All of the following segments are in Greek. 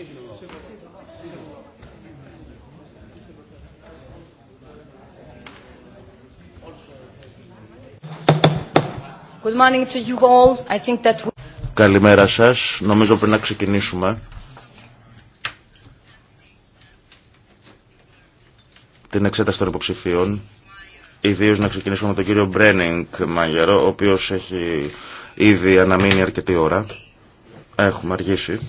Good morning to you all. I think that we... Καλημέρα σας. Νομίζω πριν να ξεκινήσουμε. Την εξέταση των υποψηφίων. Ιδίως να ξεκινήσουμε με τον κύριο Μπρένινγκ Μαγερό, ο οποίος έχει ήδη αναμείνει αρκετή ώρα. Έχουμε αργήσει.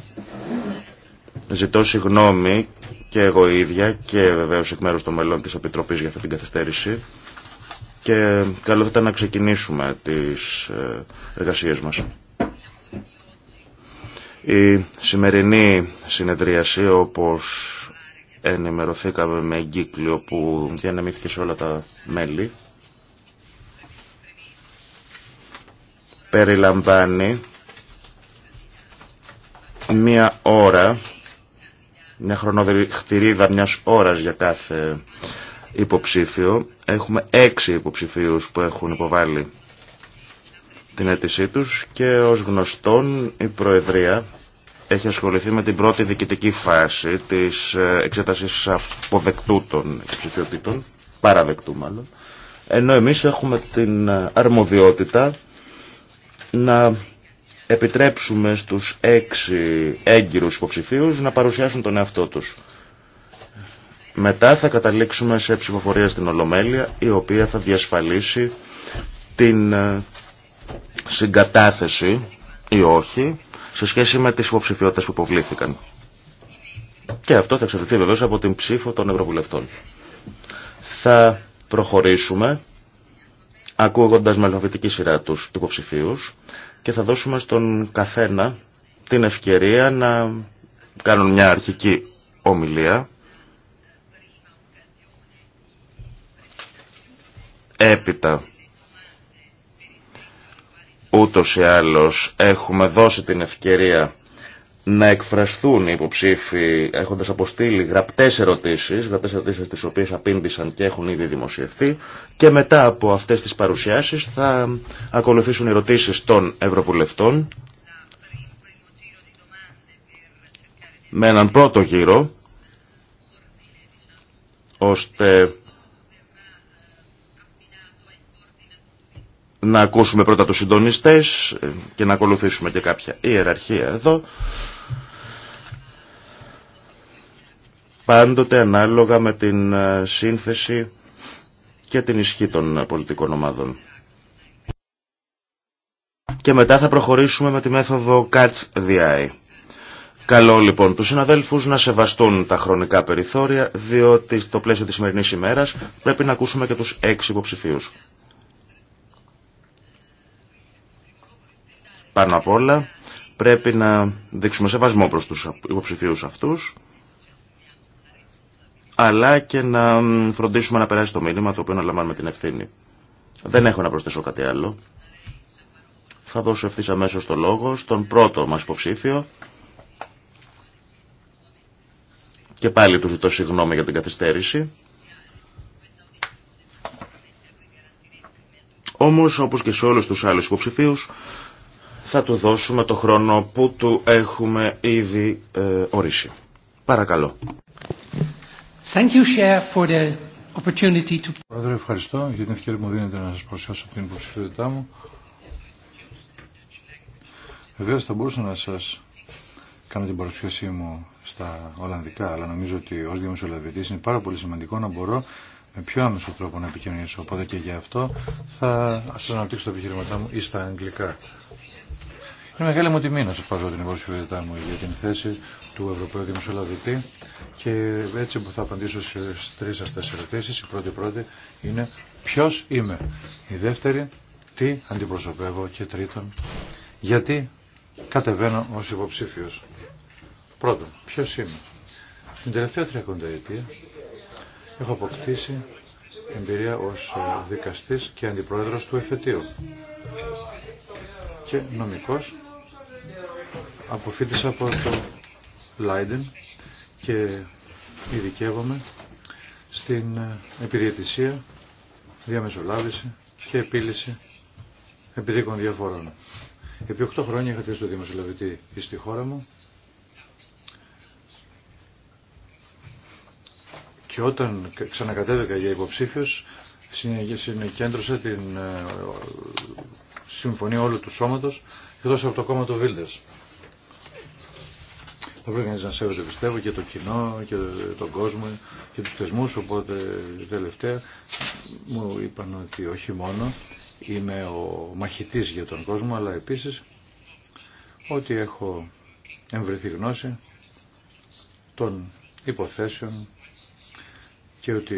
Ζητώ συγγνώμη και εγώ ίδια και βεβαίως εκ μέρους των μελών της Επιτροπής για αυτή την καθυστέρηση και καλό θα ήταν να ξεκινήσουμε τις ε, εργασίες μας. Η σημερινή συνεδρίαση όπως ενημερωθήκαμε με εγκύκλιο που διανεμήθηκε σε όλα τα μέλη περιλαμβάνει μία ώρα μια χρονοδιρίδα μια ώρας για κάθε υποψήφιο. Έχουμε έξι υποψηφίους που έχουν υποβάλει την αίτησή τους και ως γνωστόν η Προεδρία έχει ασχοληθεί με την πρώτη διοικητική φάση της ε, εξέτασης αποδεκτού των ψηφιότητων, παραδεκτού μάλλον, ενώ εμείς έχουμε την ε, αρμοδιότητα να επιτρέψουμε στους έξι έγκυρους υποψηφίους να παρουσιάσουν τον εαυτό τους. Μετά θα καταλήξουμε σε ψηφοφορία στην Ολομέλεια, η οποία θα διασφαλίσει την ε, συγκατάθεση ή όχι σε σχέση με τις υποψηφιότητες που υποβλήθηκαν. Και αυτό θα εξαρτηθεί βεβαίω από την ψήφο των Ευρωβουλευτών. Θα προχωρήσουμε ακούγοντας με αλφαβητική σειρά τους υποψηφίους και θα δώσουμε στον καθένα την ευκαιρία να κάνουν μια αρχική ομιλία έπειτα ούτως ή άλλως έχουμε δώσει την ευκαιρία να εκφραστούν οι υποψήφοι έχοντας αποστείλει γραπτές ερωτήσεις, γραπτές ερωτήσεις τις οποίες απήντησαν και έχουν ήδη δημοσιευθεί και μετά από αυτές τις παρουσιάσεις θα ακολουθήσουν ερωτήσεις των Ευρωβουλευτών με έναν πρώτο γύρο ώστε να ακούσουμε πρώτα τους συντονιστές και να ακολουθήσουμε και κάποια ιεραρχία εδώ πάντοτε ανάλογα με την ε, σύνθεση και την ισχύ των ε, πολιτικών ομάδων. Και μετά θα προχωρήσουμε με τη μέθοδο Catch the Eye. Καλό λοιπόν τους συναδέλφους να σεβαστούν τα χρονικά περιθώρια, διότι στο πλαίσιο της σημερινής ημέρας πρέπει να ακούσουμε και τους έξι υποψηφίους. Πάνω απ' όλα πρέπει να δείξουμε σεβασμό προς τους υποψηφίους αυτούς αλλά και να φροντίσουμε να περάσει το μήνυμα το οποίο να λαμβάνουμε την ευθύνη. Δεν έχω να προσθέσω κάτι άλλο. Θα δώσω ευθύ αμέσω το λόγο στον πρώτο μα υποψήφιο. Και πάλι του ζητώ συγγνώμη για την καθυστέρηση. Όμως, όπως και σε όλου τους άλλους υποψηφίου θα του δώσουμε το χρόνο που του έχουμε ήδη ε, ορίσει. Παρακαλώ. Thank you, Πρόεδρε, ευχαριστώ για την ευκαιρία που μου δίνετε να σας προσφέρω την υποψηφιότητά μου. Βεβαίω θα μπορούσα να σας κάνω την παρουσίασή μου στα Ολλανδικά, αλλά νομίζω ότι ως δημοσιολαβητής είναι πάρα πολύ σημαντικό να μπορώ με πιο άμεσο τρόπο να επικοινωνήσω. Οπότε και για αυτό θα σας αναπτύξω τα επιχειρηματά μου ή στα Αγγλικά. Είναι μεγάλη μου τιμή να σα παρουσιάσω την υποψηφιότητά μου για την θέση του Ευρωπαίου Δημοσιολαβητή και έτσι που θα απαντήσω στι τρεις αυτέ ερωτήσει, Η πρώτη πρώτη είναι ποιο είμαι. Η δεύτερη τι αντιπροσωπεύω και τρίτον γιατί κατεβαίνω ως υποψήφιος. Πρώτον, ποιο είμαι. Την τελευταία τριακονταετία έχω αποκτήσει εμπειρία ως δικαστής και αντιπρόεδρος του εφετείου και νομικός αποφύτησα από το Λάιντεν και ειδικεύομαι στην ε, επιδιαιτησία, διαμεσολάβηση και επίλυση επιδίκων διαφορών. Επί 8 χρόνια είχα θέσει το δημοσιολαβητή στη χώρα μου και όταν ξανακατέβηκα για υποψήφιος συνεκέντρωσα την ε, συμφωνία όλου του σώματος εκτός από το κόμμα του Βίλντες. Θα πρέπει να σέβεται πιστεύω και το κοινό και τον κόσμο και του θεσμού οπότε τελευταία μου είπαν ότι όχι μόνο είμαι ο μαχητής για τον κόσμο, αλλά επίσης ότι έχω εμβρεθεί γνώση των υποθέσεων και ότι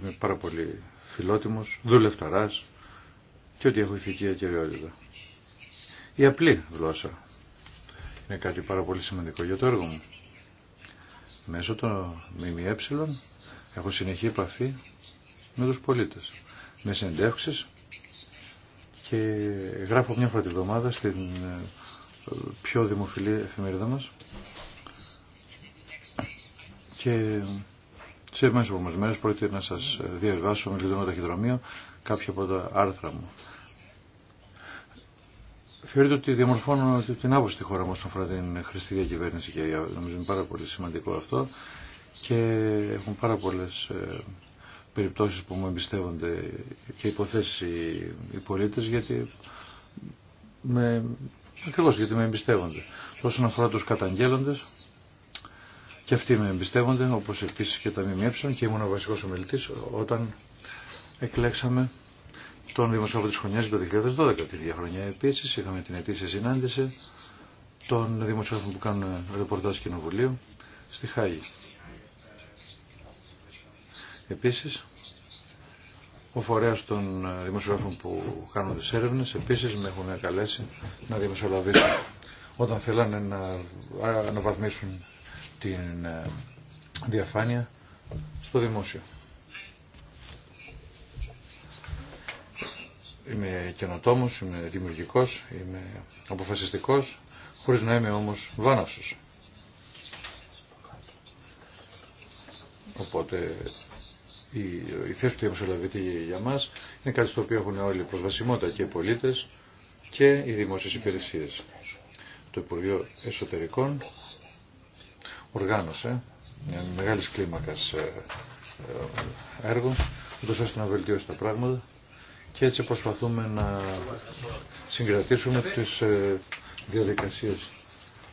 είμαι πάρα πολύ φιλότιμος, δουλευταράς και ότι έχω ηθική ακυριότητα. Η απλή γλώσσα είναι κάτι πάρα πολύ σημαντικό για το έργο μου. Μέσω των ΜΜΕ έχω συνεχή επαφή με τους πολίτες, με συνεντεύξεις και γράφω μια φορά τη βδομάδα στην ε, πιο δημοφιλή εφημερίδα μας και σε μέσα από μέρες πρόκειται να σας διαβάσω με λιγότερο ταχυδρομείο κάποια από τα άρθρα μου. Θεωρείτε ότι διαμορφώνω την άποψη στη χώρα μου όσον αφορά την χρηστική κυβέρνηση και νομίζω είναι πάρα πολύ σημαντικό αυτό και έχουν πάρα πολλές ε, περιπτώσεις που μου εμπιστεύονται και υποθέσεις οι πολίτες γιατί με, ακριβώς γιατί με εμπιστεύονται. Όσον αφορά τους καταγγέλλοντες και αυτοί με εμπιστεύονται όπως επίσης και τα ΜΜΕ και ήμουν ο βασικός ομιλητής όταν εκλέξαμε τον δημοσιογράφο της χρονιάς για το 2012. Τη ίδια χρονιά επίσης είχαμε την ετήσια συνάντηση των δημοσιογράφων που κάνουν ρεπορτάζ κοινοβουλίου στη Χάγη. Επίσης, ο φορέας των δημοσιογράφων που κάνουν τις έρευνες, επίσης με έχουν καλέσει να δημοσιολαβήσουν όταν θέλανε να αναβαθμίσουν την ε, διαφάνεια στο δημόσιο. είμαι καινοτόμος, είμαι δημιουργικός, είμαι αποφασιστικός, χωρίς να είμαι όμως βάναυσος. Οπότε η, η θέση του διαμεσολαβητή για μας είναι κάτι στο οποίο έχουν όλοι προσβασιμότητα και οι πολίτες και οι δημόσιες υπηρεσίες. Το Υπουργείο Εσωτερικών οργάνωσε μια μεγάλη κλίμακα ε, ε, έργο, ούτως ώστε να βελτιώσει τα πράγματα και έτσι προσπαθούμε να συγκρατήσουμε τις ε, διαδικασίες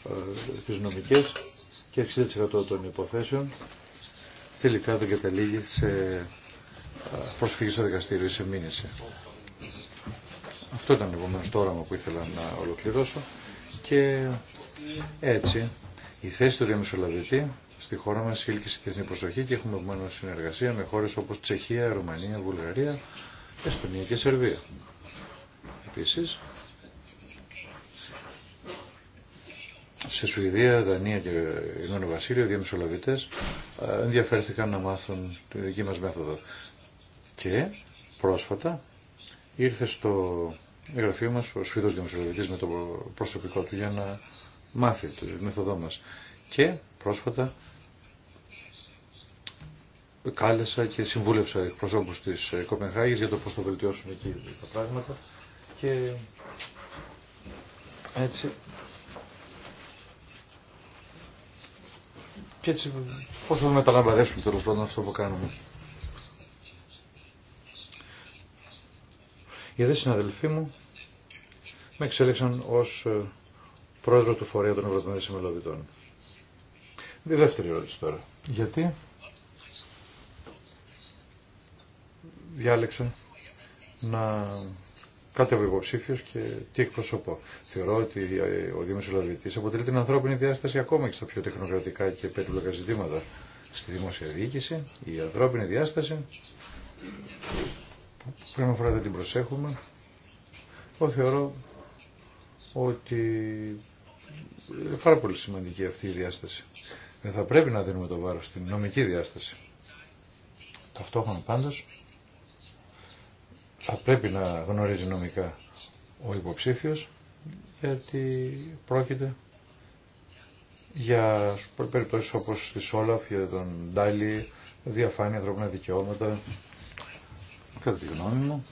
ε, τις νομικές και 60% των υποθέσεων τελικά δεν καταλήγει σε ε, προσφυγή στο δικαστήριο, ή σε μήνυση. Αυτό ήταν επομένω το όραμα που ήθελα να ολοκληρώσω και έτσι η θέση του διαμεσολαβητή στη χώρα μας ήλκησε την προσοχή και έχουμε επομένως συνεργασία με χώρες όπως Τσεχία, Ρουμανία, Βουλγαρία Εσπανία και Σερβία. Επίσης, σε Σουηδία, Δανία και Ηνωμένο Βασίλειο, δύο μεσολαβητές, ε, ενδιαφέρθηκαν να μάθουν τη δική μας μέθοδο. Και πρόσφατα ήρθε στο γραφείο μας ο Σουηδός με το προσωπικό του για να μάθει τη μέθοδό μας. Και πρόσφατα κάλεσα και συμβούλευσα εκπροσώπους της ε, Κοπενχάγης για το πώς θα βελτιώσουν εκεί τα πράγματα και έτσι και έτσι πώς θα μεταλαμβαρέσουμε τέλος πάντων αυτό που κάνουμε. Οι δε συναδελφοί μου με εξέλεξαν ως ε, πρόεδρο του Φορέα των Ευρωπαϊκών Συμμελοβητών. Δεύτερη ερώτηση τώρα. Γιατί διάλεξα να κάτω υποψήφιο και τι εκπροσωπώ. Θεωρώ ότι ο Δημοσιολαβητή αποτελεί την ανθρώπινη διάσταση ακόμα και στα πιο τεχνοκρατικά και περίπλοκα ζητήματα. Στη δημόσια διοίκηση, η ανθρώπινη διάσταση πρέπει να φορά δεν την προσέχουμε. Εγώ θεωρώ ότι είναι πάρα πολύ σημαντική αυτή η διάσταση. Δεν θα πρέπει να δίνουμε το βάρος στην νομική διάσταση. Ταυτόχρονα πάντως θα πρέπει να γνωρίζει νομικά ο υποψήφιος γιατί πρόκειται για περιπτώσεις όπως τη Σόλαφ, για τον Ντάλι, διαφάνεια, ανθρώπινα δικαιώματα. Κατά τη γνώμη μου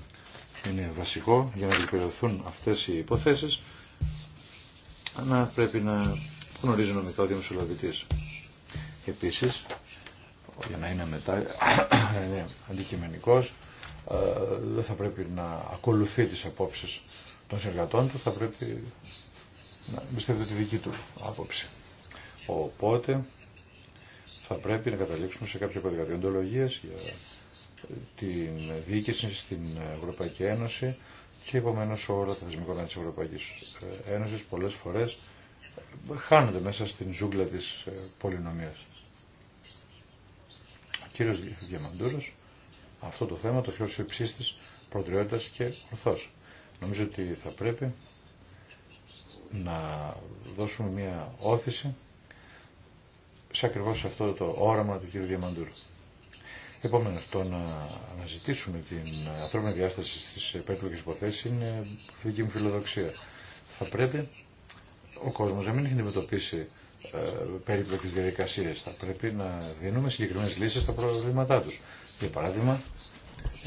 είναι βασικό για να δικαιωθούν αυτές οι υποθέσεις να πρέπει να γνωρίζει νομικά ο διαμεσολαβητής. Επίσης, για να είναι μετά, Ε, δεν θα πρέπει να ακολουθεί τις απόψεις των συνεργατών του, θα πρέπει να πιστεύετε τη δική του άποψη. Οπότε θα πρέπει να καταλήξουμε σε κάποια κωδικά για την διοίκηση στην Ευρωπαϊκή Ένωση και επομένω όλα τα θεσμικά της Ευρωπαϊκής ε, Ένωσης πολλές φορές χάνονται μέσα στην ζούγκλα της ε, πολυνομίας. Ο κύριος Διαμαντούρος αυτό το θέμα το θεωρώ ο της προτεραιότητας και ορθώς. Νομίζω ότι θα πρέπει να δώσουμε μια όθηση σε ακριβώς αυτό το όραμα του κ. Διαμαντούρου. Επόμενο, το να αναζητήσουμε την ανθρώπινη διάσταση στις περίπλοκες υποθέσεις είναι δική μου φιλοδοξία. Θα πρέπει ο κόσμος να μην έχει αντιμετωπίσει ε, περίπλοκες διαδικασίες. Θα πρέπει να δίνουμε συγκεκριμένες λύσεις στα προβλήματά τους. Για παράδειγμα,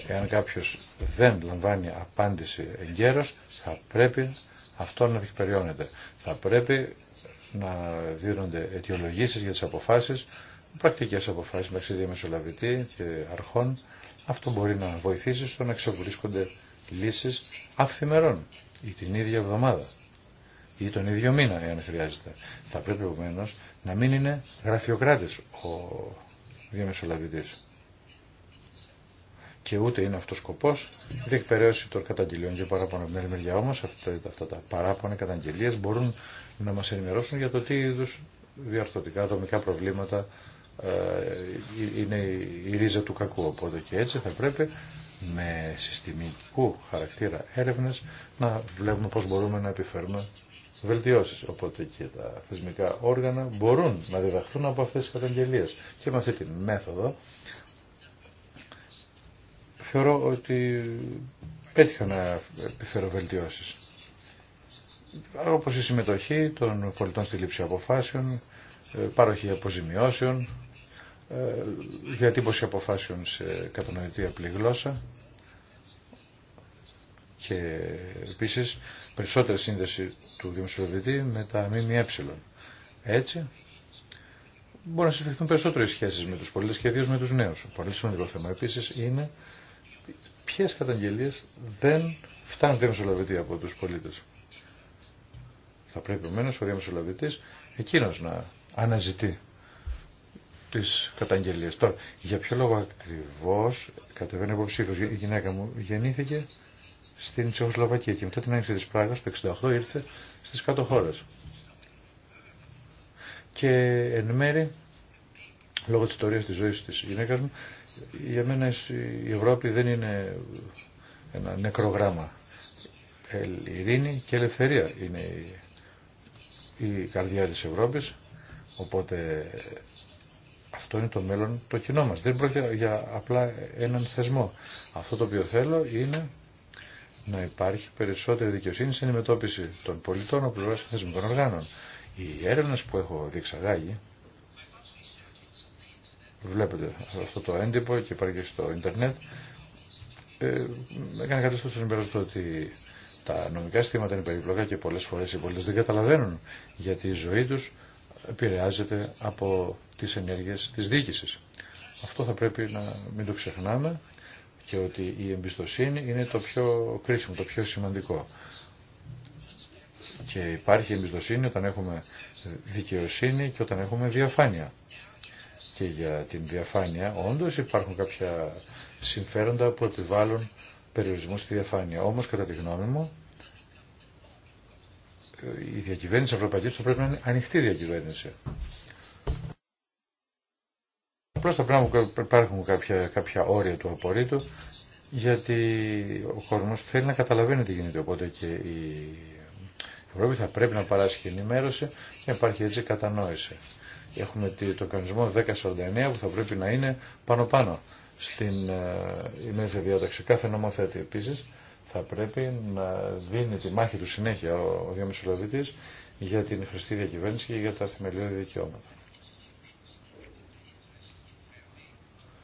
εάν κάποιος δεν λαμβάνει απάντηση εγκαίρως, θα πρέπει αυτό να διεκπεριώνεται. Θα πρέπει να δίνονται αιτιολογήσεις για τις αποφάσεις, πρακτικές αποφάσεις μεταξύ διαμεσολαβητή και αρχών. Αυτό μπορεί να βοηθήσει στο να ξεβρίσκονται λύσεις αυθημερών ή την ίδια εβδομάδα ή τον ίδιο μήνα, εάν χρειάζεται. Θα πρέπει επομένω να μην είναι γραφειοκράτης ο διαμεσολαβητής και ούτε είναι αυτό αυτός σκοπός διεκπαιρέωση των καταγγελιών και παράπονα. Από την άλλη μεριά όμω. αυτά, αυτά τα παράπονα καταγγελίε μπορούν να μα ενημερώσουν για το τι είδου διαρθωτικά δομικά προβλήματα ε, είναι η ρίζα του κακού. Οπότε και έτσι θα πρέπει με συστημικού χαρακτήρα έρευνε να βλέπουμε πώ μπορούμε να επιφέρουμε βελτιώσει. Οπότε και τα θεσμικά όργανα μπορούν να διδαχθούν από αυτέ τι καταγγελίε Και με αυτή τη μέθοδο θεωρώ ότι πέτυχα να επιφέρω βελτιώσεις. Όπως η συμμετοχή των πολιτών στη λήψη αποφάσεων, ε, πάροχη αποζημιώσεων, ε, διατύπωση αποφάσεων σε κατανοητή απλή γλώσσα και επίσης περισσότερη σύνδεση του δημοσιοδητή με τα ΜΜΕ. Έτσι, μπορεί να συμφιχθούν περισσότερε σχέσει με τους πολίτε και ιδίω με του νέου. Πολύ σημαντικό θέμα επίση είναι ποιες καταγγελίες δεν φτάνουν διαμεσολαβητή από τους πολίτες. Θα πρέπει ομένως ο διαμεσολαβητής εκείνος να αναζητεί τις καταγγελίες. Τώρα, για ποιο λόγο ακριβώς κατεβαίνει υποψήφιος. Η γυναίκα μου γεννήθηκε στην Τσεχοσλοβακία και μετά την άνοιξη της Πράγας το 1968 ήρθε στις κάτω χώρες. Και εν μέρη, λόγω της ιστορίας της ζωής της γυναίκας μου, για μένα η Ευρώπη δεν είναι ένα νεκρογράμμα. Η ε, ειρήνη και ελευθερία είναι η, καρδιά της Ευρώπης, οπότε αυτό είναι το μέλλον το κοινό μας. Δεν πρόκειται για απλά έναν θεσμό. Αυτό το οποίο θέλω είναι να υπάρχει περισσότερη δικαιοσύνη στην αντιμετώπιση των πολιτών από πλευρά θεσμικών οργάνων. Οι έρευνε που έχω διεξαγάγει Βλέπετε αυτό το έντυπο και υπάρχει στο ίντερνετ. Ε, έκανε κάτι στο συμπεραστό ότι τα νομικά συστήματα είναι περιπλοκά και πολλές φορές οι πολίτες δεν καταλαβαίνουν γιατί η ζωή τους επηρεάζεται από τις ενέργειες της διοίκησης. Αυτό θα πρέπει να μην το ξεχνάμε και ότι η εμπιστοσύνη είναι το πιο κρίσιμο, το πιο σημαντικό. Και υπάρχει εμπιστοσύνη όταν έχουμε δικαιοσύνη και όταν έχουμε διαφάνεια και για την διαφάνεια. Όντως υπάρχουν κάποια συμφέροντα που επιβάλλουν περιορισμού στη διαφάνεια. Όμως κατά τη γνώμη μου η διακυβέρνηση Ευρωπαϊκή θα πρέπει να είναι ανοιχτή διακυβέρνηση. Απλώ τα πράγματα υπάρχουν κάποια, κάποια όρια του απορρίτου γιατί ο κόσμο θέλει να καταλαβαίνει τι γίνεται. Οπότε και η Ευρώπη θα πρέπει να παράσχει ενημέρωση και να υπάρχει έτσι κατανόηση. Έχουμε το κανονισμό 1049 που θα πρέπει να είναι πάνω-πάνω στην ε, ημέρηση διάταξη. Κάθε νομοθέτη επίσης θα πρέπει να δίνει τη μάχη του συνέχεια ο διαμεσολαβητής για την χρηστή διακυβέρνηση και για τα θεμελιώδη δικαιώματα.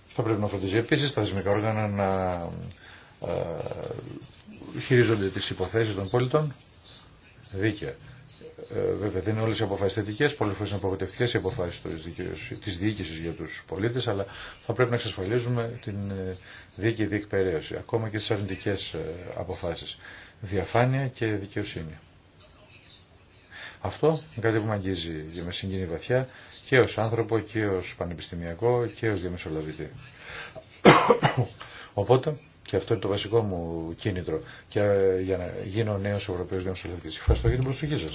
Θα πρέπει να φροντίζει επίσης τα θεσμικά όργανα να ε, χειρίζονται τις υποθέσεις των πολιτών δίκαια. Ε, βέβαια δεν είναι όλε οι αποφάσει θετικέ, πολλές φορές είναι απογοητευτικέ οι αποφάσει τη διοίκηση για του πολίτε, αλλά θα πρέπει να εξασφαλίζουμε την ε, δίκαιη διεκπαιρέωση, ακόμα και στι αρνητικές ε, αποφάσει. Διαφάνεια και δικαιοσύνη. Αυτό είναι κάτι που με αγγίζει και με συγκινεί βαθιά και ω άνθρωπο και ω πανεπιστημιακό και ω διαμεσολαβητή. Οπότε και αυτό είναι το βασικό μου κίνητρο και ε, για να γίνω νέο Ευρωπαίο Δημοσιολογητή. Ευχαριστώ για την προσοχή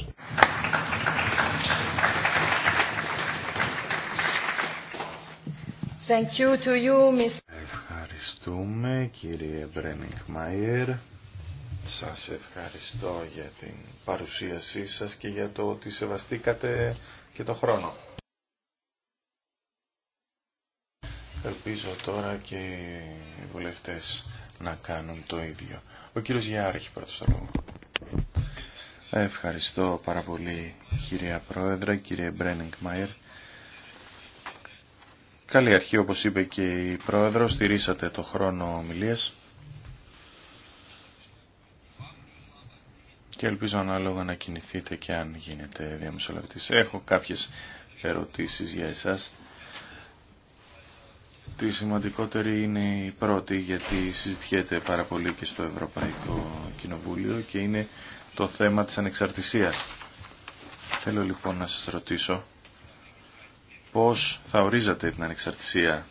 σα. Ευχαριστούμε κύριε Μπρένιγκ Μάιερ. Σας ευχαριστώ για την παρουσίασή σας και για το ότι σεβαστήκατε και το χρόνο. Ελπίζω τώρα και οι βουλευτές να κάνουν το ίδιο. Ο κύριος Γιάρη έχει πρώτο λόγο. Ευχαριστώ πάρα πολύ κυρία Πρόεδρε, κύριε Μπρένιγκ Καλή αρχή όπως είπε και η Πρόεδρο, στηρίσατε το χρόνο ομιλίας. Και ελπίζω ανάλογα να κινηθείτε και αν γίνετε διαμεσολαβητής. Έχω κάποιες ερωτήσεις για εσάς. Τη σημαντικότερη είναι η πρώτη γιατί συζητιέται πάρα πολύ και στο Ευρωπαϊκό Κοινοβούλιο και είναι το θέμα της ανεξαρτησίας. Θέλω λοιπόν να σας ρωτήσω πώς θα ορίζατε την ανεξαρτησία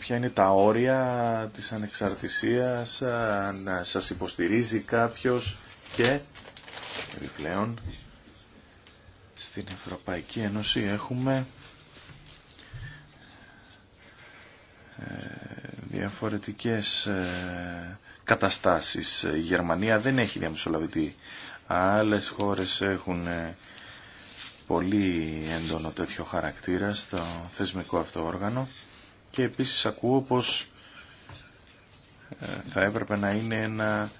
ποια είναι τα όρια της ανεξαρτησίας, αν σας υποστηρίζει κάποιος και επιπλέον στην Ευρωπαϊκή Ένωση έχουμε ε, διαφορετικές ε, καταστάσεις. Η Γερμανία δεν έχει διαμεσολαβητή. Άλλες χώρες έχουν ε, πολύ έντονο τέτοιο χαρακτήρα στο θεσμικό αυτό όργανο και επίσης ακούω πως θα έπρεπε να είναι ένα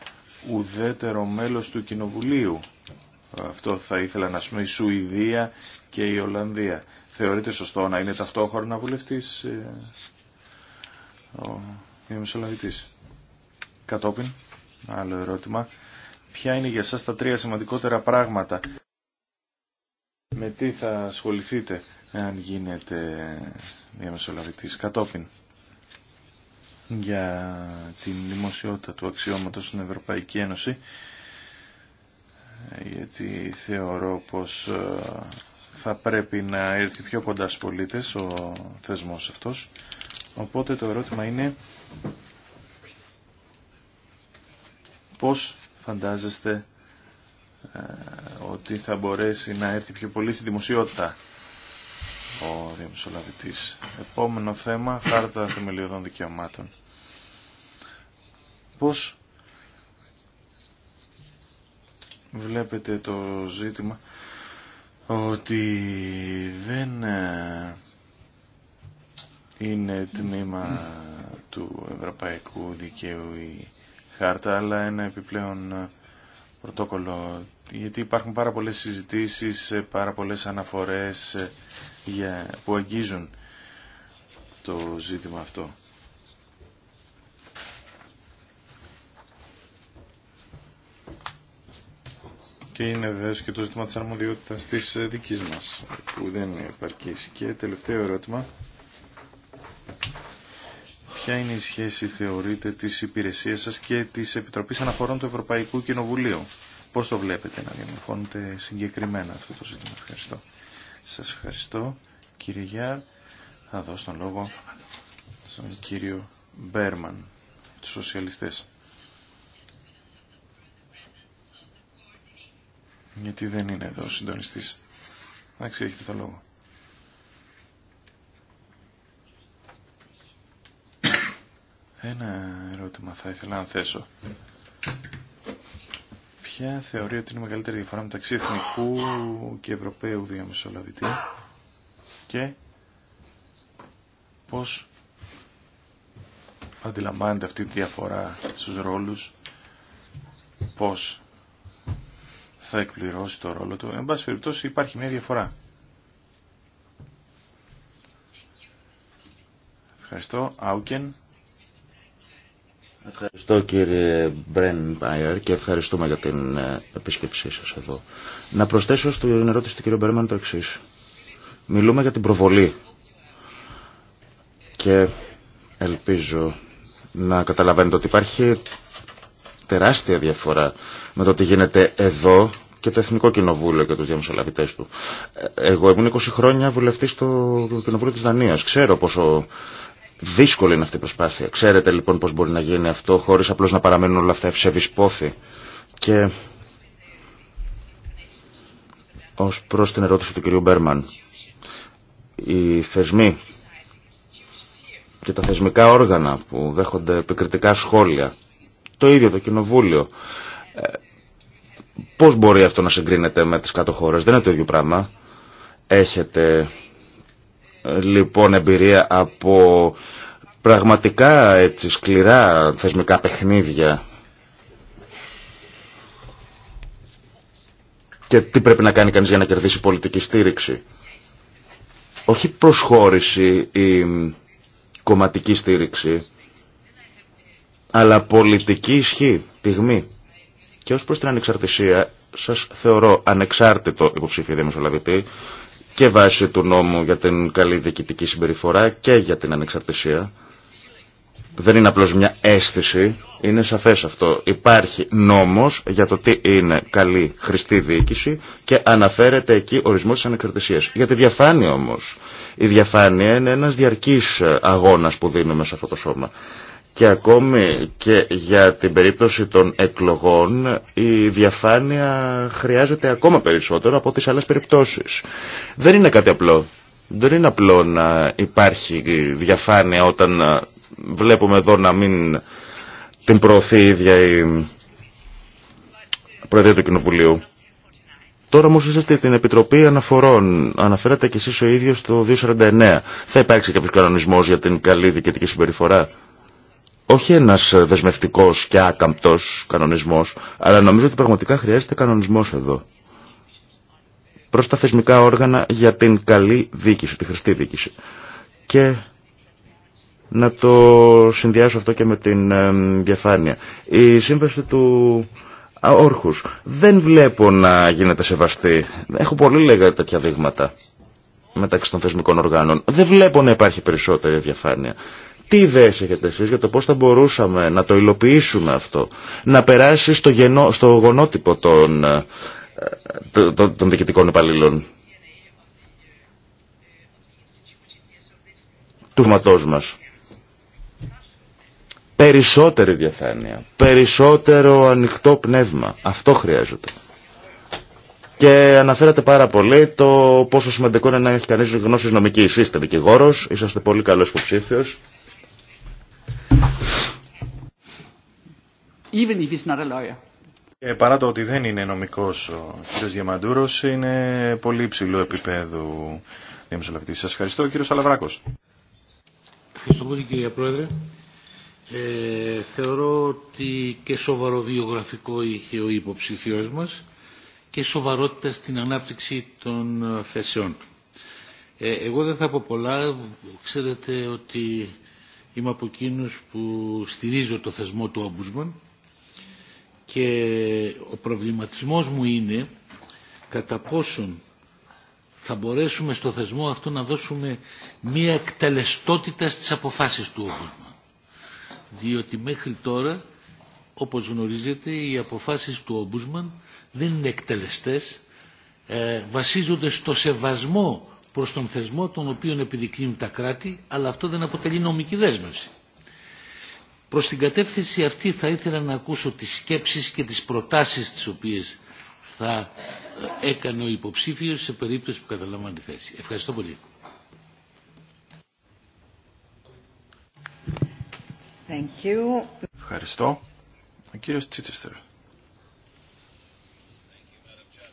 ουδέτερο μέλος του Κοινοβουλίου αυτό θα ήθελα να πούμε η Σουηδία και η Ολλανδία. Θεωρείται σωστό να είναι ταυτόχρονα βουλευτής ε, ο διαμεσολαβητής. Κατόπιν, άλλο ερώτημα. Ποια είναι για σας τα τρία σημαντικότερα πράγματα. Με τι θα ασχοληθείτε αν γίνετε διαμεσολαβητής κατόπιν για την δημοσιότητα του αξιώματος στην Ευρωπαϊκή Ένωση γιατί θεωρώ πως ε, θα πρέπει να έρθει πιο κοντά στους πολίτες ο θεσμός αυτός. Οπότε το ερώτημα είναι πώς φαντάζεστε ε, ότι θα μπορέσει να έρθει πιο πολύ στη δημοσιότητα ο Διαμεσολαβητής. Επόμενο θέμα, χάρτα θεμελιωδών δικαιωμάτων. Πώς βλέπετε το ζήτημα ότι δεν ε, είναι τμήμα του Ευρωπαϊκού Δικαίου η χάρτα, αλλά ένα επιπλέον ε, πρωτόκολλο, γιατί υπάρχουν πάρα πολλές συζητήσεις, ε, πάρα πολλές αναφορές για, που αγγίζουν το ζήτημα αυτό. και είναι βέβαια και το ζήτημα τη αρμοδιότητα τη ε, δική μας, που δεν επαρκεί. Και τελευταίο ερώτημα. Ποια είναι η σχέση, θεωρείτε, της υπηρεσίας σας και της Επιτροπής Αναφορών του Ευρωπαϊκού Κοινοβουλίου. Πώς το βλέπετε να διαμορφώνετε συγκεκριμένα αυτό το ζήτημα. Ευχαριστώ. Σας ευχαριστώ, κύριε Γιάρ. Θα δώσω τον λόγο στον κύριο Μπέρμαν, του Σοσιαλιστέ. γιατί δεν είναι εδώ ο συντονιστής. Εντάξει, έχετε το λόγο. Ένα ερώτημα θα ήθελα να θέσω. Ποια θεωρεί ότι είναι η μεγαλύτερη διαφορά μεταξύ εθνικού και ευρωπαίου διαμεσολαβητή και πώς αντιλαμβάνεται αυτή τη διαφορά στους ρόλους, πώς θα εκπληρώσει το ρόλο του. Εν πάση περιπτώσει υπάρχει μια διαφορά. Ευχαριστώ. Άουκεν. Ευχαριστώ κύριε Μπρεν και ευχαριστούμε για την ε, επίσκεψή σας εδώ. Να προσθέσω στην ερώτηση του κύριου Μπέρμαν το εξή. Μιλούμε για την προβολή και ελπίζω να καταλαβαίνετε ότι υπάρχει τεράστια διαφορά με το τι γίνεται εδώ και το Εθνικό Κοινοβούλιο και τους διαμεσολαβητές του. Εγώ ήμουν 20 χρόνια βουλευτής στο Κοινοβούλιο της Δανίας. Ξέρω πόσο δύσκολη είναι αυτή η προσπάθεια. Ξέρετε λοιπόν πώς μπορεί να γίνει αυτό χωρίς απλώς να παραμένουν όλα αυτά ευσεβείς πόθη. Και ως προς την ερώτηση του κυρίου Μπέρμαν. Οι θεσμοί και τα θεσμικά όργανα που δέχονται επικριτικά σχόλια το ίδιο το κοινοβούλιο. Ε, πώς μπορεί αυτό να συγκρίνεται με τις κάτω δεν είναι το ίδιο πράγμα. Έχετε ε, λοιπόν εμπειρία από πραγματικά έτσι, σκληρά θεσμικά παιχνίδια και τι πρέπει να κάνει κανείς για να κερδίσει πολιτική στήριξη. Όχι προσχώρηση ή κομματική στήριξη, αλλά πολιτική ισχύ, πυγμή. Και ως προς την ανεξαρτησία, σας θεωρώ ανεξάρτητο υποψήφιο δημοσιολαβητή και βάσει του νόμου για την καλή διοικητική συμπεριφορά και για την ανεξαρτησία. Δεν είναι απλώς μια αίσθηση, είναι σαφές αυτό. Υπάρχει νόμος για το τι είναι καλή χρηστή διοίκηση και αναφέρεται εκεί ορισμό της ανεξαρτησίας. Για τη διαφάνεια όμως. Η διαφάνεια είναι ένας διαρκής αγώνας που δίνουμε σε αυτό το σώμα. Και ακόμη και για την περίπτωση των εκλογών η διαφάνεια χρειάζεται ακόμα περισσότερο από τις άλλες περιπτώσεις. Δεν είναι κάτι απλό. Δεν είναι απλό να υπάρχει διαφάνεια όταν ε, βλέπουμε εδώ να μην την προωθεί η ίδια η Προεδρία του Κοινοβουλίου. Τώρα όμως είστε στην Επιτροπή Αναφορών. Αναφέρατε κι εσείς ο ίδιος το 249. Θα υπάρξει κάποιο κανονισμός για την καλή διοικητική συμπεριφορά όχι ένας ε, δεσμευτικός και άκαμπτος κανονισμός, αλλά νομίζω ότι πραγματικά χρειάζεται κανονισμός εδώ. Προς τα θεσμικά όργανα για την καλή δίκηση, τη χρηστή δίκηση. Και να το συνδυάσω αυτό και με την ε, διαφάνεια. Η σύμβαση του όρχους δεν βλέπω να γίνεται σεβαστή. Έχω πολύ λέγα τέτοια δείγματα μεταξύ των θεσμικών οργάνων. Δεν βλέπω να υπάρχει περισσότερη διαφάνεια. Τι ιδέες έχετε εσείς για το πώς θα μπορούσαμε να το υλοποιήσουμε αυτό, να περάσει στο, γενό, στο γονότυπο των, ε, των, των διοικητικών υπαλλήλων του βηματός μας. Περισσότερη διαφάνεια, περισσότερο ανοιχτό πνεύμα. Αυτό χρειάζεται. Και αναφέρατε πάρα πολύ το πόσο σημαντικό είναι να έχει κανείς γνώσει νομική. Είστε δικηγόρος, είσαστε πολύ καλό υποψήφιο. even if he's not a lawyer. παρά το ότι δεν είναι νομικός ο κ. Διαμαντούρος, είναι πολύ υψηλού επίπεδου διαμεσολαβητής. Σας ευχαριστώ, κ. Σαλαβράκος. Ευχαριστώ πολύ κύριε Πρόεδρε. Ε, θεωρώ ότι και σοβαρό βιογραφικό είχε ο υποψηφιός μας και σοβαρότητα στην ανάπτυξη των ε, θέσεών του. Ε, εγώ δεν θα πω πολλά. Ξέρετε ότι είμαι από εκείνους που στηρίζω το θεσμό του Ομπούσμαν και ο προβληματισμός μου είναι κατά πόσον θα μπορέσουμε στο θεσμό αυτό να δώσουμε μία εκτελεστότητα στις αποφάσεις του Ομπούσμαν. Διότι μέχρι τώρα, όπως γνωρίζετε, οι αποφάσεις του Ομπούσμαν δεν είναι εκτελεστές, ε, βασίζονται στο σεβασμό προς τον θεσμό τον οποίο επιδεικνύουν τα κράτη, αλλά αυτό δεν αποτελεί νομική δέσμευση. Προς την κατεύθυνση αυτή θα ήθελα να ακούσω τις σκέψεις και τις προτάσεις τις οποίες θα ε, έκανε ο υποψήφιος σε περίπτωση που καταλαμβάνει τη θέση. Ευχαριστώ πολύ. Thank Ευχαριστώ. Ο κύριος Τσίτσεστερ.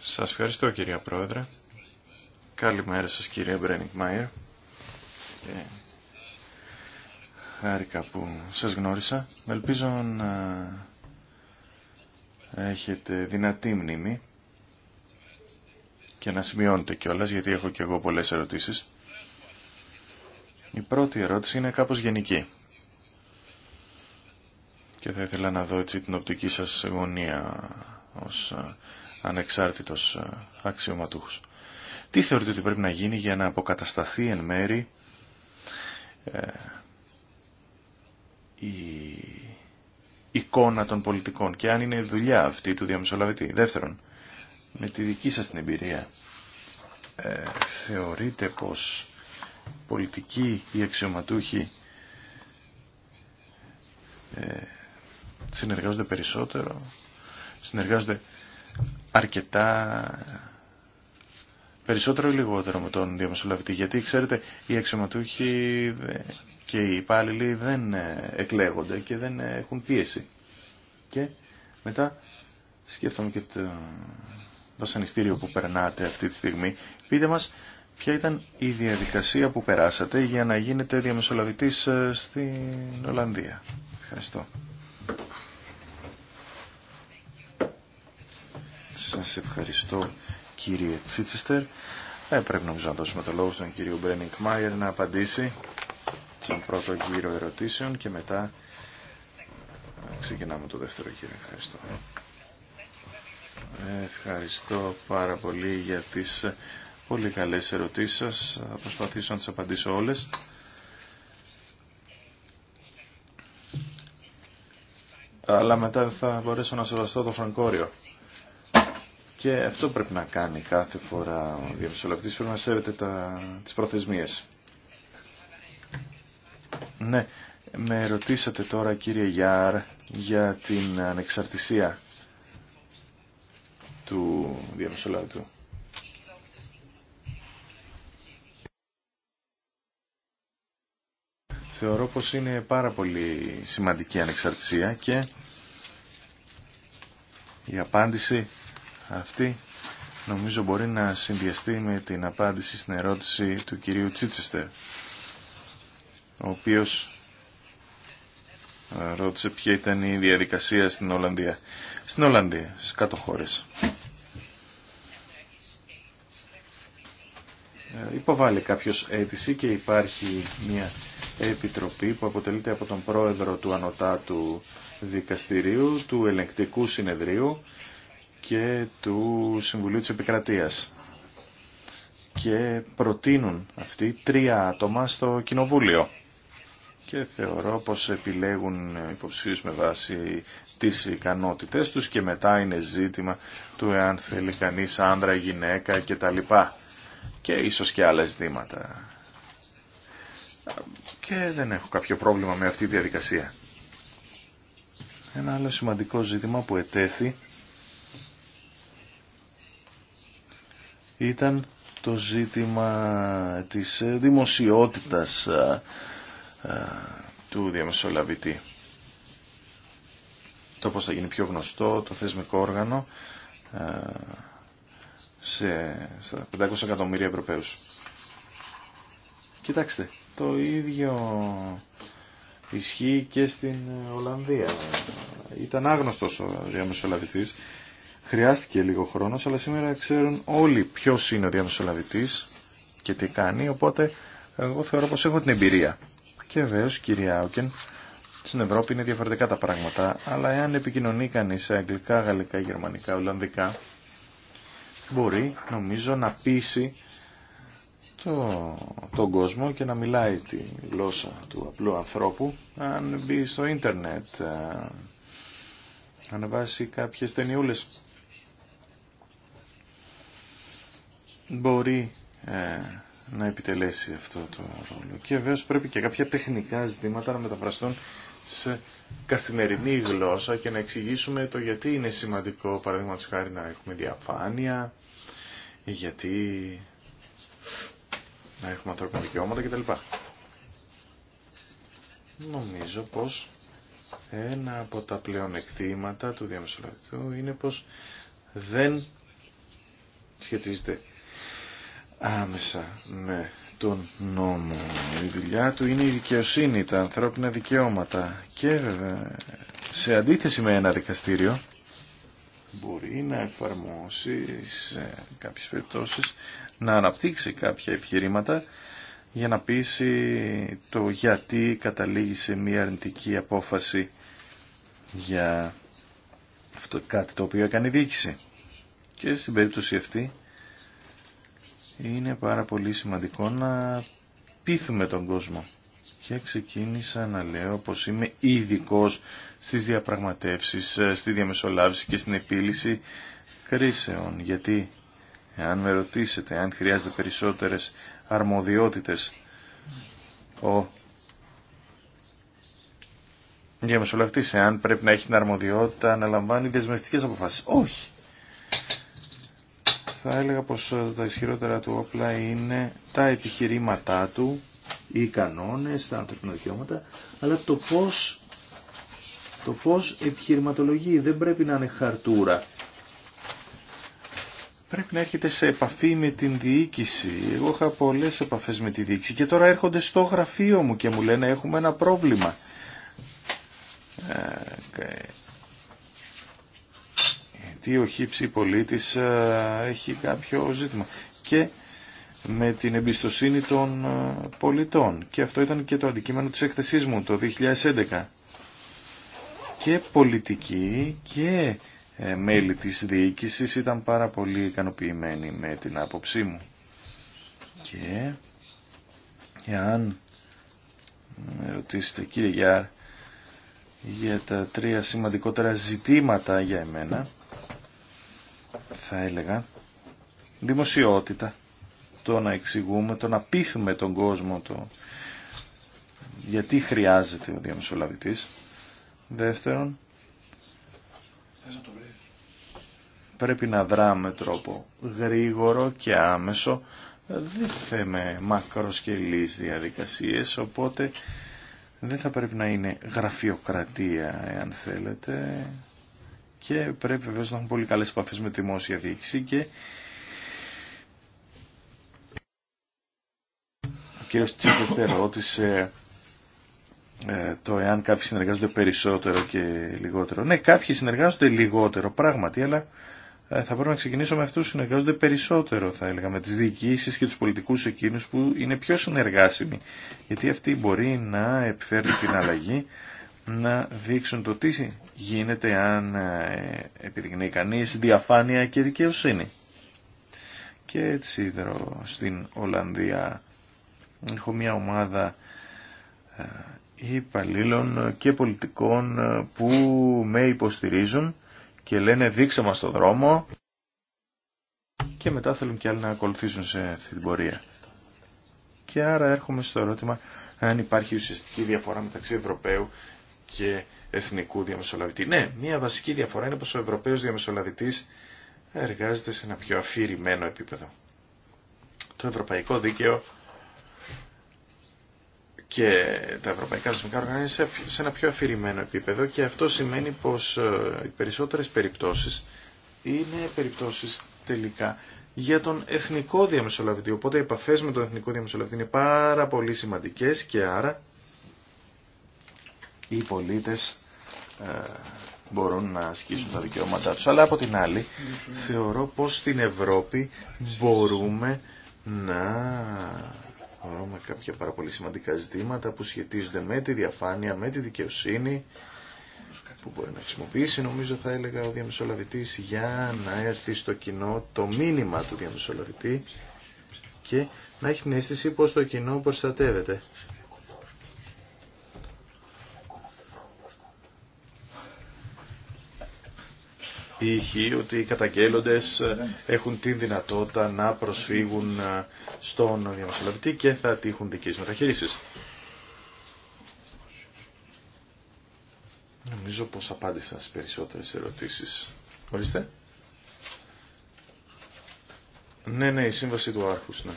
Σας ευχαριστώ κυρία Πρόεδρε. Καλημέρα σας κύριε Μπρένικ Μάιερ. Ε, Χάρηκα που σας γνώρισα. Ελπίζω να έχετε δυνατή μνήμη και να σημειώνετε κιόλας, γιατί έχω κι εγώ πολλές ερωτήσεις. Η πρώτη ερώτηση είναι κάπως γενική. Και θα ήθελα να δω έτσι την οπτική σας γωνία ως ανεξάρτητος αξιωματούχος. Τι θεωρείτε ότι πρέπει να γίνει για να αποκατασταθεί εν μέρη ε, η εικόνα των πολιτικών και αν είναι δουλειά αυτή του διαμεσολαβητή. Δεύτερον, με τη δική σας την εμπειρία, ε, θεωρείτε πως πολιτικοί ή αξιωματούχοι ε, συνεργάζονται περισσότερο, συνεργάζονται αρκετά περισσότερο ή λιγότερο με τον διαμεσολαβητή. Γιατί ξέρετε, οι αξιωματούχοι ε, και οι υπάλληλοι δεν ε, εκλέγονται και δεν ε, έχουν πίεση. Και μετά σκέφτομαι και το βασανιστήριο που περνάτε αυτή τη στιγμή. Πείτε μας ποια ήταν η διαδικασία που περάσατε για να γίνετε διαμεσολαβητής ε, στην Ολλανδία. Ευχαριστώ. Σας ευχαριστώ κύριε Τσίτσιστερ. Ε, πρέπει νομίζω να δώσουμε το λόγο στον κύριο Μπρένινγκ Μάιερ να απαντήσει τον πρώτο γύρο ερωτήσεων και μετά ξεκινάμε το δεύτερο γύρο. Ευχαριστώ. Ευχαριστώ πάρα πολύ για τις πολύ καλές ερωτήσεις σας. Θα προσπαθήσω να τις απαντήσω όλες. Αλλά μετά θα μπορέσω να σεβαστώ το φραγκόριο. Και αυτό πρέπει να κάνει κάθε φορά ο διαμεσολαβητής, πρέπει να σέβεται τα, τις προθεσμίες. Ναι, με ρωτήσατε τώρα κύριε Γιάρ για την ανεξαρτησία του του. Θεωρώ πως είναι πάρα πολύ σημαντική ανεξαρτησία και η απάντηση αυτή νομίζω μπορεί να συνδυαστεί με την απάντηση στην ερώτηση του κυρίου Τσίτσεστερ ο οποίος ε, ρώτησε ποια ήταν η διαδικασία στην Ολλανδία. Στην Ολλανδία, στις κάτω χώρες. Ε, υποβάλλει κάποιος αίτηση και υπάρχει μια επιτροπή που αποτελείται από τον πρόεδρο του Ανωτάτου Δικαστηρίου, του Ελεγκτικού Συνεδρίου και του Συμβουλίου της Επικρατείας. Και προτείνουν αυτοί τρία άτομα στο Κοινοβούλιο και θεωρώ πως επιλέγουν υποψηφίους με βάση τις ικανότητές τους και μετά είναι ζήτημα του εάν θέλει κανείς άντρα, γυναίκα τα λοιπά Και ίσως και άλλα ζητήματα. Και δεν έχω κάποιο πρόβλημα με αυτή τη διαδικασία. Ένα άλλο σημαντικό ζήτημα που ετέθη ήταν το ζήτημα της δημοσιότητας ε, του διαμεσολαβητή. Το πώς θα γίνει πιο γνωστό, το θεσμικό όργανο ε, σε, στα 500 εκατομμύρια Ευρωπαίους. Κοιτάξτε, το ίδιο ισχύει και στην Ολλανδία. Ήταν άγνωστος ο διαμεσολαβητής. Χρειάστηκε λίγο χρόνος, αλλά σήμερα ξέρουν όλοι ποιος είναι ο διαμεσολαβητής και τι κάνει, οπότε εγώ θεωρώ πως έχω την εμπειρία και βεβαίω, κυρία Άουκεν, στην Ευρώπη είναι διαφορετικά τα πράγματα, αλλά εάν επικοινωνεί κανεί σε αγγλικά, γαλλικά, γερμανικά, ολλανδικά, μπορεί νομίζω να πείσει το, τον κόσμο και να μιλάει τη γλώσσα του απλού ανθρώπου αν μπει στο ίντερνετ, ανεβάσει κάποιες ταινιούλες. Μπορεί ε, να επιτελέσει αυτό το ρόλο. Και βέβαια πρέπει και κάποια τεχνικά ζητήματα να μεταφραστούν σε καθημερινή γλώσσα και να εξηγήσουμε το γιατί είναι σημαντικό παραδείγματο χάρη να έχουμε διαφάνεια, γιατί να έχουμε ανθρώπινα δικαιώματα κτλ. Νομίζω πως ένα από τα πλεονεκτήματα του διαμεσολαβητού είναι πως δεν σχετίζεται άμεσα με τον νόμο. Η δουλειά του είναι η δικαιοσύνη, τα ανθρώπινα δικαιώματα και σε αντίθεση με ένα δικαστήριο μπορεί να εφαρμόσει σε κάποιες περιπτώσεις να αναπτύξει κάποια επιχειρήματα για να πείσει το γιατί καταλήγει σε μια αρνητική απόφαση για αυτό κάτι το οποίο έκανε η Και στην περίπτωση αυτή είναι πάρα πολύ σημαντικό να πείθουμε τον κόσμο. Και ξεκίνησα να λέω πως είμαι ειδικό στις διαπραγματεύσεις, ε, στη διαμεσολάβηση και στην επίλυση κρίσεων. Γιατί, αν με ρωτήσετε, αν χρειάζεται περισσότερες αρμοδιότητες, ο διαμεσολαβητής, εάν πρέπει να έχει την αρμοδιότητα να λαμβάνει δεσμευτικές αποφάσεις. Όχι θα έλεγα πως ε, τα ισχυρότερα του όπλα είναι τα επιχειρήματά του, οι κανόνες, τα ανθρώπινα αλλά το πώς, το πώς επιχειρηματολογεί δεν πρέπει να είναι χαρτούρα. Πρέπει να έρχεται σε επαφή με την διοίκηση. Εγώ είχα πολλές επαφές με τη διοίκηση και τώρα έρχονται στο γραφείο μου και μου λένε έχουμε ένα πρόβλημα. Ε, γιατί ο χύψη πολίτης ε, έχει κάποιο ζήτημα. Και με την εμπιστοσύνη των ε, πολιτών. Και αυτό ήταν και το αντικείμενο της έκθεσής μου το 2011. Και πολιτικοί και ε, μέλη της διοίκησης ήταν πάρα πολύ ικανοποιημένοι με την άποψή μου. Και εάν ρωτήσετε κύριε Γιάρ για τα τρία σημαντικότερα ζητήματα για εμένα θα έλεγα, δημοσιότητα. Το να εξηγούμε, το να πείθουμε τον κόσμο το γιατί χρειάζεται ο διαμεσολαβητής. Δεύτερον, πρέπει να δράμε τρόπο γρήγορο και άμεσο, δεν και λύς διαδικασίες, οπότε δεν θα πρέπει να είναι γραφειοκρατία, εάν θέλετε, και πρέπει βέβαια να έχουν πολύ καλές επαφές με τη δημόσια διοίκηση και ο κύριος Τσίτσεστερ ρώτησε ε, το εάν κάποιοι συνεργάζονται περισσότερο και λιγότερο. Ναι, κάποιοι συνεργάζονται λιγότερο πράγματι, αλλά ε, θα πρέπει να ξεκινήσω με αυτούς που συνεργάζονται περισσότερο, θα έλεγα, με τις διοικήσεις και τους πολιτικούς εκείνους που είναι πιο συνεργάσιμοι. Γιατί αυτοί μπορεί να επιφέρουν την αλλαγή να δείξουν το τι γίνεται αν ε, επιδεικνύει κανείς διαφάνεια και δικαιοσύνη. Και έτσι εδώ στην Ολλανδία έχω μια ομάδα ε, υπαλλήλων και πολιτικών ε, που με υποστηρίζουν και λένε δείξε μας το δρόμο και μετά θέλουν και άλλοι να ακολουθήσουν σε αυτή την πορεία. Και άρα έρχομαι στο ερώτημα αν υπάρχει ουσιαστική διαφορά μεταξύ Ευρωπαίου και εθνικού διαμεσολαβητή. Ναι, μία βασική διαφορά είναι πως ο Ευρωπαίος διαμεσολαβητής εργάζεται σε ένα πιο αφηρημένο επίπεδο. Το ευρωπαϊκό δίκαιο και τα ευρωπαϊκά θεσμικά οργάνωση είναι σε ένα πιο αφηρημένο επίπεδο και αυτό σημαίνει πως ε, οι περισσότερες περιπτώσεις είναι περιπτώσεις τελικά για τον εθνικό διαμεσολαβητή. Οπότε οι επαφές με τον εθνικό διαμεσολαβητή είναι πάρα πολύ σημαντικές και άρα οι πολίτες ε, μπορούν να ασκήσουν τα δικαιώματά τους. Αλλά από την άλλη θεωρώ πως στην Ευρώπη μπορούμε να βρούμε κάποια πάρα πολύ σημαντικά ζητήματα που σχετίζονται με τη διαφάνεια, με τη δικαιοσύνη που μπορεί να χρησιμοποιήσει νομίζω θα έλεγα ο διαμεσολαβητής για να έρθει στο κοινό το μήνυμα του διαμεσολαβητή και να έχει την αίσθηση πως το κοινό προστατεύεται π.χ. ότι οι καταγγέλλοντες ε, έχουν την δυνατότητα να προσφύγουν ε, στον διαμεσολαβητή και θα τύχουν δικής μεταχείρισης. Νομίζω πως απάντησα στις περισσότερες ερωτήσεις. Ορίστε. Ναι, ναι, η σύμβαση του άρχους, ναι.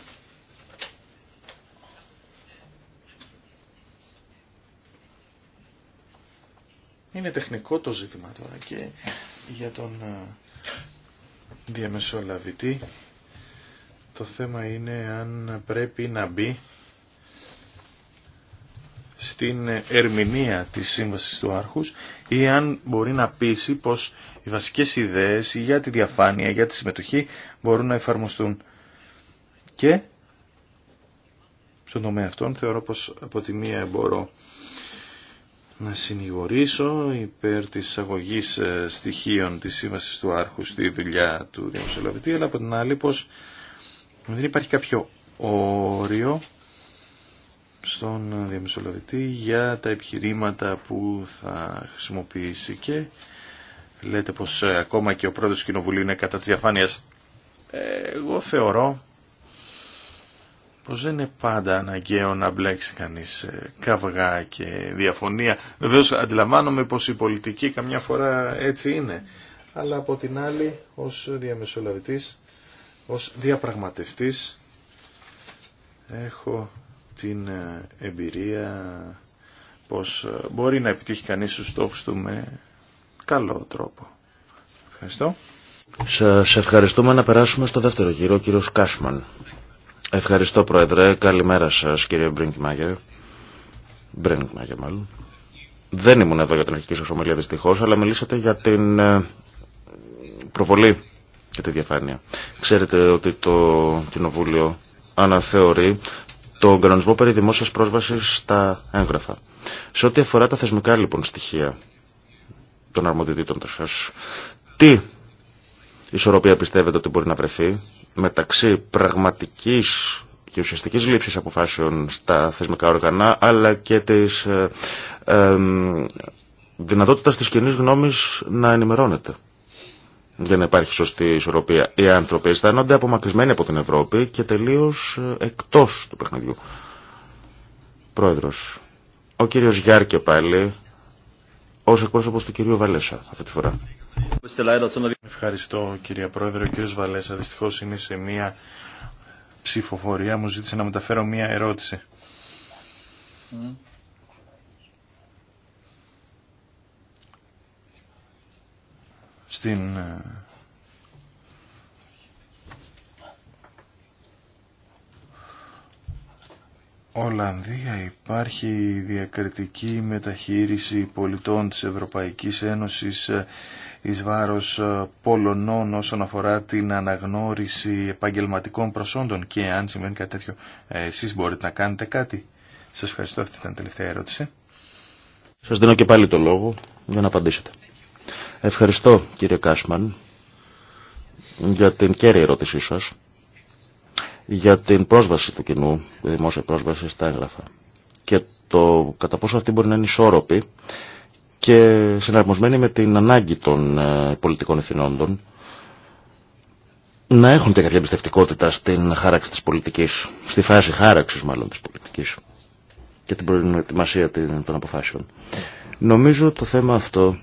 Είναι τεχνικό το ζήτημα τώρα και για τον ε, διαμεσολαβητή το θέμα είναι αν πρέπει να μπει στην ερμηνεία της σύμβασης του άρχους ή αν μπορεί να πείσει πως οι βασικές ιδέες για τη διαφάνεια, για τη συμμετοχή μπορούν να εφαρμοστούν. Και στον τομέα αυτών θεωρώ πως από τη μία μπορώ να συνηγορήσω υπέρ της αγωγής ε, στοιχείων της σύμβασης του άρχου στη δουλειά του Δημοσιολαβητή, αλλά από την άλλη πως δεν υπάρχει κάποιο όριο στον διαμεσολαβητή για τα επιχειρήματα που θα χρησιμοποιήσει και λέτε πως ε, ακόμα και ο πρόεδρος του Κοινοβουλίου είναι κατά της διαφάνειας. Ε, εγώ θεωρώ πως δεν είναι πάντα αναγκαίο να μπλέξει κανείς ε, καυγά και διαφωνία. Βεβαίως αντιλαμβάνομαι πως η πολιτική καμιά φορά έτσι είναι. Αλλά από την άλλη ως διαμεσολαβητής, ως διαπραγματευτής έχω την ε, εμπειρία πως ε, μπορεί να επιτύχει κανείς στους στόχους του με καλό τρόπο. Ευχαριστώ. Σας ευχαριστούμε να περάσουμε στο δεύτερο γύρο, κύριος Κάσμαν. Ευχαριστώ Πρόεδρε. Καλημέρα σας κύριε Μπρίνκμαγερ. Μπρίνκμαγερ μάλλον. Δεν ήμουν εδώ για την αρχική σας ομιλία δυστυχώς, αλλά μιλήσατε για την ε, προβολή και τη διαφάνεια. Ξέρετε ότι το Κοινοβούλιο αναθεωρεί τον κανονισμό περί δημόσιας πρόσβασης στα έγγραφα. Σε ό,τι αφορά τα θεσμικά λοιπόν στοιχεία των αρμοδιοτήτων σα, τι ισορροπία πιστεύετε ότι μπορεί να βρεθεί μεταξύ πραγματικής και ουσιαστική λήψη αποφάσεων στα θεσμικά όργανα, αλλά και τη ε, ε, δυνατότητα τη κοινή γνώμη να ενημερώνεται. Για να υπάρχει σωστή ισορροπία. Οι άνθρωποι αισθάνονται απομακρυσμένοι από την Ευρώπη και τελείω ε, εκτό του παιχνιδιού. Πρόεδρο. Ο κύριο Γιάρκε πάλι, ω εκπρόσωπο του κυρίου Βαλέσα αυτή τη φορά. Ευχαριστώ κύριε Πρόεδρε. Ο κύριος Βαλέσα δυστυχώς είναι σε μία ψηφοφορία. Μου ζήτησε να μεταφέρω μία ερώτηση. Mm. Στην ε, Ολλανδία υπάρχει διακριτική μεταχείριση πολιτών της Ευρωπαϊκής Ένωσης ε, εις βάρος ε, Πολωνών όσον αφορά την αναγνώριση επαγγελματικών προσόντων και αν σημαίνει κάτι τέτοιο ε, εσείς μπορείτε να κάνετε κάτι. Σας ευχαριστώ αυτή ήταν τελευταία ερώτηση. Σας δίνω και πάλι το λόγο για να απαντήσετε. Ευχαριστώ κύριε Κάσμαν για την κέρια ερώτησή σας για την πρόσβαση του κοινού, δημόσια πρόσβαση στα έγγραφα και το κατά πόσο αυτή μπορεί να είναι ισόρροπη και συναρμοσμένη με την ανάγκη των ε, πολιτικών εθνών να έχουν και κάποια εμπιστευτικότητα στην χάραξη της πολιτικής, στη φάση χάραξης μάλλον της πολιτικής και την προετοιμασία των αποφάσεων. Νομίζω το θέμα αυτό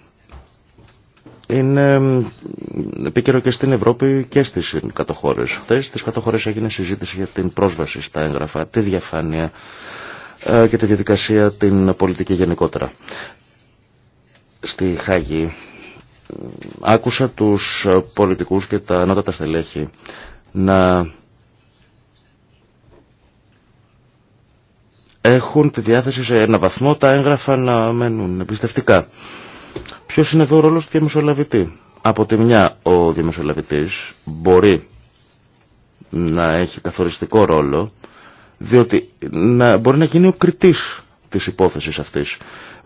είναι επίκαιρο και στην Ευρώπη και στις κατοχώρες. Χθε στις κατοχώρες έγινε συζήτηση για την πρόσβαση στα έγγραφα, τη διαφάνεια ε, και τη διαδικασία την πολιτική γενικότερα στη Χάγη άκουσα τους πολιτικούς και τα ανώτατα στελέχη να έχουν τη διάθεση σε ένα βαθμό τα έγγραφα να μένουν εμπιστευτικά. Ποιος είναι εδώ ο ρόλος του διαμεσολαβητή. Από τη μια ο διαμεσολαβητής μπορεί να έχει καθοριστικό ρόλο διότι να, μπορεί να γίνει ο κριτής της υπόθεσης αυτής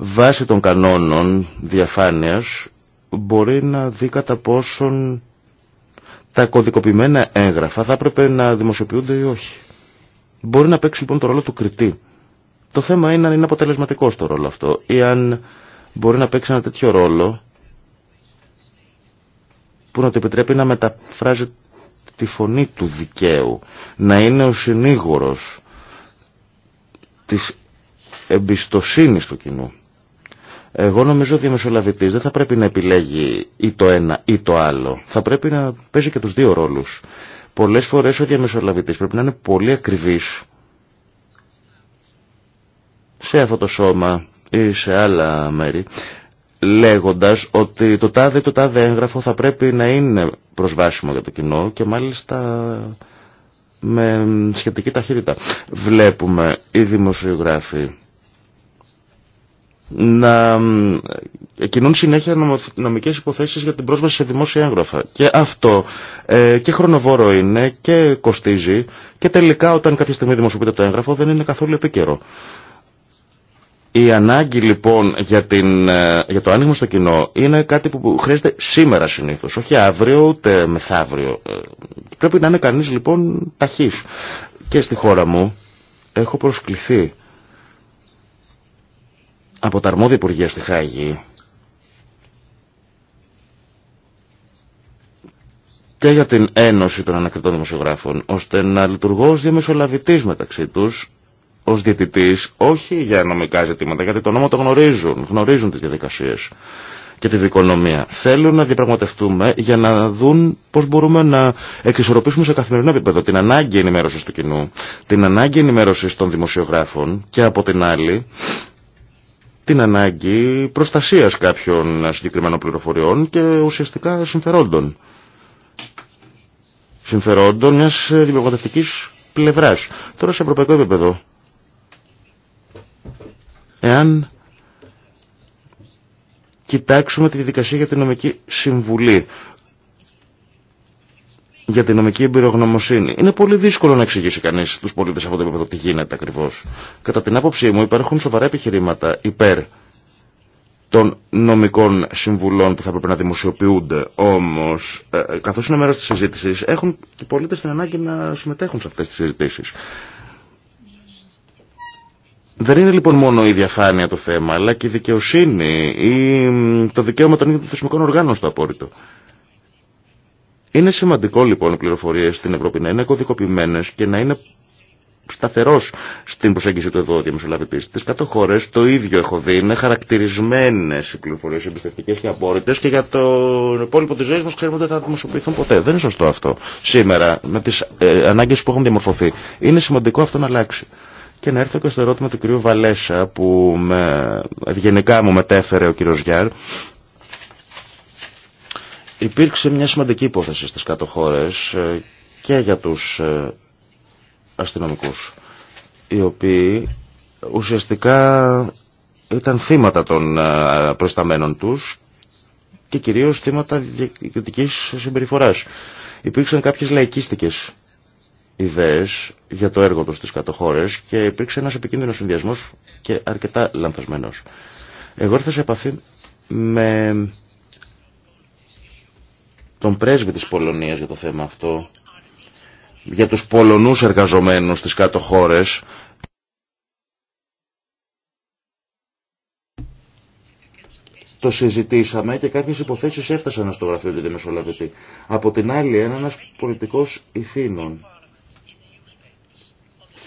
βάσει των κανόνων διαφάνειας μπορεί να δει κατά πόσον τα κωδικοποιημένα έγγραφα θα έπρεπε να δημοσιοποιούνται ή όχι. Μπορεί να παίξει λοιπόν το ρόλο του κριτή. Το θέμα είναι αν είναι αποτελεσματικό το ρόλο αυτό ή αν μπορεί να παίξει ένα τέτοιο ρόλο που να του επιτρέπει να μεταφράζει τη φωνή του δικαίου, να είναι ο συνήγορος της εμπιστοσύνης του κοινού. Εγώ νομίζω ότι ο μεσολαβητή δεν θα πρέπει να επιλέγει ή το ένα ή το άλλο. Θα πρέπει να παίζει και του δύο ρόλου. Πολλέ φορέ ο διαμεσολαβητή πρέπει να είναι πολύ ακριβή σε αυτό το σώμα ή σε άλλα μέρη, λέγοντας ότι το τάδε το τάδε έγγραφο θα πρέπει να είναι προσβάσιμο για το κοινό και μάλιστα με σχετική ταχύτητα. Βλέπουμε οι δημοσιογράφοι να κινούν συνέχεια νομικές υποθέσεις για την πρόσβαση σε δημόσια έγγραφα. Και αυτό ε, και χρονοβόρο είναι και κοστίζει και τελικά όταν κάποια στιγμή δημοσιοποιείται το έγγραφο δεν είναι καθόλου επίκαιρο. Η ανάγκη λοιπόν για, την, ε, για το άνοιγμα στο κοινό είναι κάτι που χρειάζεται σήμερα συνήθως, όχι αύριο ούτε μεθαύριο. Ε, πρέπει να είναι κανείς λοιπόν ταχύς. Και στη χώρα μου έχω προσκληθεί από τα αρμόδια υπουργεία στη Χάγη και για την Ένωση των Ανακριτών Δημοσιογράφων, ώστε να λειτουργώ ως διαμεσολαβητής μεταξύ τους, ως διαιτητής, όχι για νομικά ζητήματα, γιατί το νόμο το γνωρίζουν, γνωρίζουν τις διαδικασίες και τη δικονομία. Θέλουν να διαπραγματευτούμε για να δουν πώς μπορούμε να εξισορροπήσουμε σε καθημερινό επίπεδο την ανάγκη ενημέρωσης του κοινού, την ανάγκη ενημέρωσης των δημοσιογράφων και από την άλλη την ανάγκη προστασίας κάποιων συγκεκριμένων πληροφοριών και ουσιαστικά συμφερόντων. Συμφερόντων μιας δημοκρατικής πλευράς. Τώρα σε ευρωπαϊκό επίπεδο. Εάν κοιτάξουμε τη δικασία για την νομική συμβουλή για την νομική εμπειρογνωμοσύνη. Είναι πολύ δύσκολο να εξηγήσει κανεί στου πολίτε αυτό το επίπεδο τι γίνεται ακριβώ. Κατά την άποψή μου υπάρχουν σοβαρά επιχειρήματα υπέρ των νομικών συμβουλών που θα πρέπει να δημοσιοποιούνται. Όμω, ε, ε καθώ είναι μέρο τη συζήτηση, έχουν και οι πολίτε την ανάγκη να συμμετέχουν σε αυτέ τι συζητήσει. Δεν είναι λοιπόν μόνο η διαφάνεια το θέμα, αλλά και η δικαιοσύνη ή το δικαίωμα των ίδιων θεσμικών οργάνων στο απόρριτο. Είναι σημαντικό λοιπόν οι πληροφορίες στην Ευρώπη να είναι κωδικοποιημένες και να είναι σταθερό στην προσέγγιση του εδώ διαμεσολαβητή. Στι κάτω χώρε το ίδιο έχω δει. Είναι χαρακτηρισμένε οι πληροφορίε εμπιστευτικέ και απόρριτε και για τον υπόλοιπο τη ζωή μα ξέρουμε ότι δεν θα δημοσιοποιηθούν ποτέ. Δεν είναι σωστό αυτό σήμερα με τι ε, ανάγκε που έχουν διαμορφωθεί. Είναι σημαντικό αυτό να αλλάξει. Και να έρθω και στο ερώτημα του κ. Βαλέσα που με, ευγενικά μου μετέφερε ο κ. Γιάρ Υπήρξε μια σημαντική υπόθεση στις κάτω ε, και για τους ε, αστυνομικούς, οι οποίοι ουσιαστικά ήταν θύματα των ε, προσταμένων τους και κυρίως θύματα διοικητικής συμπεριφοράς. Υπήρξαν κάποιες λαϊκίστικες ιδέες για το έργο τους στις κατοχώρες και υπήρξε ένας επικίνδυνος συνδυασμός και αρκετά λανθασμένος. Εγώ ήρθα σε επαφή με τον πρέσβη της Πολωνίας για το θέμα αυτό, για τους Πολωνούς εργαζομένους στις κάτω χώρες, το συζητήσαμε και κάποιες υποθέσεις έφτασαν στο γραφείο του Δημοσολαβητή. Από την άλλη, ένας πολιτικός ηθήνων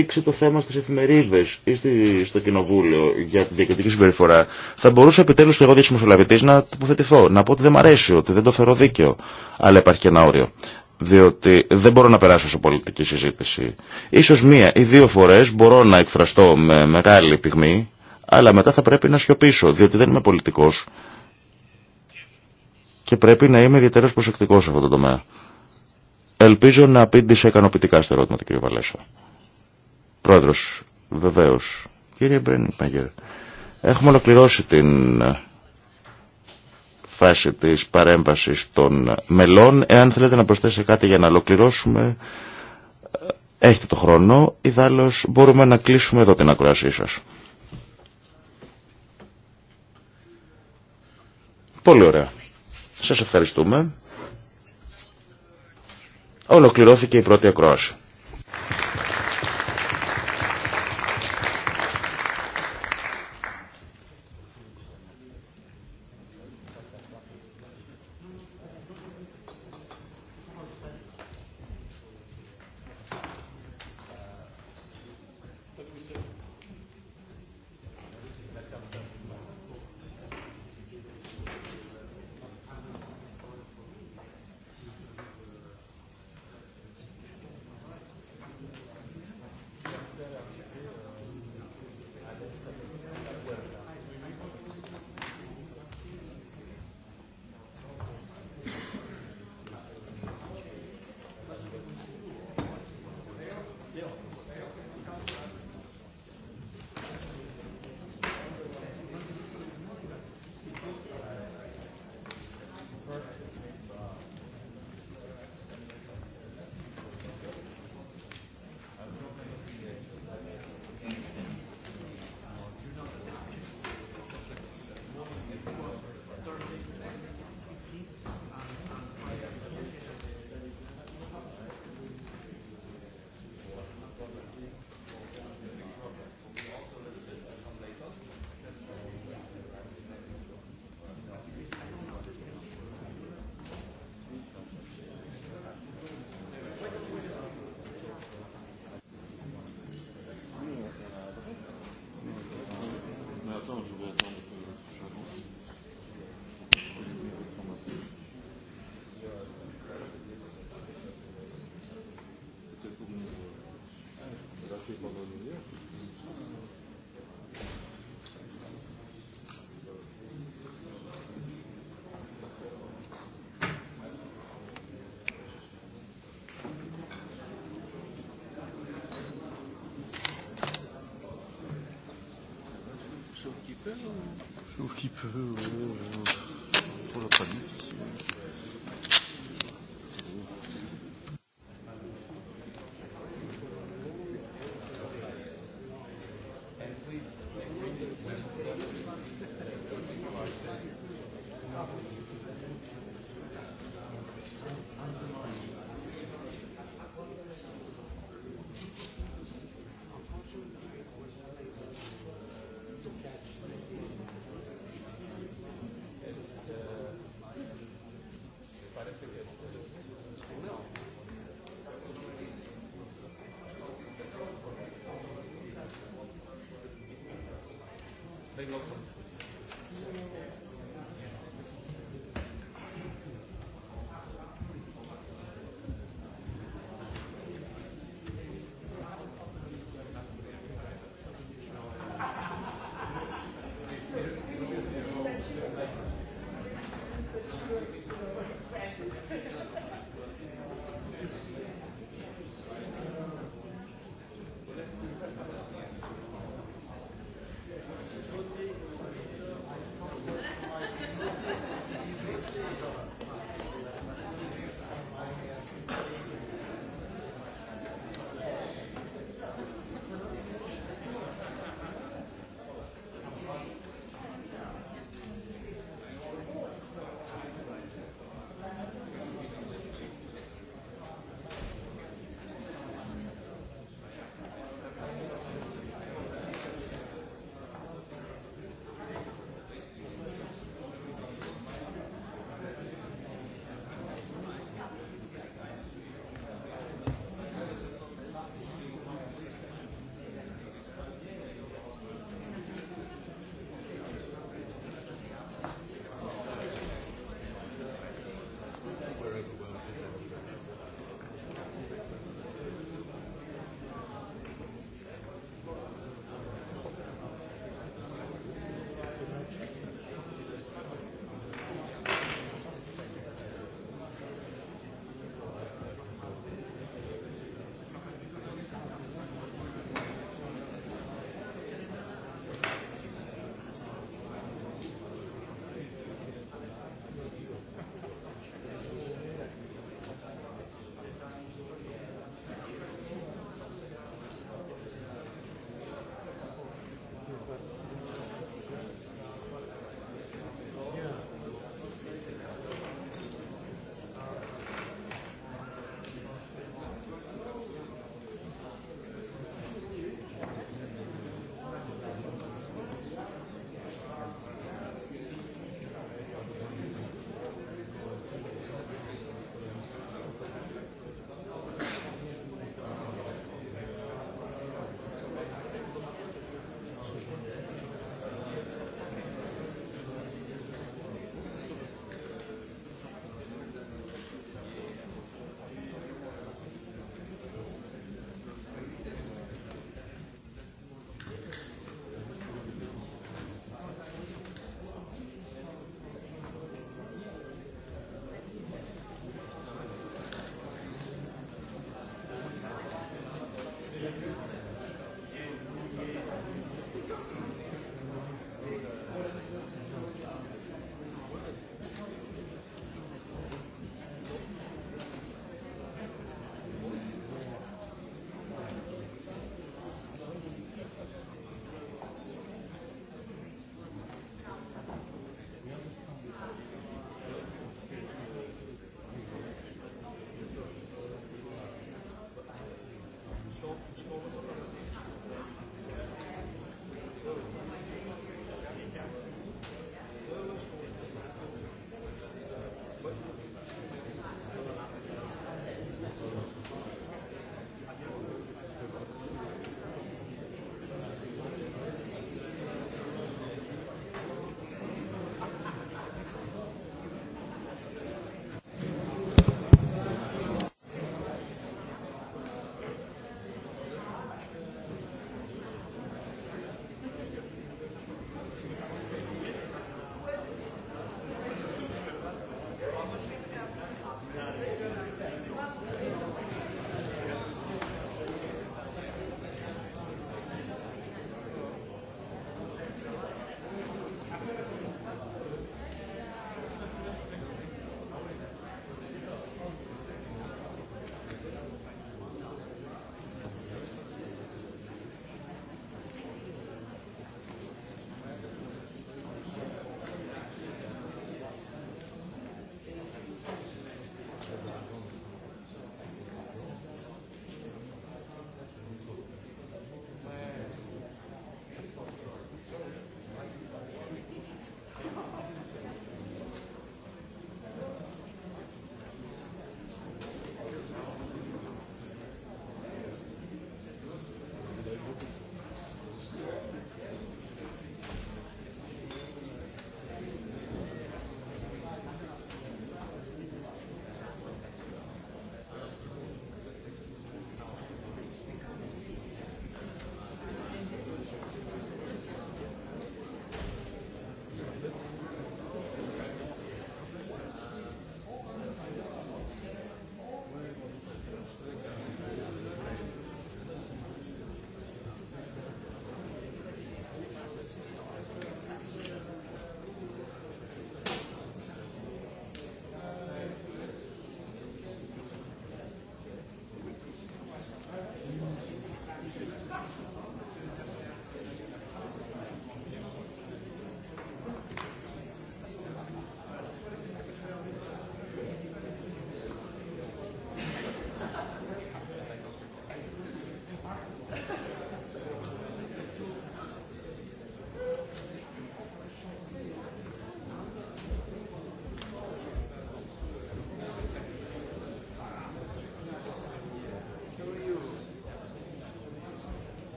θίξει το θέμα στις εφημερίδες ή στο κοινοβούλιο για τη διακριτική συμπεριφορά, θα μπορούσα επιτέλους και εγώ διεξιμοσολαβητής να τοποθετηθώ, να πω ότι δεν μ' αρέσει, ότι δεν το θεωρώ δίκαιο. Αλλά υπάρχει και ένα όριο. Διότι δεν μπορώ να περάσω σε πολιτική συζήτηση. Ίσως μία ή δύο φορές μπορώ να εκφραστώ με μεγάλη πυγμή, αλλά μετά θα πρέπει να σιωπήσω, διότι δεν είμαι πολιτικός. Και πρέπει να είμαι ιδιαίτερος προσεκτικός σε αυτό το τομέα. Ελπίζω να απήντησε ικανοποιητικά στο ερώτημα του κ. Βαλέσσα. Πρόεδρος, βεβαίως. Κύριε Μπρένιμπαγκερ, έχουμε ολοκληρώσει την ε, φάση της παρέμβασης των ε, μελών. Εάν θέλετε να προσθέσετε κάτι για να ολοκληρώσουμε, ε, έχετε το χρόνο. Ιδάλλως μπορούμε να κλείσουμε εδώ την ακροασή σας. Πολύ ωραία. Σας ευχαριστούμε. Ολοκληρώθηκε η πρώτη ακρόαση.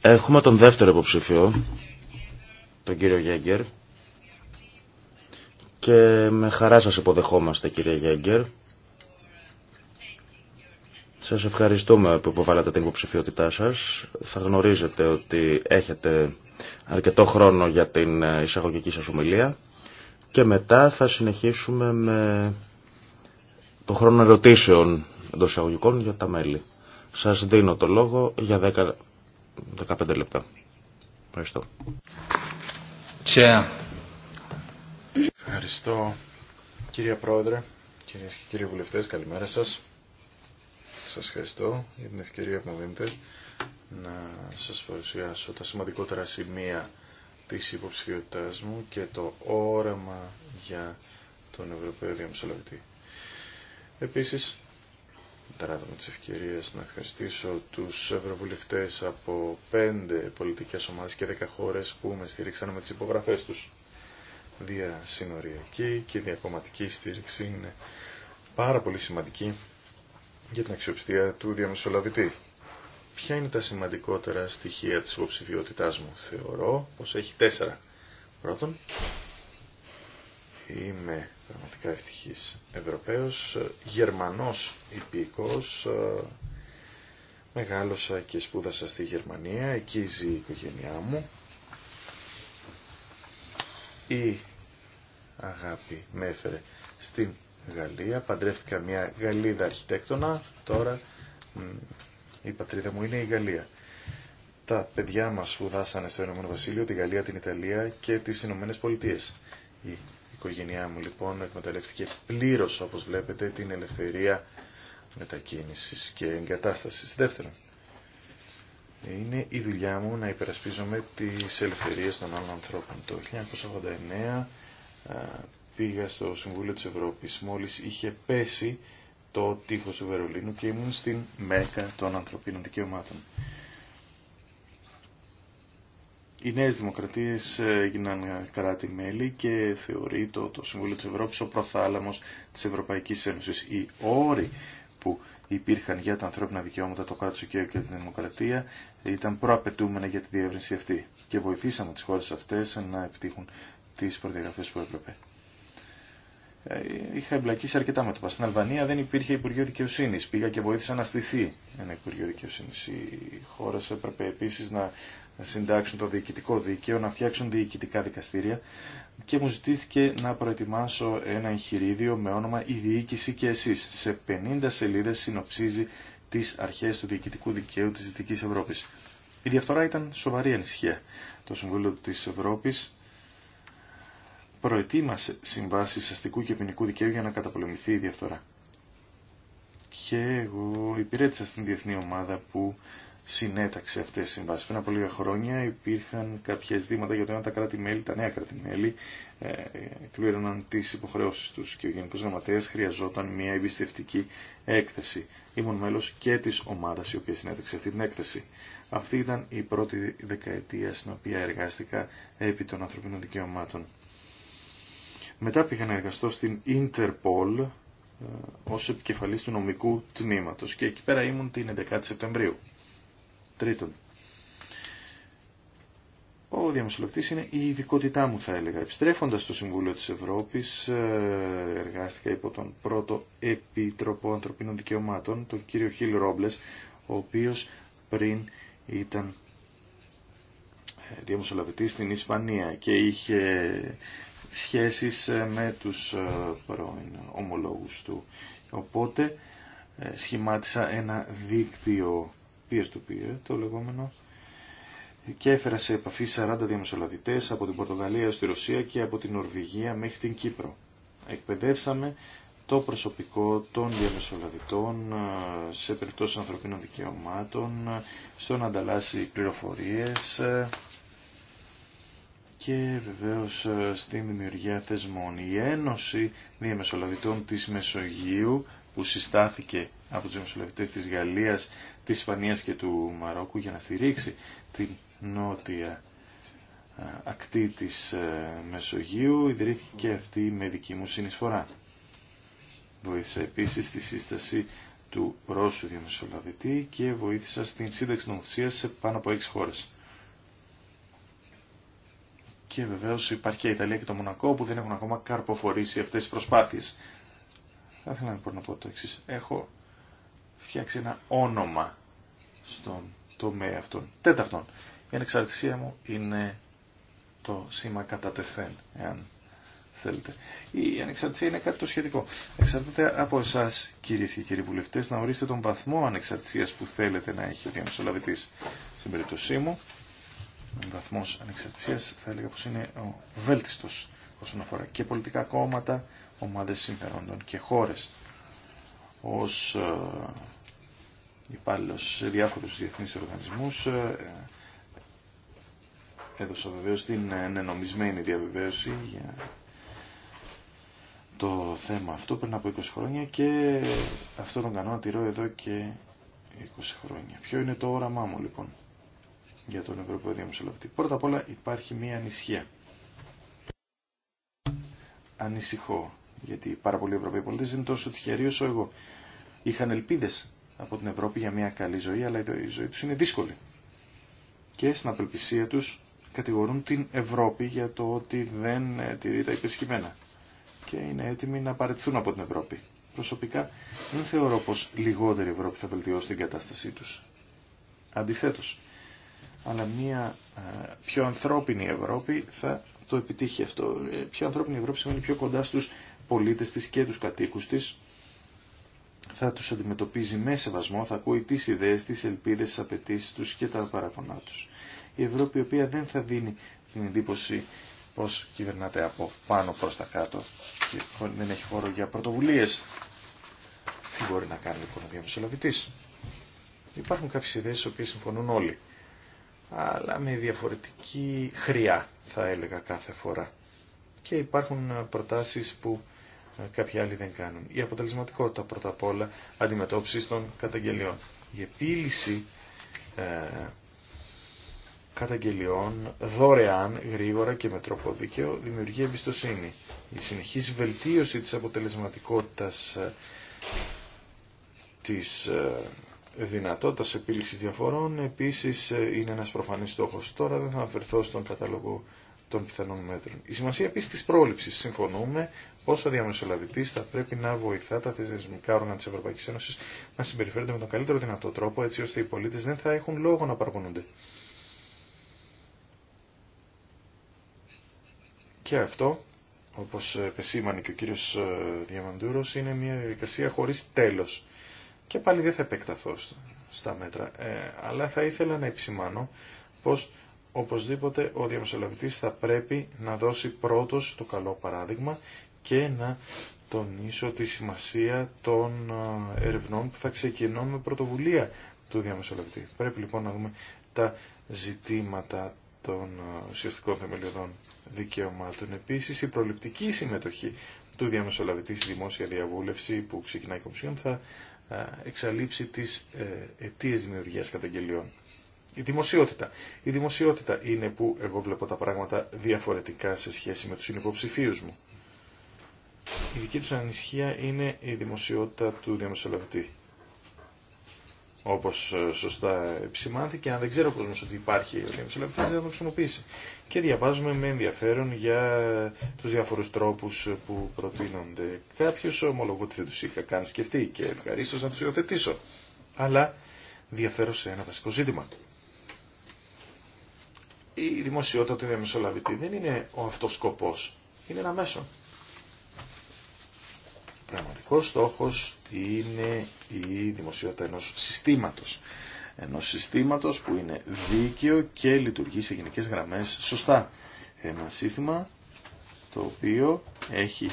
Έχουμε τον δεύτερο υποψηφίο, τον κύριο Γέγκερ. Και με χαρά σας υποδεχόμαστε κύριε Γέγκερ. Σας ευχαριστούμε που υποβάλλατε την υποψηφιότητά σας. Θα γνωρίζετε ότι έχετε αρκετό χρόνο για την εισαγωγική σας ομιλία και μετά θα συνεχίσουμε με το χρόνο ερωτήσεων εντό εισαγωγικών για τα μέλη. Σας δίνω το λόγο για 10, 15 λεπτά. Ευχαριστώ. Ευχαριστώ κύριε Πρόεδρε, κυρίε και κύριοι βουλευτές, καλημέρα σας. Σας ευχαριστώ για την ευκαιρία που μου δίνετε να σας παρουσιάσω τα σημαντικότερα σημεία της υποψηφιότητάς μου και το όραμα για τον Ευρωπαίο Διαμεσολαβητή. Επίσης, Παράδειγμα τις ευκαιρία να ευχαριστήσω τους ευρωβουλευτέ από πέντε πολιτικές ομάδες και δέκα χώρες που με στήριξαν με τις υπογραφές τους. Διασυνοριακή και διακομματική στήριξη είναι πάρα πολύ σημαντική για την αξιοπιστία του διαμεσολαβητή. Ποια είναι τα σημαντικότερα στοιχεία της υποψηφιότητά μου. Θεωρώ πώ έχει τέσσερα. Πρώτον, είμαι πραγματικά ευτυχής Ευρωπαίος, Γερμανός υπήκος, ε, μεγάλωσα και σπούδασα στη Γερμανία, εκεί ζει η οικογένειά μου. Η αγάπη με έφερε στην Γαλλία, παντρεύτηκα μια Γαλλίδα αρχιτέκτονα, τώρα η πατρίδα μου είναι η Γαλλία. Τα παιδιά μας σπουδάσανε στο Ηνωμένο Βασίλειο, τη Γαλλία, την Ιταλία και τις Ηνωμένε Πολιτείε οικογένειά μου λοιπόν εκμεταλλευτήκε πλήρως όπως βλέπετε την ελευθερία μετακίνησης και εγκατάστασης. Δεύτερον, είναι η δουλειά μου να υπερασπίζομαι τις ελευθερίες των άλλων ανθρώπων. Το 1989 πήγα στο Συμβούλιο της Ευρώπης. Μόλις είχε πέσει το τείχος του Βερολίνου και ήμουν στην Μέκα των ανθρωπίνων δικαιωμάτων. Οι Νέε δημοκρατίες ε, έγιναν ε, κράτη-μέλη και θεωρεί το, το Συμβούλιο της Ευρώπης ο προθάλαμος τη Ευρωπαϊκή Ένωση. Οι όροι που υπήρχαν για τα ανθρώπινα δικαιώματα, το κράτο δικαίου και τη δημοκρατία ήταν προαπαιτούμενα για τη διεύρυνση αυτή και βοηθήσαμε τι χώρε αυτέ να επιτύχουν τι προδιαγραφέ που έπρεπε. Ε, είχα εμπλακεί με αρκετά το Στην Αλβανία δεν υπήρχε Υπουργείο Δικαιοσύνη. Πήγα και βοήθησα να στηθεί ένα Υπουργείο Δικαιοσύνη. Οι χώρε έπρεπε επίση να να συντάξουν το διοικητικό δίκαιο, να φτιάξουν διοικητικά δικαστήρια και μου ζητήθηκε να προετοιμάσω ένα εγχειρίδιο με όνομα «Η διοίκηση και εσείς». Σε 50 σελίδες συνοψίζει τις αρχές του διοικητικού δικαίου της Δυτικής Ευρώπης. Η διαφθορά ήταν σοβαρή ανησυχία. Το Συμβούλιο της Ευρώπης προετοίμασε συμβάσεις αστικού και ποινικού δικαίου για να καταπολεμηθεί η διαφθορά. Και εγώ υπηρέτησα στην διεθνή ομάδα που συνέταξε αυτές τις συμβάσεις. Πριν από λίγα χρόνια υπήρχαν κάποια ζητήματα για το αν τα κράτη-μέλη, τα νέα κράτη-μέλη, ε, κλήρωναν τις υποχρεώσεις τους και ο Γενικός Γραμματέας χρειαζόταν μια εμπιστευτική έκθεση. Ήμουν μέλος και της ομάδας η οποία συνέταξε αυτή την έκθεση. Αυτή ήταν η πρώτη δεκαετία στην οποία εργάστηκα επί των ανθρωπίνων δικαιωμάτων. Μετά πήγα να εργαστώ στην Interpol ε, ως επικεφαλής του νομικού τμήματος και εκεί πέρα ήμουν την 11η Σεπτεμβρίου. Τρίτον, ο διαμεσολαβητής είναι η ειδικότητά μου θα έλεγα. Επιστρέφοντας στο Συμβούλιο της Ευρώπης ε, εργάστηκα υπό τον πρώτο Επίτροπο Ανθρωπίνων Δικαιωμάτων, τον κύριο Χίλ Ρόμπλες, ο οποίος πριν ήταν ε, διαμεσολαβητής στην Ισπανία και είχε σχέσεις ε, με τους πρώην ομολόγους του. Οπότε σχημάτισα ένα δίκτυο του το λεγόμενο, και έφερα σε επαφή 40 διαμεσολαβητές από την Πορτογαλία στη Ρωσία και από την Νορβηγία μέχρι την Κύπρο. Εκπαιδεύσαμε το προσωπικό των διαμεσολαβητών ε, σε περιπτώσεις ανθρωπίνων δικαιωμάτων, στο να ανταλλάσσει πληροφορίες ε, και βεβαίως ε, στην δημιουργία θεσμών. Η Ένωση Διαμεσολαβητών της Μεσογείου που συστάθηκε από τους δημοσιολογητές της Γαλλίας, της Ισπανίας και του Μαρόκου για να στηρίξει την νότια ακτή της ε, Μεσογείου ιδρύθηκε και αυτή με δική μου συνεισφορά. Βοήθησα επίσης τη σύσταση του Ρώσου Διαμεσολαβητή και βοήθησα στην σύνταξη νομοθεσίας σε πάνω από έξι χώρες. Και βεβαίως υπάρχει και η Ιταλία και το Μονακό που δεν έχουν ακόμα καρποφορήσει αυτές τις προσπάθειες. Θα ήθελα λοιπόν να πω το εξή. Έχω φτιάξει ένα όνομα στον τομέα αυτόν. Τέταρτον, η ανεξαρτησία μου είναι το σήμα κατά τεθέν, εάν θέλετε. Η ανεξαρτησία είναι κάτι το σχετικό. Εξαρτάται από εσά, κυρίε και κύριοι βουλευτέ, να ορίσετε τον βαθμό ανεξαρτησία που θέλετε να έχει ο διαμεσολαβητή. Στην περίπτωσή μου, ο βαθμό ανεξαρτησία θα έλεγα πω είναι ο βέλτιστο όσον αφορά και πολιτικά κόμματα ομάδες συμφερόντων και χώρες ως ε, υπάλληλο σε διάφορους διεθνείς οργανισμούς ε, ε, έδωσα βεβαίως την ενενομισμένη διαβεβαίωση για το θέμα αυτό πριν από 20 χρόνια και αυτό τον κανόνα τηρώ εδώ και 20 χρόνια. Ποιο είναι το όραμά μου λοιπόν για τον Ευρωπαϊκό Διαμεσολαβητή. Πρώτα απ' όλα υπάρχει μία ανησυχία. Ανησυχώ γιατί πάρα πολλοί Ευρωπαίοι πολίτε δεν είναι τόσο τυχεροί όσο εγώ. Είχαν ελπίδε από την Ευρώπη για μια καλή ζωή, αλλά η ζωή του είναι δύσκολη. Και στην απελπισία του κατηγορούν την Ευρώπη για το ότι δεν ε, τηρεί τα υπεσχημένα και είναι έτοιμοι να παρετηθούν από την Ευρώπη. Προσωπικά δεν θεωρώ πω λιγότερη Ευρώπη θα βελτιώσει την κατάστασή του αντιθέτω. αλλά μια ε, πιο ανθρώπινη Ευρώπη θα το επιτύχει αυτό. Ε, πιο ανθρώπινη Ευρώπη σημαίνει πιο κοντά στους πολίτες της και τους κατοίκους της, θα τους αντιμετωπίζει με σεβασμό, θα ακούει τις ιδέες, τις ελπίδες, τις απαιτήσει τους και τα παραπονά τους. Η Ευρώπη η οποία δεν θα δίνει την εντύπωση πως κυβερνάται από πάνω προς τα κάτω και δεν έχει χώρο για πρωτοβουλίες. Τι μπορεί να κάνει λοιπόν ο μεσολαβητής. Υπάρχουν κάποιες ιδέες στις οποίες συμφωνούν όλοι, αλλά με διαφορετική χρειά θα έλεγα κάθε φορά. Και υπάρχουν προτάσεις που κάποιοι άλλοι δεν κάνουν. Η αποτελεσματικότητα πρώτα απ' όλα αντιμετώπιση των καταγγελιών. Η επίλυση ε, καταγγελιών δωρεάν, γρήγορα και με τρόπο δίκαιο δημιουργεί εμπιστοσύνη. Η συνεχής βελτίωση της αποτελεσματικότητας ε, της ε, δυνατότητας επίλυσης διαφορών επίσης ε, είναι ένας προφανής στόχος. Τώρα δεν θα αναφερθώ στον καταλογό των πιθανών μέτρων. Η σημασία επίση τη πρόληψη. Συμφωνούμε πω ο διαμεσολαβητή θα πρέπει να βοηθά τα θεσμικά όργανα τη Ευρωπαϊκή Ένωση να συμπεριφέρονται με τον καλύτερο δυνατό τρόπο, έτσι ώστε οι πολίτε δεν θα έχουν λόγο να παραπονούνται. Και αυτό, όπω επεσήμανε και ο κύριο ε, Διαμαντούρο, είναι μια διαδικασία χωρί τέλο. Και πάλι δεν θα επεκταθώ στα μέτρα, ε, αλλά θα ήθελα να επισημάνω πως οπωσδήποτε ο διαμεσολαβητής θα πρέπει να δώσει πρώτος το καλό παράδειγμα και να τονίσω τη σημασία των ερευνών που θα ξεκινούν με πρωτοβουλία του διαμεσολαβητή. Πρέπει λοιπόν να δούμε τα ζητήματα των ουσιαστικών θεμελιωδών δικαιωμάτων. Επίσης η προληπτική συμμετοχή του διαμεσολαβητή στη δημόσια διαβούλευση που ξεκινάει η Κομισιόν θα εξαλείψει τις ε, αιτίες δημιουργίας καταγγελιών. Η δημοσιότητα. Η δημοσιότητα είναι που εγώ βλέπω τα πράγματα διαφορετικά σε σχέση με τους συνυποψηφίους μου. Η δική τους ανησυχία είναι η δημοσιότητα του διαμεσολαβητή. Όπως ε, σωστά επισημάνθηκε, αν δεν ξέρω κόσμος ότι υπάρχει ο διαμεσολαβητής δεν θα το χρησιμοποιήσει. Και διαβάζουμε με ενδιαφέρον για τους διάφορους τρόπους που προτείνονται. Κάποιους ομολογώ ότι δεν τους είχα καν σκεφτεί και ευχαρίστως να τους υιοθετήσω. Αλλά διαφέρω σε ένα βασικό ζήτημα η δημοσιότητα του διαμεσολαβητή δεν είναι ο αυτός σκοπός, είναι ένα μέσο. Ο πραγματικός στόχος είναι η δημοσιότητα ενός συστήματος. Ενός συστήματος που είναι δίκαιο και λειτουργεί σε γενικές γραμμές σωστά. Ένα σύστημα το οποίο έχει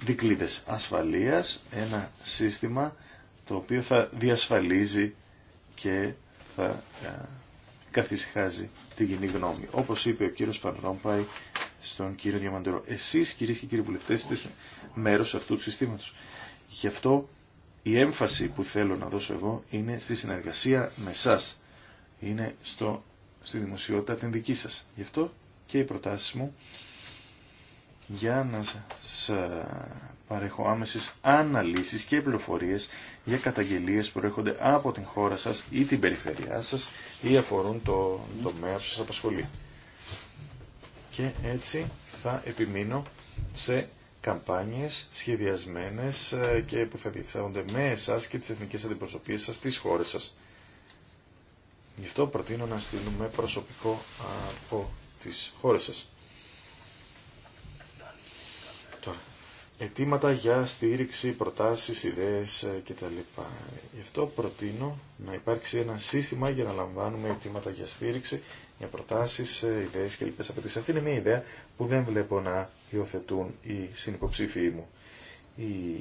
δικλίδες ασφαλείας, ένα σύστημα το οποίο θα διασφαλίζει και θα ε, καθησυχάζει την κοινή γνώμη. Όπως είπε ο κύριος Φανρόμπαϊ στον κύριο Διαμαντερό. Εσείς κυρίε και κύριοι βουλευτέ είστε μέρος αυτού του συστήματος. Γι' αυτό η έμφαση που θέλω να δώσω εγώ είναι στη συνεργασία με εσά. Είναι στο, στη δημοσιότητα την δική σας. Γι' αυτό και οι προτάσει μου για να σας ε, παρέχω άμεσες αναλύσεις και πληροφορίες για καταγγελίες που προέρχονται από την χώρα σας ή την περιφέρειά σας ή αφορούν το τομέα που σας απασχολεί. Και έτσι θα επιμείνω σε καμπάνιες σχεδιασμένες ε, και που θα διεξάγονται με εσάς και τις εθνικές αντιπροσωπείες σας στις χώρες σας. Γι' αυτό προτείνω να στείλουμε προσωπικό από τις χώρες σας. αιτήματα για στήριξη, προτάσεις, ιδέες ε, κτλ. Γι' αυτό προτείνω να υπάρξει ένα σύστημα για να λαμβάνουμε αιτήματα για στήριξη, για προτάσεις, ε, ιδέες και λοιπές απαιτήσεις. Αυτή είναι μια ιδέα που δεν βλέπω να υιοθετούν οι συνυποψήφοι μου. Οι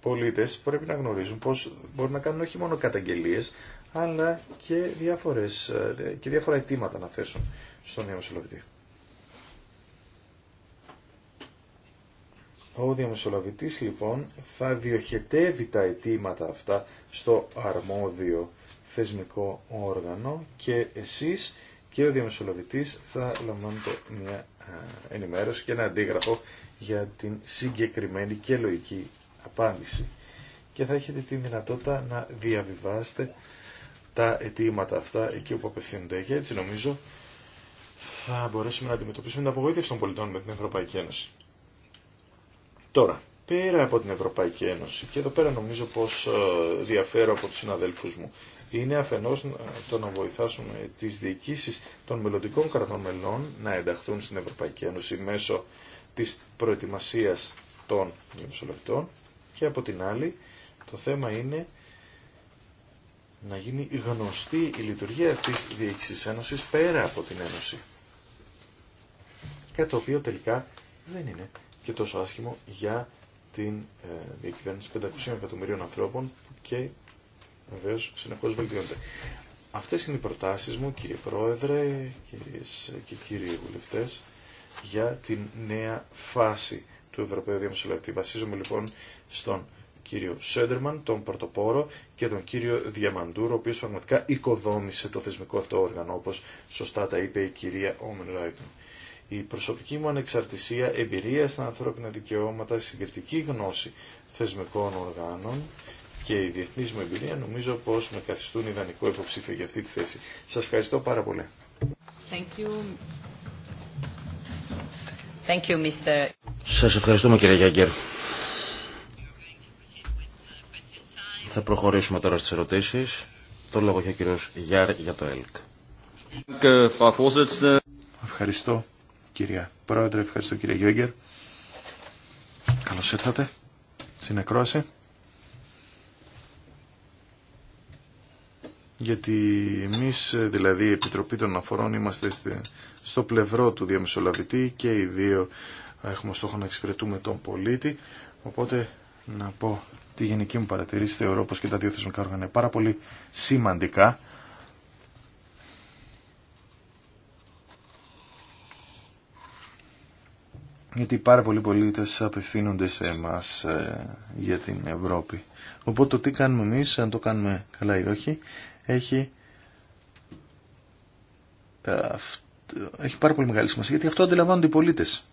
πολίτες πρέπει να γνωρίζουν πως μπορούν να κάνουν όχι μόνο καταγγελίες, αλλά και, διάφορες, ε, και διάφορα αιτήματα να θέσουν στον νέο συλλογητή. Ο διαμεσολαβητής λοιπόν θα διοχετεύει τα αιτήματα αυτά στο αρμόδιο θεσμικό όργανο και εσείς και ο διαμεσολαβητής θα λαμβάνετε μια ε, ενημέρωση και ένα αντίγραφο για την συγκεκριμένη και λογική απάντηση. Και θα έχετε τη δυνατότητα να διαβιβάσετε τα αιτήματα αυτά εκεί όπου απευθύνονται. Και έτσι νομίζω θα μπορέσουμε να αντιμετωπίσουμε την απογοήτευση των πολιτών με την Ευρωπαϊκή Ένωση. Τώρα, πέρα από την Ευρωπαϊκή Ένωση, και εδώ πέρα νομίζω πως ε, διαφέρω από τους συναδέλφους μου, είναι αφενός ε, το να βοηθάσουμε τις διοικήσεις των μελλοντικών κρατών μελών να ενταχθούν στην Ευρωπαϊκή Ένωση μέσω της προετοιμασίας των μεσολευτών και από την άλλη το θέμα είναι να γίνει γνωστή η λειτουργία της Διοίκησης Ένωσης πέρα από την Ένωση. Κάτι το οποίο τελικά δεν είναι και τόσο άσχημο για την ε, διακυβέρνηση 500 εκατομμυρίων ανθρώπων και βεβαίω συνεχώς βελτιώνεται. Αυτές είναι οι προτάσεις μου κύριε Πρόεδρε κύριε και κύριοι βουλευτές για την νέα φάση του Ευρωπαίου Διαμεσολαβητή. Βασίζομαι λοιπόν στον κύριο Σέντερμαν, τον πρωτοπόρο και τον κύριο Διαμαντούρο, ο οποίο πραγματικά οικοδόμησε το θεσμικό αυτό όργανο, όπω σωστά τα είπε η κυρία Όμεν η προσωπική μου ανεξαρτησία, εμπειρία στα ανθρώπινα δικαιώματα, συγκριτική γνώση θεσμικών οργάνων και η διεθνή μου εμπειρία νομίζω πω με καθιστούν ιδανικό υποψήφιο για αυτή τη θέση. Σας ευχαριστώ πάρα πολύ. Thank you. Thank you, Mr. Σας ευχαριστούμε κύριε Γιάγκερ. Θα προχωρήσουμε τώρα στις ερωτήσεις. Το λόγο έχει ο κύριος Γιάρ για το ΕΛΚ. Ευχαριστώ κυρία Πρόεδρε, ευχαριστώ κύριε Γιόγκερ. Καλώς ήρθατε στην ακρόαση. Γιατί εμείς, δηλαδή η Επιτροπή των Αφορών, είμαστε στο πλευρό του διαμεσολαβητή και οι δύο έχουμε στόχο να εξυπηρετούμε τον πολίτη. Οπότε να πω τη γενική μου παρατηρήση, θεωρώ πως και τα δύο θεσμικά όργανα είναι πάρα πολύ σημαντικά γιατί πάρα πολλοί πολίτες απευθύνονται σε εμάς ε, για την Ευρώπη. Οπότε το τι κάνουμε εμείς, αν το κάνουμε καλά ή όχι, έχει, ε, έχει πάρα πολύ μεγάλη σημασία, γιατί αυτό αντιλαμβάνονται οι πολίτες.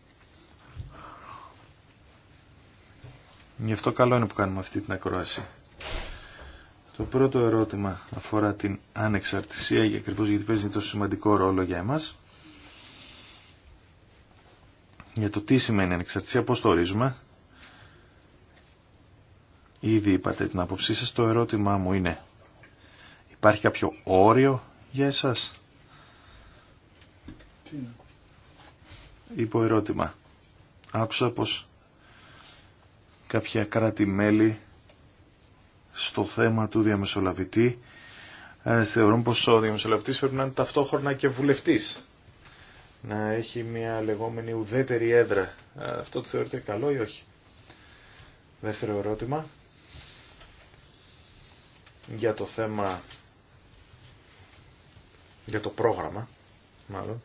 Γι' αυτό καλό είναι που κάνουμε αυτή την ακρόαση. Το πρώτο ερώτημα αφορά την ανεξαρτησία, για ακριβώς γιατί παίζει τόσο σημαντικό ρόλο για εμάς για το τι σημαίνει ανεξαρτησία, πώς το ορίζουμε. Ήδη είπατε την άποψή σας, το ερώτημά μου είναι υπάρχει κάποιο όριο για εσάς. Υπό ερώτημα. Άκουσα πως κάποια κράτη-μέλη στο θέμα του διαμεσολαβητή ε, θεωρούν πως ο διαμεσολαβητής πρέπει να είναι ταυτόχρονα και βουλευτής να έχει μια λεγόμενη ουδέτερη έδρα. Ε, αυτό το θεωρείτε καλό ή όχι. Δεύτερο ερώτημα για το θέμα για το πρόγραμμα μάλλον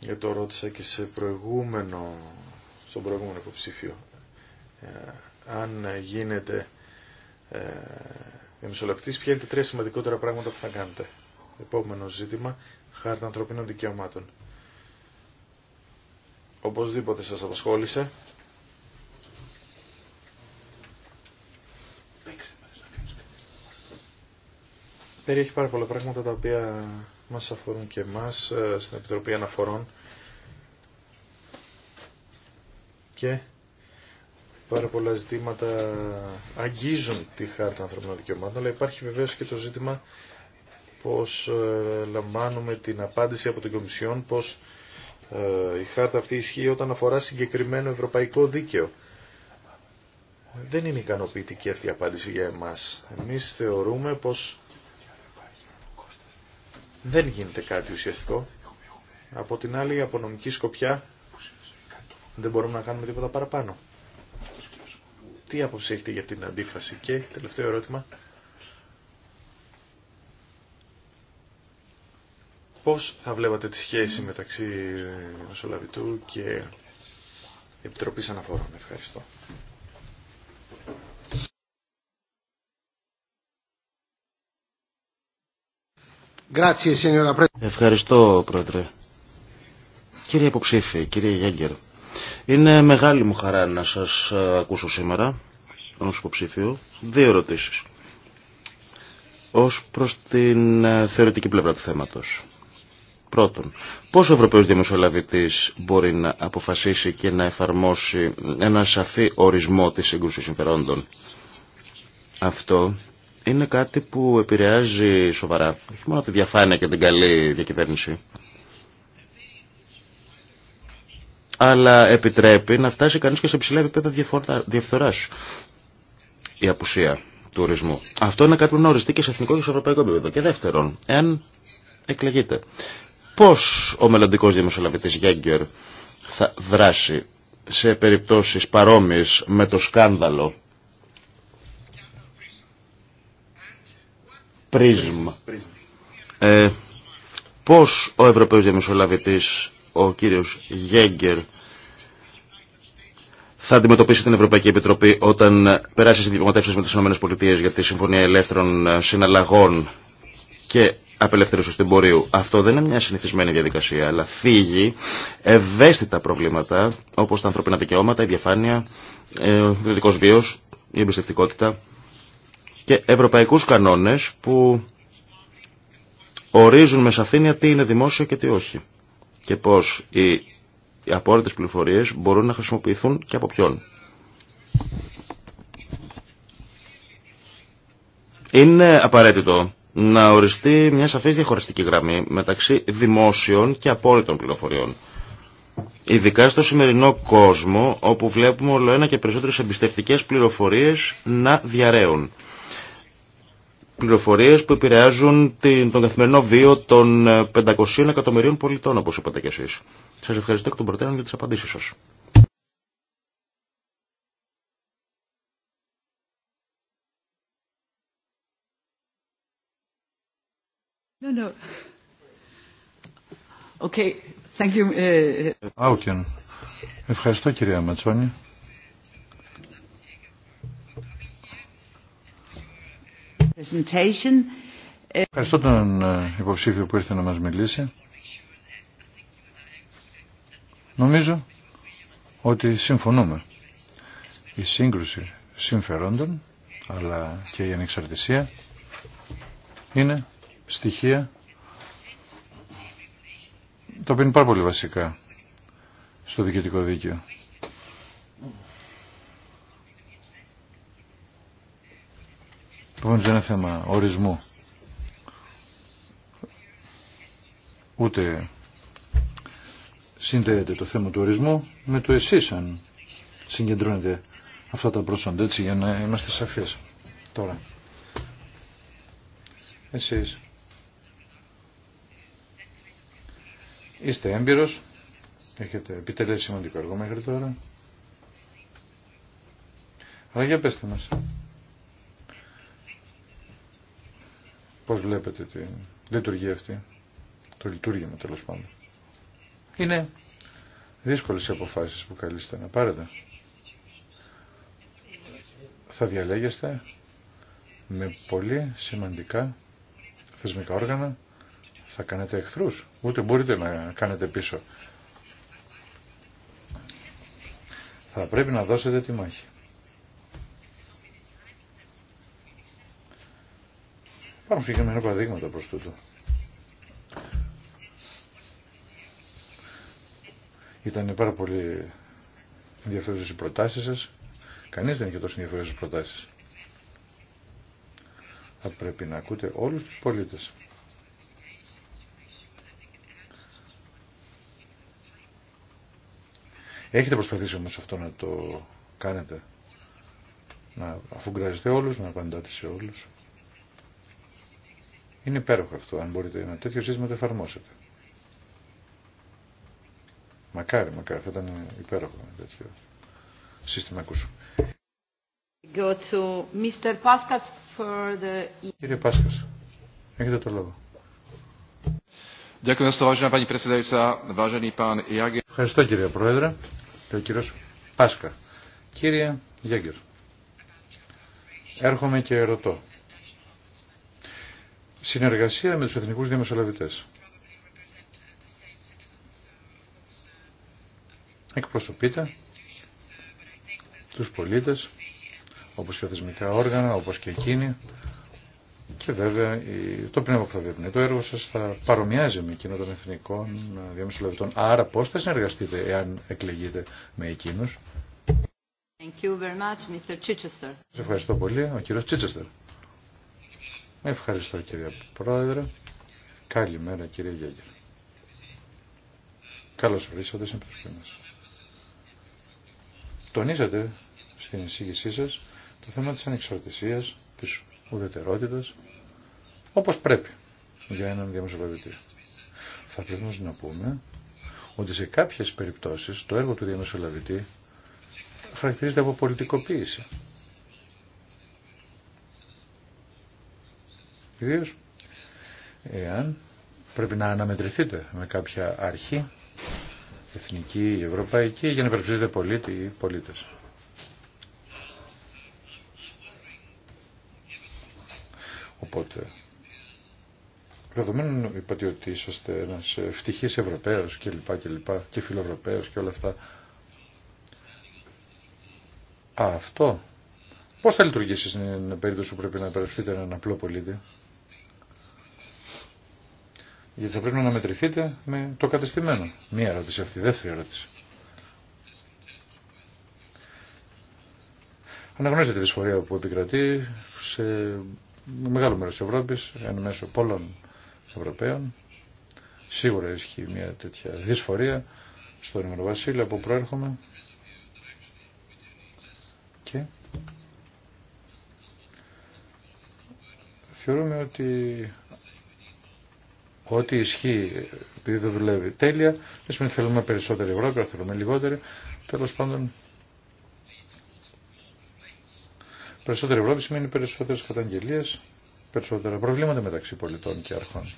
για το ρώτησα και σε προηγούμενο στον προηγούμενο υποψήφιο ε, αν γίνεται ε, εμισολαπτής ποια είναι τα τρία σημαντικότερα πράγματα που θα κάνετε επόμενο ζήτημα Χάρτα Ανθρωπίνων Δικαιωμάτων. Οπωσδήποτε σας απασχόλησε. Περιέχει πάρα πολλά πράγματα τα οποία μας αφορούν και εμάς ε, στην Επιτροπή Αναφορών και πάρα πολλά ζητήματα αγγίζουν τη Χάρτα Ανθρωπίνων Δικαιωμάτων αλλά υπάρχει βεβαίως και το ζήτημα πως ε, λαμβάνουμε την απάντηση από την Κομισιόν πως ε, η χάρτα αυτή ισχύει όταν αφορά συγκεκριμένο ευρωπαϊκό δίκαιο. Δεν είναι ικανοποιητική αυτή η απάντηση για εμάς. Εμείς θεωρούμε πως δεν γίνεται κάτι ουσιαστικό. Από την άλλη, από νομική σκοπιά δεν μπορούμε να κάνουμε τίποτα παραπάνω. Τι άποψη έχετε για την αντίφαση και τελευταίο ερώτημα. Πώς θα βλέπατε τη σχέση μεταξύ Μεσολαβητού και Επιτροπής Αναφορών. Ευχαριστώ. Ευχαριστώ, Πρόεδρε. Κύριε υποψήφι, κύριε Γέγκερ, είναι μεγάλη μου χαρά να σας ε, ακούσω σήμερα, ως υποψήφιου, δύο ερωτήσεις. Ως προς την ε, θεωρητική πλευρά του θέματος. Πρώτον, πώς ο Ευρωπαίος Δημοσιολαβητής μπορεί να αποφασίσει και να εφαρμόσει ένα σαφή ορισμό της σύγκρουσης συμφερόντων. Αυτό είναι κάτι που επηρεάζει σοβαρά, όχι μόνο τη διαφάνεια και την καλή διακυβέρνηση, αλλά επιτρέπει να φτάσει κανείς και σε ψηλά επίπεδα διαφθοράς η απουσία του ορισμού. Αυτό είναι κάτι που να οριστεί και σε εθνικό και σε ευρωπαϊκό επίπεδο. Και δεύτερον, εάν εκλεγείτε πώς ο μελλοντικός δημοσιολαβητής Γέγκερ θα δράσει σε περιπτώσεις παρόμοιες με το σκάνδαλο Πρίσμ. Ε, πώς ο Ευρωπαίος Δημοσιολαβητής ο κύριος Γέγκερ, θα αντιμετωπίσει την Ευρωπαϊκή Επιτροπή όταν περάσει στις διαπραγματεύσεις με τις ΗΠΑ για τη Συμφωνία Ελεύθερων Συναλλαγών και απελευθέρωση του εμπορίου. Αυτό δεν είναι μια συνηθισμένη διαδικασία, αλλά φύγει ευαίσθητα προβλήματα όπω τα ανθρωπίνα δικαιώματα, η διαφάνεια, ε, ο ιδιωτικό βίο, η εμπιστευτικότητα και ευρωπαϊκού κανόνε που ορίζουν με σαφήνεια τι είναι δημόσιο και τι όχι. Και πώ οι, οι απόρριτε πληροφορίε μπορούν να χρησιμοποιηθούν και από ποιον. Είναι απαραίτητο να οριστεί μια σαφής διαχωριστική γραμμή μεταξύ δημόσιων και απόλυτων πληροφοριών. Ειδικά στο σημερινό κόσμο όπου βλέπουμε όλο ένα και περισσότερες εμπιστευτικές πληροφορίες να διαραίουν. Πληροφορίες που επηρεάζουν τον καθημερινό βίο των 500 ε, εκατομμυρίων πολιτών όπως είπατε κι εσείς. Σας ευχαριστώ εκ των προτέρων για τις απαντήσεις σας. No, uh, uh, Ευχαριστώ κυρία Ματσόνη. Presentation. Ευχαριστώ τον ε, υποψήφιο που ήρθε να μας μιλήσει. Νομίζω ότι συμφωνούμε. Η σύγκρουση συμφερόντων αλλά και η ανεξαρτησία είναι στοιχεία τα οποία είναι πάρα πολύ βασικά στο διοικητικό δίκαιο. Επομένως δεν είναι θέμα ορισμού. Ούτε συνδέεται το θέμα του ορισμού με το εσείς αν συγκεντρώνεται αυτά τα πρόσοντα έτσι για να είμαστε σαφείς τώρα. Εσείς Είστε έμπειρος, έχετε επιτελέσει σημαντικό έργο μέχρι τώρα. Αλλά για πέστε μας. Πώς βλέπετε τη λειτουργία αυτή, το λειτουργήμα τέλο πάντων. Είναι δύσκολες οι αποφάσεις που καλείστε να πάρετε. Θα διαλέγεστε με πολύ σημαντικά θεσμικά όργανα θα κάνετε εχθρούς, ούτε μπορείτε να κάνετε πίσω. Θα πρέπει να δώσετε τη μάχη. Υπάρχουν συγκεκριμένα παραδείγματα προς τούτο. Ήταν πάρα πολύ ενδιαφέρουσες οι προτάσεις σας. Κανείς δεν είχε τόσο ενδιαφέρουσες προτάσεις. Θα πρέπει να ακούτε όλους τους πολίτες. Έχετε προσπαθήσει όμως αυτό να το κάνετε. Να, αφού γκράζετε όλους, να απαντάτε σε όλους. Είναι υπέροχο αυτό, αν μπορείτε ένα τέτοιο σύστημα το εφαρμόσετε. Μακάρι, μακάρι, θα ήταν υπέροχο ένα τέτοιο σύστημα ακούσου. E. Κύριε Πάσκας, έχετε το λόγο. Ευχαριστώ κύριε Πρόεδρε και ο κύριος Πάσκα. Κύριε Γέγκερ, έρχομαι και ρωτώ. Συνεργασία με τους εθνικούς διαμεσολαβητές. Εκπροσωπείτε τους πολίτες, όπως και θεσμικά όργανα, όπως και εκείνοι, και βέβαια το πνεύμα που θα το έργο σας θα παρομοιάζει με εκείνο των εθνικών διαμεσολαβητών. Άρα πώς θα συνεργαστείτε εάν εκλεγείτε με εκείνους. Thank Σας ευχαριστώ πολύ, ο κύριος Τσίτσεστερ. Ευχαριστώ κύριε Πρόεδρε. Καλημέρα κύριε Γέγερ. Καλώς ορίσατε στην επιτροπή μας. Τονίσατε στην εισήγησή σας το θέμα της ανεξαρτησίας, της ουδετερότητας όπως πρέπει για έναν διαμεσολαβητή. Θα πρέπει όμως να πούμε ότι σε κάποιες περιπτώσεις το έργο του διαμεσολαβητή χαρακτηρίζεται από πολιτικοποίηση. Ιδίω εάν πρέπει να αναμετρηθείτε με κάποια αρχή εθνική ή ευρωπαϊκή για να υπερψηφίσετε πολίτη ή πολίτες. Οπότε, δεδομένου είπατε ότι είσαστε ένας ευτυχής Ευρωπαίος και λοιπά και λοιπά και φιλοευρωπαίος και όλα αυτά. Α, αυτό. Πώς θα λειτουργήσει στην περίπτωση που πρέπει να υπερευστείτε έναν απλό πολίτη. Γιατί θα πρέπει να μετρηθείτε με το κατεστημένο. Μία ερώτηση αυτή, δεύτερη ερώτηση. Αναγνωρίζετε τη δυσφορία που επικρατεί σε μεγάλο μέρος της Ευρώπης, εν μέσω πολλών Ευρωπαίων. Σίγουρα ισχύει μια τέτοια δυσφορία στον Ηνωμένο Βασίλειο που προέρχομαι. Και θεωρούμε ότι ό,τι ισχύει επειδή δεν δουλεύει τέλεια, δεν σημαίνει θέλουμε περισσότερη Ευρώπη, θέλουμε λιγότερη. Τέλος πάντων, Περισσότερη Ευρώπη σημαίνει περισσότερε καταγγελίε, περισσότερα προβλήματα μεταξύ πολιτών και αρχών.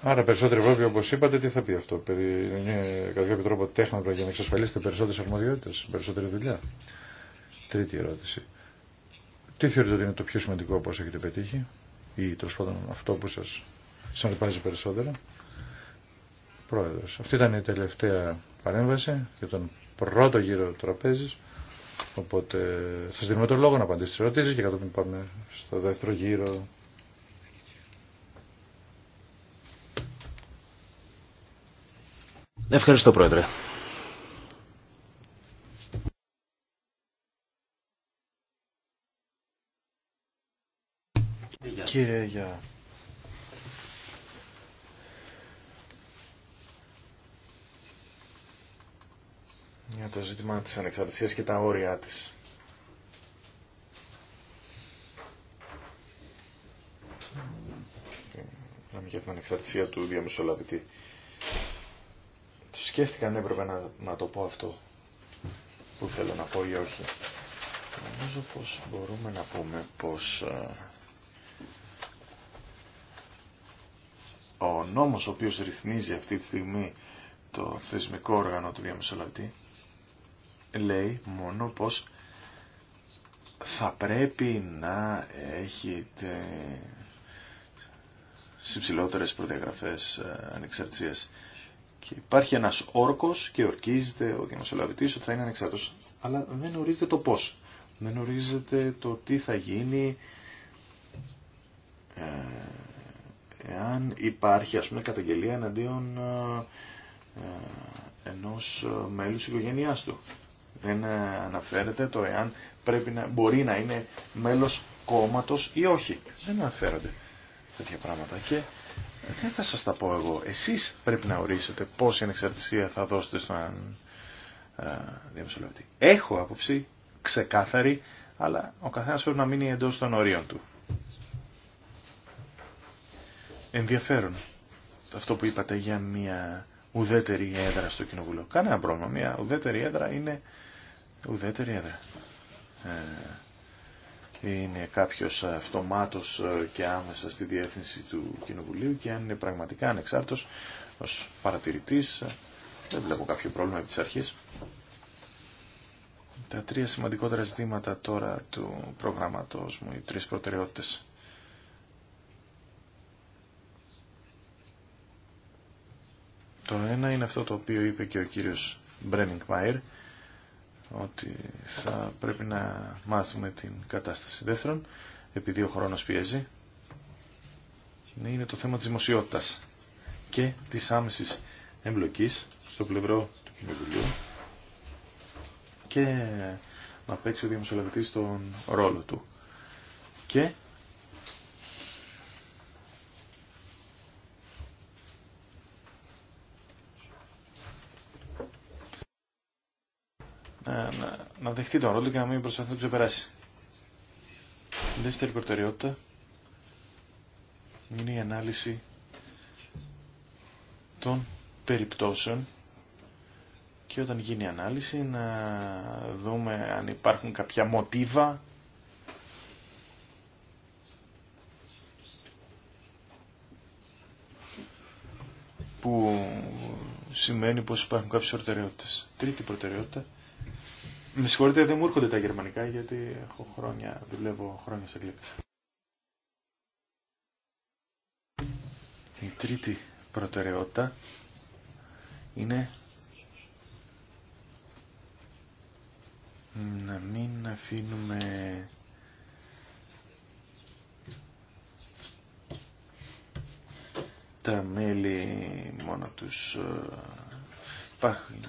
Άρα περισσότερη Ευρώπη, όπω είπατε, τι θα πει αυτό. Είναι κατά κάποιο τρόπο τέχνοντα για να εξασφαλίσετε περισσότερε αρμοδιότητε, περισσότερη δουλειά. Τρίτη ερώτηση. Τι θεωρείτε ότι είναι το πιο σημαντικό όπω έχετε πετύχει ή τέλο πάντων αυτό που σα συναντηπάζει περισσότερο. Πρόεδρος. Αυτή ήταν η τελευταία παρέμβαση και τον πρώτο γύρο τραπέζι, Οπότε σα δίνουμε τον λόγο να απαντήσετε στις ερωτήσει και κατόπιν πάμε στο δεύτερο γύρο. Ευχαριστώ Πρόεδρε. Κύριε Γεια. για το ζήτημα της ανεξαρτησίας και τα όρια της. Μιλάμε για την ανεξαρτησία του διαμεσολαβητή. Το σκέφτηκα αν ναι, έπρεπε να, να το πω αυτό που θέλω να πω ή όχι. Νομίζω πως μπορούμε να πούμε πως ε, ο νόμος ο οποίος ρυθμίζει αυτή τη στιγμή το θεσμικό όργανο του διαμεσολαβητή λέει μόνο πως θα πρέπει να έχετε στις υψηλότερες προδιαγραφές ε, ανεξαρτησίας. Και υπάρχει ένας όρκος και ορκίζεται ο δημοσιολαβητής ότι θα είναι ανεξάρτητος. Αλλά δεν ορίζεται το πώς. Δεν ορίζεται το τι θα γίνει ε, εάν υπάρχει ας πούμε καταγγελία εναντίον ε, ενός μέλους οικογένειάς του. Δεν ε, αναφέρεται το εάν πρέπει να, μπορεί να είναι μέλος κόμματος ή όχι. Δεν αναφέρονται τέτοια πράγματα και δεν θα σας τα πω εγώ. Εσείς πρέπει να ορίσετε πόση ανεξαρτησία θα δώσετε στον ε, διαμεσολαβητή. Έχω άποψη ξεκάθαρη, αλλά ο καθένας πρέπει να μείνει εντός των ορίων του. Ενδιαφέρον αυτό που είπατε για μια ουδέτερη έδρα στο Κοινοβούλιο. Κανένα πρόβλημα. Μια ουδέτερη έδρα είναι ουδέτερη έδρα. Ε, είναι κάποιος αυτομάτως ε, και άμεσα στη διεύθυνση του Κοινοβουλίου και αν είναι πραγματικά ανεξάρτητος ως παρατηρητής ε, δεν βλέπω κάποιο πρόβλημα από τις αρχές. Τα τρία σημαντικότερα ζητήματα τώρα του προγραμματός μου, οι τρεις προτεραιότητες. Το ένα είναι αυτό το οποίο είπε και ο κύριος Μπρένινγκ Μάιρ, ότι θα πρέπει να μάθουμε την κατάσταση. Δεύτερον, επειδή ο χρόνος πιέζει, είναι το θέμα της δημοσιότητας και της άμεσης εμπλοκής στο πλευρό του Κοινοβουλίου και να παίξει ο διαμεσολαβητής τον ρόλο του. Και δεχτεί τον ρόλο και να μην προσπαθεί να ξεπεράσει. δεύτερη προτεραιότητα είναι η ανάλυση των περιπτώσεων και όταν γίνει η ανάλυση να δούμε αν υπάρχουν κάποια μοτίβα που σημαίνει πως υπάρχουν κάποιες προτεραιότητες. Τρίτη προτεραιότητα με συγχωρείτε, δεν μου έρχονται τα γερμανικά γιατί έχω χρόνια, δουλεύω χρόνια σε αγγλικά. Η τρίτη προτεραιότητα είναι να μην αφήνουμε τα μέλη μόνο τους. υπάρχουν ε,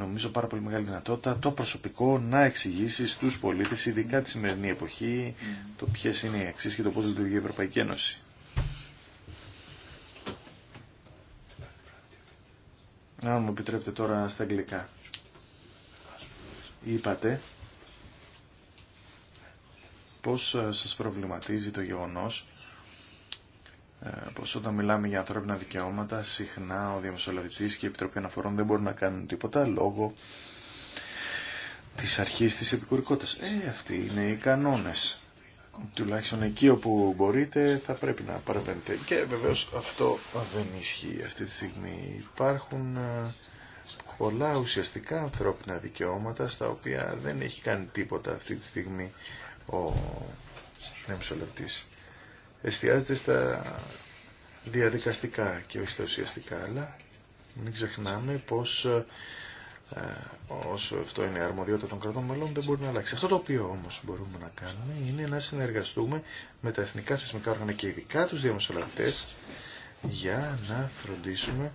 νομίζω πάρα πολύ μεγάλη δυνατότητα το προσωπικό να εξηγήσει στους πολίτες, ειδικά τη σημερινή εποχή, το ποιε είναι οι αξίες και το πώς λειτουργεί η Ευρωπαϊκή Ένωση. Αν μου επιτρέπετε τώρα στα αγγλικά. Είπατε πώς σας προβληματίζει το γεγονός ε, πως όταν μιλάμε για ανθρώπινα δικαιώματα, συχνά ο Διαμεσολαβητής και η Επιτροπή Αναφορών δεν μπορούν να κάνουν τίποτα λόγω της αρχής της επικουρικότητας. Ε, αυτοί είναι οι κανόνες. Τουλάχιστον εκεί όπου μπορείτε θα πρέπει να παραπέμπετε. Και βεβαίως αυτό δεν ισχύει αυτή τη στιγμή. Υπάρχουν ε, πολλά ουσιαστικά ανθρώπινα δικαιώματα στα οποία δεν έχει κάνει τίποτα αυτή τη στιγμή ο Διαμεσολαβητής εστιάζεται στα διαδικαστικά και όχι στα ουσιαστικά, αλλά μην ξεχνάμε πως ε, όσο αυτό είναι αρμοδιότητα των κρατών μελών δεν μπορεί να αλλάξει. Αυτό το οποίο όμως μπορούμε να κάνουμε είναι να συνεργαστούμε με τα εθνικά θεσμικά όργανα και ειδικά τους διαμεσολαβητές για να φροντίσουμε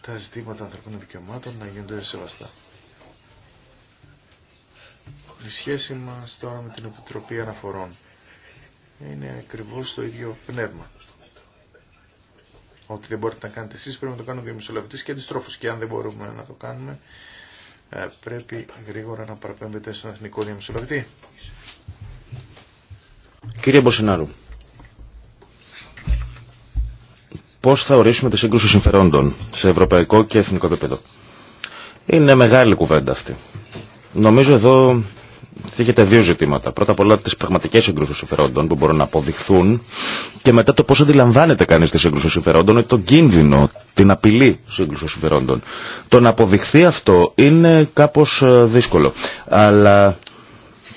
τα ζητήματα ανθρωπίνων δικαιωμάτων να γίνονται σεβαστά. Η σχέση μας τώρα με την Επιτροπή Αναφορών είναι ακριβώς το ίδιο πνεύμα. Ό,τι δεν μπορείτε να κάνετε εσείς πρέπει να το κάνουν διαμεσολαβητές και αντιστρόφως. Και αν δεν μπορούμε να το κάνουμε ε, πρέπει γρήγορα να παραπέμπετε στον Εθνικό Διαμεσολαβητή. Κύριε Μποσινάρου, πώς θα ορίσουμε τη σύγκρουση συμφερόντων σε ευρωπαϊκό και εθνικό επίπεδο. Είναι μεγάλη κουβέντα αυτή. Νομίζω εδώ θίγεται δύο ζητήματα. Πρώτα απ' όλα τι πραγματικέ συγκρούσει συμφερόντων που μπορούν να αποδειχθούν και μετά το πώ αντιλαμβάνεται κανεί τη σύγκρουση συμφερόντων ή τον κίνδυνο, την απειλή σύγκρουση συμφερόντων. Το να αποδειχθεί αυτό είναι κάπω ε, δύσκολο. Αλλά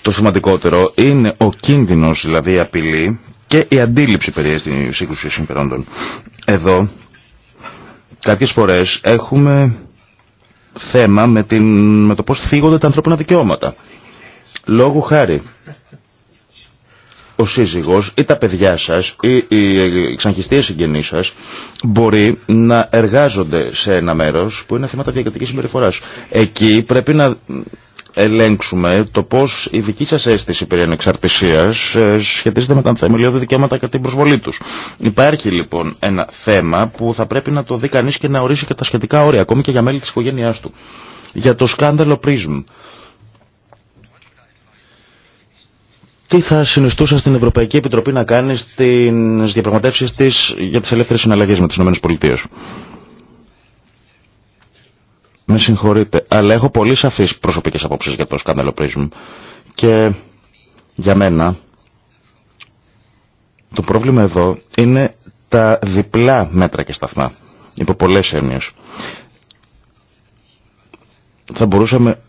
το σημαντικότερο είναι ο κίνδυνο, δηλαδή η απειλή και η αντίληψη περί σύγκρουση συμφερόντων. Εδώ κάποιε φορέ έχουμε θέμα με, την, με το πώς θίγονται τα ανθρώπινα δικαιώματα. Λόγου χάρη, ο σύζυγος ή τα παιδιά σας ή οι εξαγχιστές συγγενείς σας μπορεί να εργάζονται σε ένα μέρος που είναι θύματα διακριτικής συμπεριφοράς. Εκεί πρέπει να ελέγξουμε το πώς η δική σας η οι ξανχιστε συγγενεις σας μπορει να εργαζονται περί ανεξαρτησίας ε, σχετίζεται με τα θεμελιώδη δικαιώματα κατά την προσβολή τους. Υπάρχει λοιπόν ένα θέμα που θα πρέπει να το δει κανείς και να ορίσει και τα σχετικά όρια, ακόμη και για μέλη της οικογένειάς του. Για το σκάνδαλο πρίσμ. τι θα συνιστούσα στην Ευρωπαϊκή Επιτροπή να κάνει στι διαπραγματεύσει τη για τι ελεύθερε συναλλαγέ με τι ΗΠΑ. Με συγχωρείτε, αλλά έχω πολύ σαφεί προσωπικέ απόψει για το σκάνδαλο Prism. Και για μένα το πρόβλημα εδώ είναι τα διπλά μέτρα και σταθμά. Υπό πολλέ έννοιε. Θα μπορούσαμε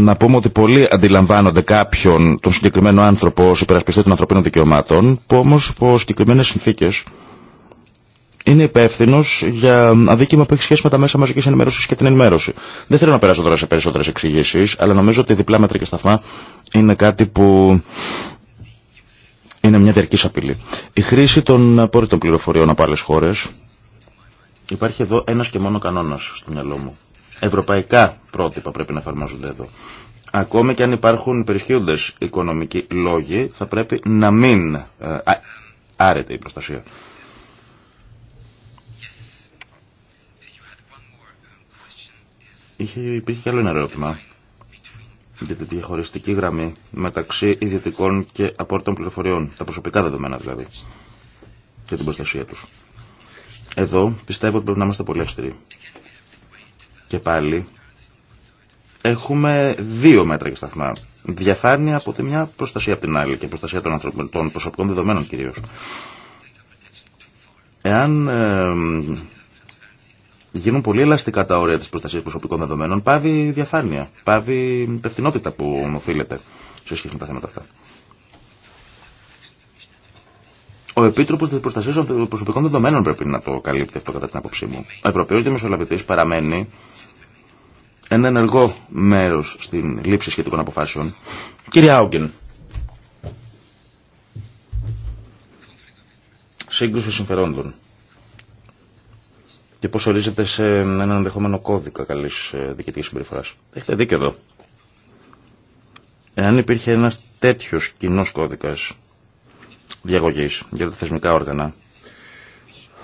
να πούμε ότι πολλοί αντιλαμβάνονται κάποιον, τον συγκεκριμένο άνθρωπο, ως υπερασπιστή των ανθρωπίνων δικαιωμάτων, που όμως από συγκεκριμένε συνθήκες είναι υπεύθυνο για αδίκημα που έχει σχέση με τα μέσα μαζική ενημέρωση και την ενημέρωση. Δεν θέλω να περάσω τώρα σε περισσότερε εξηγήσει, αλλά νομίζω ότι διπλά μέτρα και σταθμά είναι κάτι που είναι μια διαρκή απειλή. Η χρήση των απόρριτων πληροφοριών από άλλε χώρε. Υπάρχει εδώ ένα και μόνο κανόνα στο μυαλό μου. Ευρωπαϊκά πρότυπα πρέπει να εφαρμόζονται εδώ. Ακόμη και αν υπάρχουν υπερισχύοντες οικονομικοί λόγοι, θα πρέπει να μην ε, άρεται η προστασία. Είχε, υπήρχε και άλλο ένα ερώτημα για τη διαχωριστική γραμμή μεταξύ ιδιωτικών και απόρριτων πληροφοριών, τα προσωπικά δεδομένα δηλαδή, και την προστασία τους. Εδώ πιστεύω ότι πρέπει να είμαστε πολύ αυστηροί. Και πάλι έχουμε δύο μέτρα και σταθμά. Διαφάνεια από τη μια, προστασία από την άλλη και προστασία των, προσωπικών δεδομένων κυρίω. Εάν ε, γίνουν πολύ ελαστικά τα όρια τη προστασία προσωπικών δεδομένων, πάβει διαφάνεια, πάβει υπευθυνότητα που οφείλεται σε σχέση με τα θέματα αυτά. Ο Επίτροπο τη Προστασία των Προσωπικών Δεδομένων πρέπει να το καλύπτει αυτό κατά την άποψή μου. Ο Ευρωπαίο Δημοσιολαβητή παραμένει ένα ενεργό μέρος στην λήψη σχετικών αποφάσεων. Κύριε Άουγκεν, σύγκρουση συμφερόντων και πω ορίζεται σε έναν ενδεχόμενο κώδικα καλής ε, διοικητικής συμπεριφοράς. Έχετε δίκιο εδώ. Εάν υπήρχε ένας τέτοιος κοινό κώδικας διαγωγής για τα θεσμικά όργανα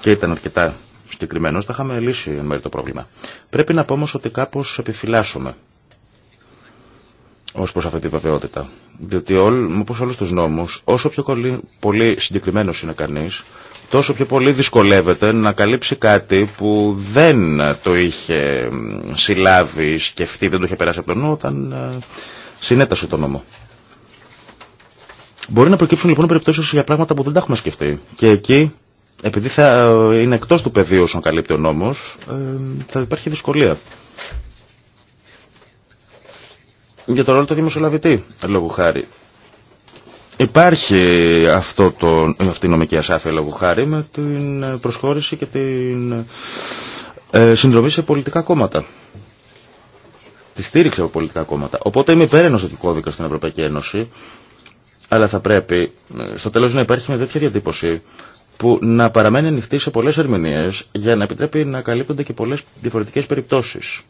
και ήταν αρκετά συγκεκριμένο θα είχαμε λύσει εν μέρει το πρόβλημα. Πρέπει να πω όμω ότι κάπω επιφυλάσσουμε ω προ αυτή τη βεβαιότητα. Διότι όπω όλου του νόμου, όσο πιο πολύ συγκεκριμένο είναι κανεί, τόσο πιο πολύ δυσκολεύεται να καλύψει κάτι που δεν το είχε συλλάβει, σκεφτεί, δεν το είχε περάσει από το νου όταν ε, συνέτασε τον νόμο. Μπορεί να προκύψουν λοιπόν περιπτώσεις για πράγματα που δεν τα έχουμε σκεφτεί. Και εκεί επειδή θα ε, είναι εκτός του πεδίου όσων καλύπτει ο νόμος, ε, θα υπάρχει δυσκολία. Για το ρόλο του δημοσιολαβητή, λόγου χάρη. Υπάρχει αυτό το, αυτή η νομική ασάφεια, λόγου χάρη, με την προσχώρηση και την ε, συνδρομή σε πολιτικά κόμματα. Τη στήριξη από πολιτικά κόμματα. Οπότε είμαι υπέρ ενός κώδικα στην Ευρωπαϊκή Ένωση, αλλά θα πρέπει στο τέλος να υπάρχει μια τέτοια διατύπωση που να παραμένει ανοιχτή σε πολλές ερμηνείες για να επιτρέπει να καλύπτονται και πολλές διαφορετικές περιπτώσεις.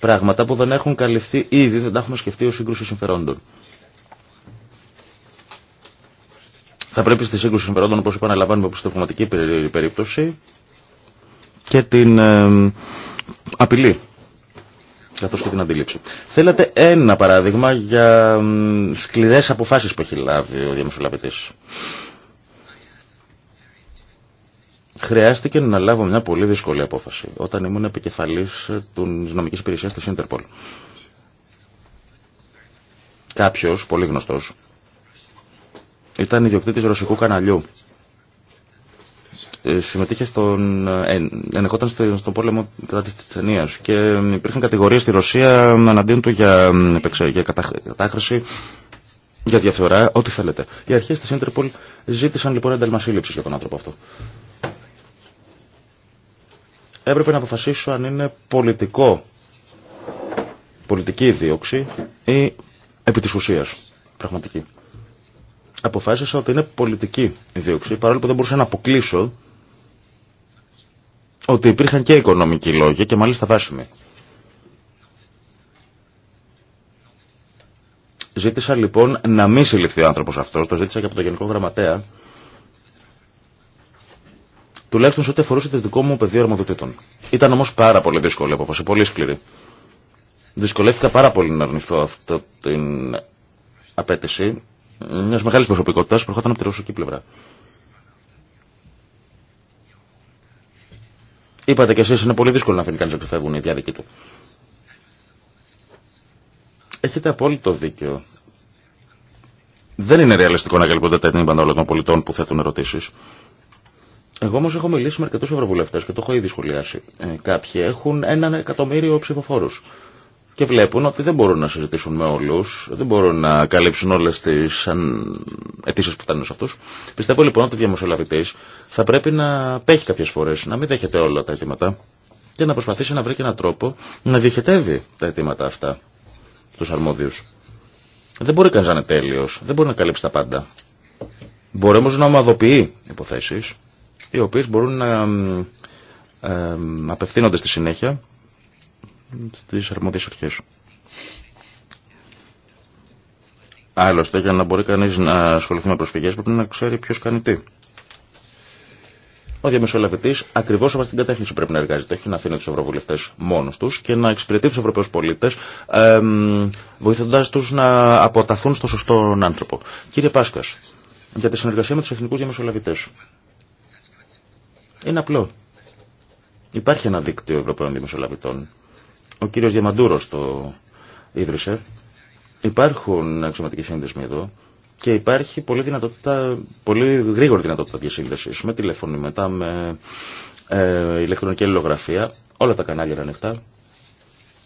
Πράγματα που δεν έχουν καλυφθεί ήδη, δεν τα έχουμε σκεφτεί ως σύγκρουση συμφερόντων. Θα πρέπει στη σύγκρουση συμφερόντων, όπως είπα, να λαμβάνουμε όπως στην περίπτωση και την ε, απειλή καθώς και την αντίληψη. Θέλατε ένα παράδειγμα για σκληρές αποφάσεις που έχει λάβει ο διαμεσολαβητής χρειάστηκε να λάβω μια πολύ δύσκολη απόφαση όταν ήμουν επικεφαλής της νομικής υπηρεσίας της Ιντερπολ. Κάποιος, πολύ γνωστός, ήταν ιδιοκτήτης ρωσικού καναλιού. Ε, συμμετείχε στον, ε, ενεχόταν στον πόλεμο κατά της Τσενίας και υπήρχαν κατηγορίες στη Ρωσία αναντίον του για, για κατάχρηση για διαφθορά, ό,τι θέλετε. Οι αρχέ τη Interpol ζήτησαν λοιπόν ένταλμα για τον άνθρωπο αυτό έπρεπε να αποφασίσω αν είναι πολιτικό, πολιτική δίωξη ή επί της ουσίας, πραγματική. Αποφάσισα ότι είναι πολιτική η δίωξη, ειναι πολιτικη διωξη παρολο που δεν μπορούσα να αποκλείσω ότι υπήρχαν και οικονομικοί λόγοι και μάλιστα βάσιμοι. Ζήτησα λοιπόν να μην συλληφθεί ο άνθρωπος αυτός, το ζήτησα και από τον Γενικό Γραμματέα, τουλάχιστον σε ό,τι αφορούσε το δικό μου πεδίο αρμοδοτήτων. Ήταν όμω πάρα πολύ δύσκολη απόφαση, πολύ σκληρή. Δυσκολεύτηκα πάρα πολύ να αρνηθώ αυτή την απέτηση μια μεγάλη προσωπικότητα που ερχόταν από τη ρωσική πλευρά. Είπατε κι εσεί είναι πολύ δύσκολο να αφήνει κανεί να ξεφεύγουν οι διάδικοι του. Έχετε απόλυτο δίκιο. Δεν είναι ρεαλιστικό να καλύπτονται τα αιτήματα όλων των πολιτών που θέτουν ερωτήσει. Εγώ όμω έχω μιλήσει με αρκετού ευρωβουλευτέ και το έχω ήδη σχολιάσει. Ε, κάποιοι έχουν έναν εκατομμύριο ψηφοφόρου. Και βλέπουν ότι δεν μπορούν να συζητήσουν με όλου, δεν μπορούν να καλύψουν όλε τι αιτήσει που φτάνουν σε αυτού. Πιστεύω λοιπόν ότι ο διαμεσολαβητή θα πρέπει να παίχει κάποιε φορέ, να μην δέχεται όλα τα αιτήματα και να προσπαθήσει να βρει και έναν τρόπο να διοχετεύει τα αιτήματα αυτά στου αρμόδιου. Δεν μπορεί κανεί να είναι τέλειο, δεν μπορεί να καλύψει τα πάντα. Μπορεί όμω να ομαδοποιεί υποθέσει οι οποίε μπορούν να ε, απευθύνονται στη συνέχεια στι αρμόδιες αρχέ. Άλλωστε, για να μπορεί κανεί να ασχοληθεί με προσφυγές πρέπει να ξέρει ποιο κάνει τι. Ο διαμεσολαβητή ακριβώ όπω την κατεύθυνση πρέπει να εργάζεται, όχι να αφήνει του ευρωβουλευτέ μόνο του και να εξυπηρετεί του Ευρωπαίου πολίτε, ε, βοηθώντα του να αποταθούν στο σωστό άνθρωπο. Κύριε Πάσκα, για τη συνεργασία με του εθνικού διαμεσολαβητέ. Είναι απλό. Υπάρχει ένα δίκτυο Ευρωπαίων Δημοσιολαβητών. Ο κύριος Διαμαντούρος το ίδρυσε. Υπάρχουν αξιωματικοί σύνδεσμοι εδώ και υπάρχει πολύ, δυνατότητα, πολύ γρήγορη δυνατότητα διασύνδεση με τηλεφωνή μετά με ε, ηλεκτρονική αλληλογραφία. Όλα τα κανάλια είναι ανοιχτά.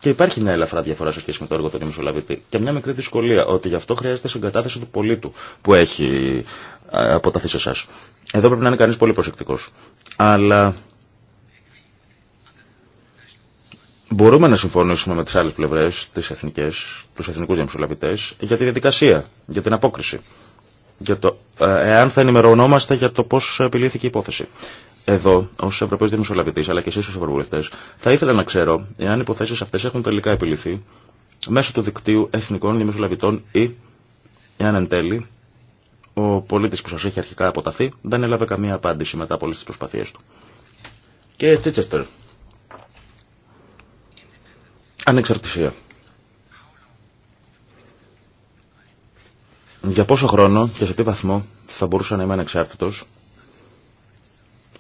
Και υπάρχει μια ελαφρά διαφορά σε σχέση με το έργο του Δημοσιολαβητή. Και μια μικρή δυσκολία ότι γι' αυτό χρειάζεται συγκατάθεση του πολίτου που έχει αποταθεί σε σας. Εδώ πρέπει να είναι κανείς πολύ προσεκτικός. Αλλά μπορούμε να συμφωνήσουμε με τις άλλες πλευρές, τις εθνικές, τους εθνικούς διαμεσολαβητές, για τη διαδικασία, για την απόκριση. Για το, ε, εάν θα ενημερωνόμαστε για το πώς επιλήθηκε η υπόθεση. Εδώ, ω Ευρωπαίος Δημοσιολαβητής, αλλά και εσείς ως Ευρωβουλευτές, θα ήθελα να ξέρω εάν οι υποθέσεις αυτές έχουν τελικά επιληθεί μέσω του δικτύου εθνικών δημοσιολαβητών ή εάν εν τέλει ο πολίτη που σας είχε αρχικά αποταθεί δεν έλαβε καμία απάντηση μετά από όλες τις προσπαθίε του. Και Τσίτσεστερ. Ανεξαρτησία. Για πόσο χρόνο και σε τι βαθμό θα μπορούσα να είμαι ανεξάρτητος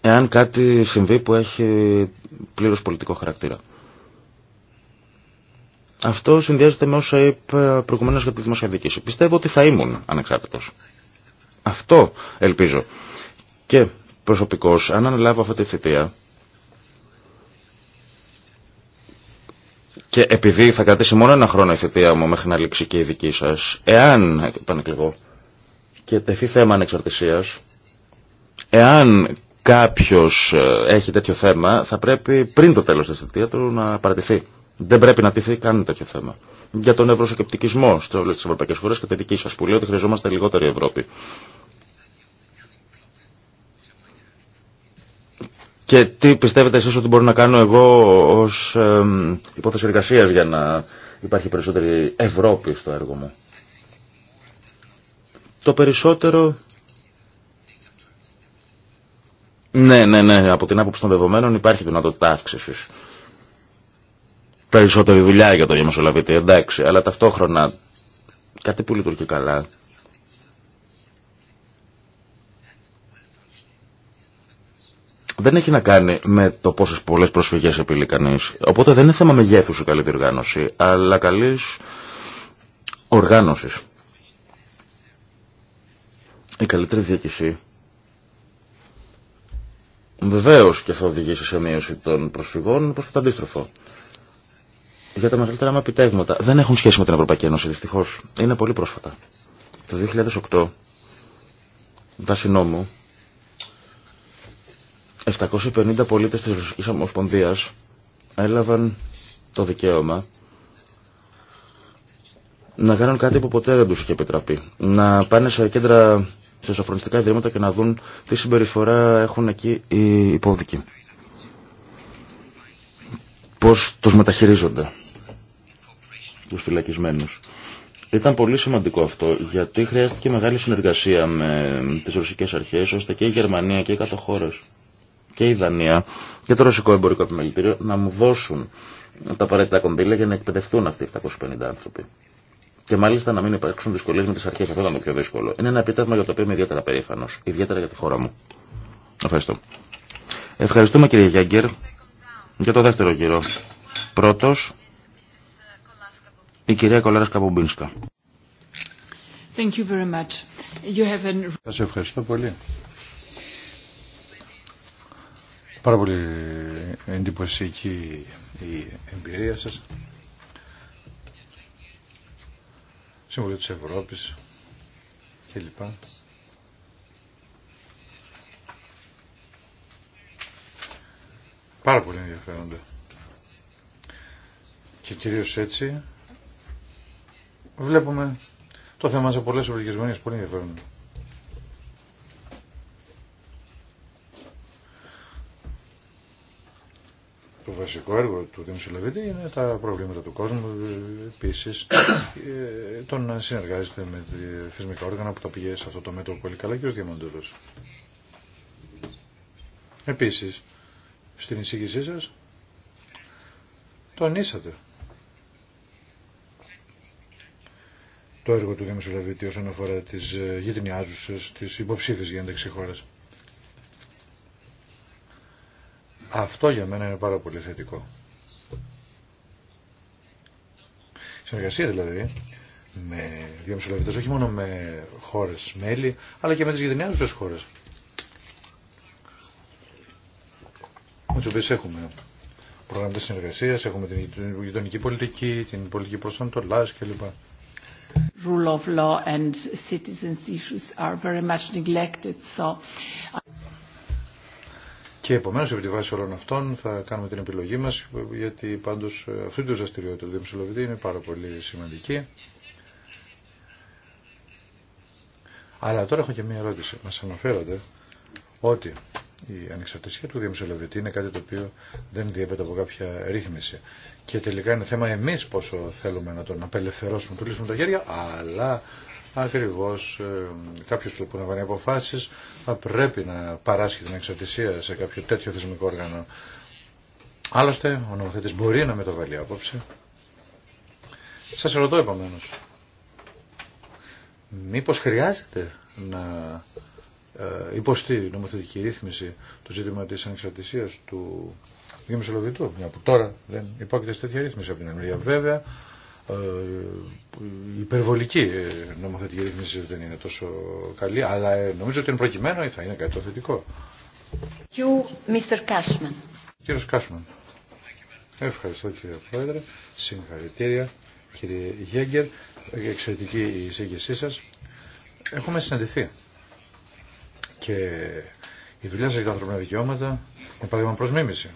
εάν κάτι συμβεί που έχει πλήρως πολιτικό χαρακτήρα. Αυτό συνδυάζεται με όσα είπε προηγουμένως για τη δημοσιοδίκηση. Πιστεύω ότι θα ήμουν ανεξάρτητος. Αυτό ελπίζω. Και προσωπικώς, αν αναλάβω αυτή τη θητεία, και επειδή θα κρατήσει μόνο ένα χρόνο η θητεία μου μέχρι να λήξει και η δική σας, εάν επανεκλεγώ και τεθεί θέμα ανεξαρτησίας, εάν κάποιος ε, έχει τέτοιο θέμα, θα πρέπει πριν το τέλος της θητεία του να παρατηθεί. Δεν πρέπει να τηθεί καν τέτοιο θέμα για τον ευρωσκεπτικισμό σε όλε τι ευρωπαϊκέ χώρε και τη δική σα που λέει ότι χρειαζόμαστε λιγότερη Ευρώπη. Και τι πιστεύετε εσείς ότι μπορώ να κάνω εγώ ως υπόθεση εργασία για να υπάρχει περισσότερη Ευρώπη στο έργο μου. Το περισσότερο... Ναι, ναι, ναι, από την άποψη των δεδομένων υπάρχει δυνατότητα αύξησης περισσότερη δουλειά για το διαμεσολαβητή, εντάξει, αλλά ταυτόχρονα κάτι που λειτουργεί καλά. Δεν έχει να κάνει με το πόσε πολλέ προσφυγέ επιλύει κανεί. Οπότε δεν είναι θέμα μεγέθου η καλή διοργάνωση, αλλά καλή οργάνωση. Η καλύτερη διοίκηση βεβαίω και θα οδηγήσει σε μείωση των προσφυγών και το αντίστροφο για τα μεγαλύτερα μα επιτεύγματα δεν έχουν σχέση με την Ευρωπαϊκή Ένωση, δυστυχώ. Είναι πολύ πρόσφατα. Το 2008, βάσει νόμου, 750 πολίτε τη Ρωσική Ομοσπονδία έλαβαν το δικαίωμα να κάνουν κάτι που ποτέ δεν του είχε επιτραπεί. Να πάνε σε κέντρα, σε σοφρονιστικά ιδρύματα και να δουν τι συμπεριφορά έχουν εκεί οι υπόδικοι. Πώς τους μεταχειρίζονται τους φυλακισμένους. Ήταν πολύ σημαντικό αυτό, γιατί χρειάστηκε μεγάλη συνεργασία με τις ρωσικές αρχές, ώστε και η Γερμανία και οι κατοχώρες και η Δανία και το Ρωσικό Εμπορικό Επιμελητήριο να μου δώσουν τα απαραίτητα κονδύλια για να εκπαιδευτούν αυτοί οι 750 άνθρωποι. Και μάλιστα να μην υπάρξουν δυσκολίε με τι αρχέ. Αυτό ήταν το πιο δύσκολο. Είναι ένα επίτευγμα για το οποίο είμαι ιδιαίτερα περήφανο. Ιδιαίτερα για τη χώρα μου. Ευχαριστώ. Ευχαριστούμε κύριε Γιάνγκερ για το δεύτερο γύρο. Πρώτο. Η κυρία Κολάρας Καπουμπίνσκα. Thank Σας ευχαριστώ πολύ. Πάρα πολύ εντυπωσιακή η εμπειρία σας. Συμβουλή της Ευρώπης κλπ. Πάρα πολύ ενδιαφέροντα. Και κυρίως έτσι Βλέπουμε το θέμα σε πολλές ευρωπαϊκές γωνίες, πολύ ενδιαφέρον. Το βασικό έργο του Δημοσιολαβήτη είναι τα προβλήματα του κόσμου, επίση ε, το να συνεργάζεται με θεσμικά όργανα που τα πηγαίνει σε αυτό το μέτωπο πολύ καλά και ο Διαμαντούλος. Επίσης, στην εισήγησή σας τονίσατε το έργο του Διαμεσολαβητή όσον αφορά τις ε, γειτονιάζουσες, τις υποψήφιες για ένταξη χώρας. Αυτό για μένα είναι πάρα πολύ θετικό. Συνεργασία δηλαδή με διαμεσολαβητέ, όχι μόνο με χώρες μέλη, αλλά και με τις γειτονιάζουσες χώρες. Με τις οποίες έχουμε προγράμματα συνεργασίας, έχουμε την γειτονική πολιτική, την πολιτική προσανατολάς κλπ rule of law and citizens issues are very much neglected. So... Uh, και επομένω, επί τη βάση όλων αυτών, θα κάνουμε την επιλογή μα, γιατί πάντω ε, αυτή τη δραστηριότητα του Δημοσιολογητή είναι πάρα πολύ σημαντική. Αλλά τώρα έχω και μία ερώτηση. Μα αναφέρατε ότι η ανεξαρτησία του διαμεσολαβητή είναι κάτι το οποίο δεν διέπεται από κάποια ρύθμιση. Και τελικά είναι θέμα εμείς πόσο θέλουμε να τον απελευθερώσουμε, του λύσουμε τα χέρια, αλλά ακριβώς ε, κάποιος που βγάλει αποφάσεις θα πρέπει να παράσχει την ανεξαρτησία σε κάποιο τέτοιο θεσμικό όργανο. Άλλωστε, ο νομοθέτης μπορεί να μεταβάλει άποψη. Σας ρωτώ επομένως, μήπως χρειάζεται να ε, υποστεί νομοθετική ρύθμιση το ζήτημα της ανεξαρτησίας του διαμεσολαβητού, μια που τώρα δεν υπόκειται σε τέτοια ρύθμιση από την Αμερία. Βέβαια, ε, η υπερβολική νομοθετική ρύθμιση δεν είναι τόσο καλή, αλλά ε, νομίζω ότι κύριε πρόεδρε συγχαρητήρια κύριε Γέγκερ εξαιρετική η θα είναι κάτι το θετικό. Κάσμαν. Ευχαριστώ κύριε Πρόεδρε. Συγχαρητήρια κύριε Γέγκερ. Εξαιρετική η εισήγησή σας. Έχουμε συναντηθεί και η δουλειά σας για τα ανθρώπινα δικαιώματα είναι παράδειγμα προς μίμηση.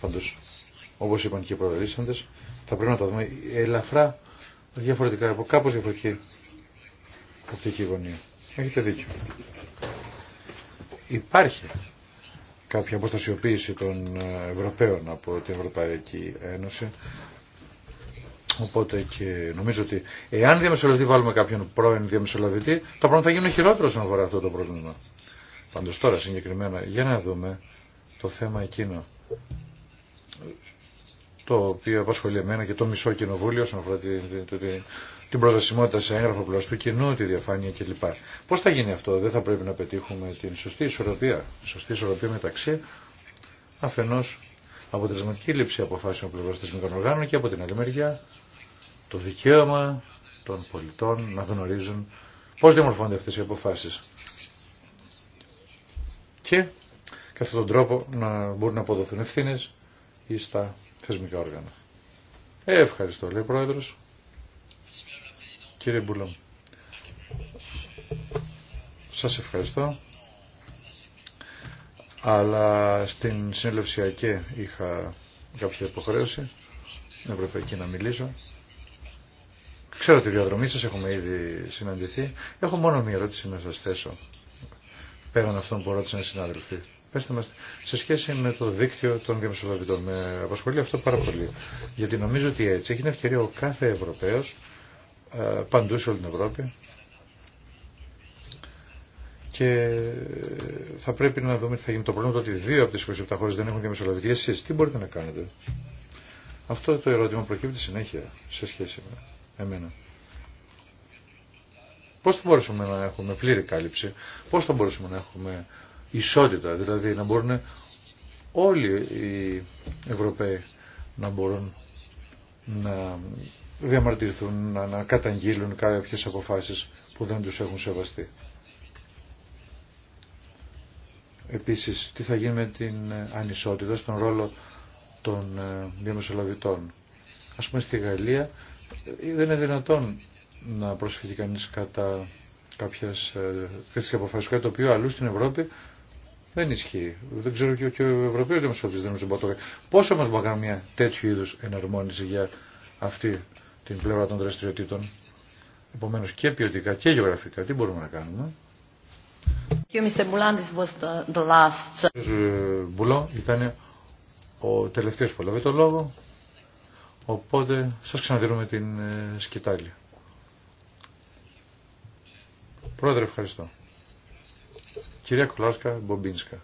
Πάντως, όπως είπαν και οι θα πρέπει να τα δούμε ελαφρά διαφορετικά, από κάπως διαφορετική οπτική γωνία. Έχετε δίκιο. Υπάρχει κάποια αποστασιοποίηση των ε, Ευρωπαίων από την Ευρωπαϊκή Ένωση Οπότε και νομίζω ότι εάν διαμεσολαβητή βάλουμε κάποιον πρώην διαμεσολαβητή, τα πράγματα θα γίνουν χειρότερα όσον αφορά αυτό το πρόβλημα. Πάντω τώρα συγκεκριμένα, για να δούμε το θέμα εκείνο το οποίο απασχολεί εμένα και το μισό κοινοβούλιο όσον αφορά την, την, την, την προσβασιμότητα σε έγγραφο πλαστού κοινού, τη διαφάνεια κλπ. Πώ θα γίνει αυτό, δεν θα πρέπει να πετύχουμε την σωστή ισορροπία, σωστή ισορροπία μεταξύ αφενό αποτελεσματική λήψη αποφάσεων πλευρά μικρών οργάνων και από την άλλη μεριά το δικαίωμα των πολιτών να γνωρίζουν πώς διαμορφώνται αυτές οι αποφάσεις. Και κατά τον τρόπο να μπορούν να αποδοθούν ευθύνε ή στα θεσμικά όργανα. Ε, ευχαριστώ, λέει ο Πρόεδρος. Κύριε Μπούλαμ. σας ευχαριστώ. Αλλά στην συνέλευση ΑΚΕ είχα κάποια υποχρέωση, την Ευρωπαϊκή να μιλήσω. Ξέρω τη διαδρομή σας, έχουμε ήδη συναντηθεί. Έχω μόνο μία ερώτηση να σας θέσω. Πέραν αυτών που ρώτησαν οι συνάδελφοι. Πέστε μας, σε σχέση με το δίκτυο των διαμεσολαβητών, με απασχολεί αυτό πάρα πολύ. Γιατί νομίζω ότι έτσι έχει την ευκαιρία ο κάθε Ευρωπαίος, παντού σε όλη την Ευρώπη, και θα πρέπει να δούμε τι θα γίνει. Το πρόβλημα είναι ότι δύο από τι 27 χώρε δεν έχουν διαμεσολαβητή. Εσεί τι μπορείτε να κάνετε. Αυτό το ερώτημα προκύπτει συνέχεια σε σχέση με εμένα. Πώς θα μπορούσαμε να έχουμε πλήρη κάλυψη, πώς θα μπορούσαμε να έχουμε ισότητα, δηλαδή να μπορούν όλοι οι Ευρωπαίοι να μπορούν να διαμαρτυρηθούν, να, να καταγγείλουν κάποιες αποφάσεις που δεν τους έχουν σεβαστεί. Επίσης, τι θα γίνει με την ανισότητα στον ρόλο των ε, διαμεσολαβητών. Ας πούμε στη Γαλλία δεν είναι δυνατόν να προσφύγει κανείς κατά κάποιας κρίσης ε, αποφάσεις, κάτι το οποίο αλλού στην Ευρώπη δεν ισχύει. Δεν ξέρω και, και ο Ευρωπαίος Δημοσιοπτής δεν μας το Πόσο μας μπορεί να μια τέτοιου είδους εναρμόνιση για αυτή την πλευρά των δραστηριοτήτων. Επομένως και ποιοτικά και γεωγραφικά. Τι μπορούμε να κάνουμε. Ο ε, Μπουλό ήταν ο τελευταίος που έλαβε το λόγο. Οπότε σας ξαναδίνουμε την ε, σκητάλη. Πρόεδρε, ευχαριστώ. Κυρία Κουλάσκα Μπομπίνσκα.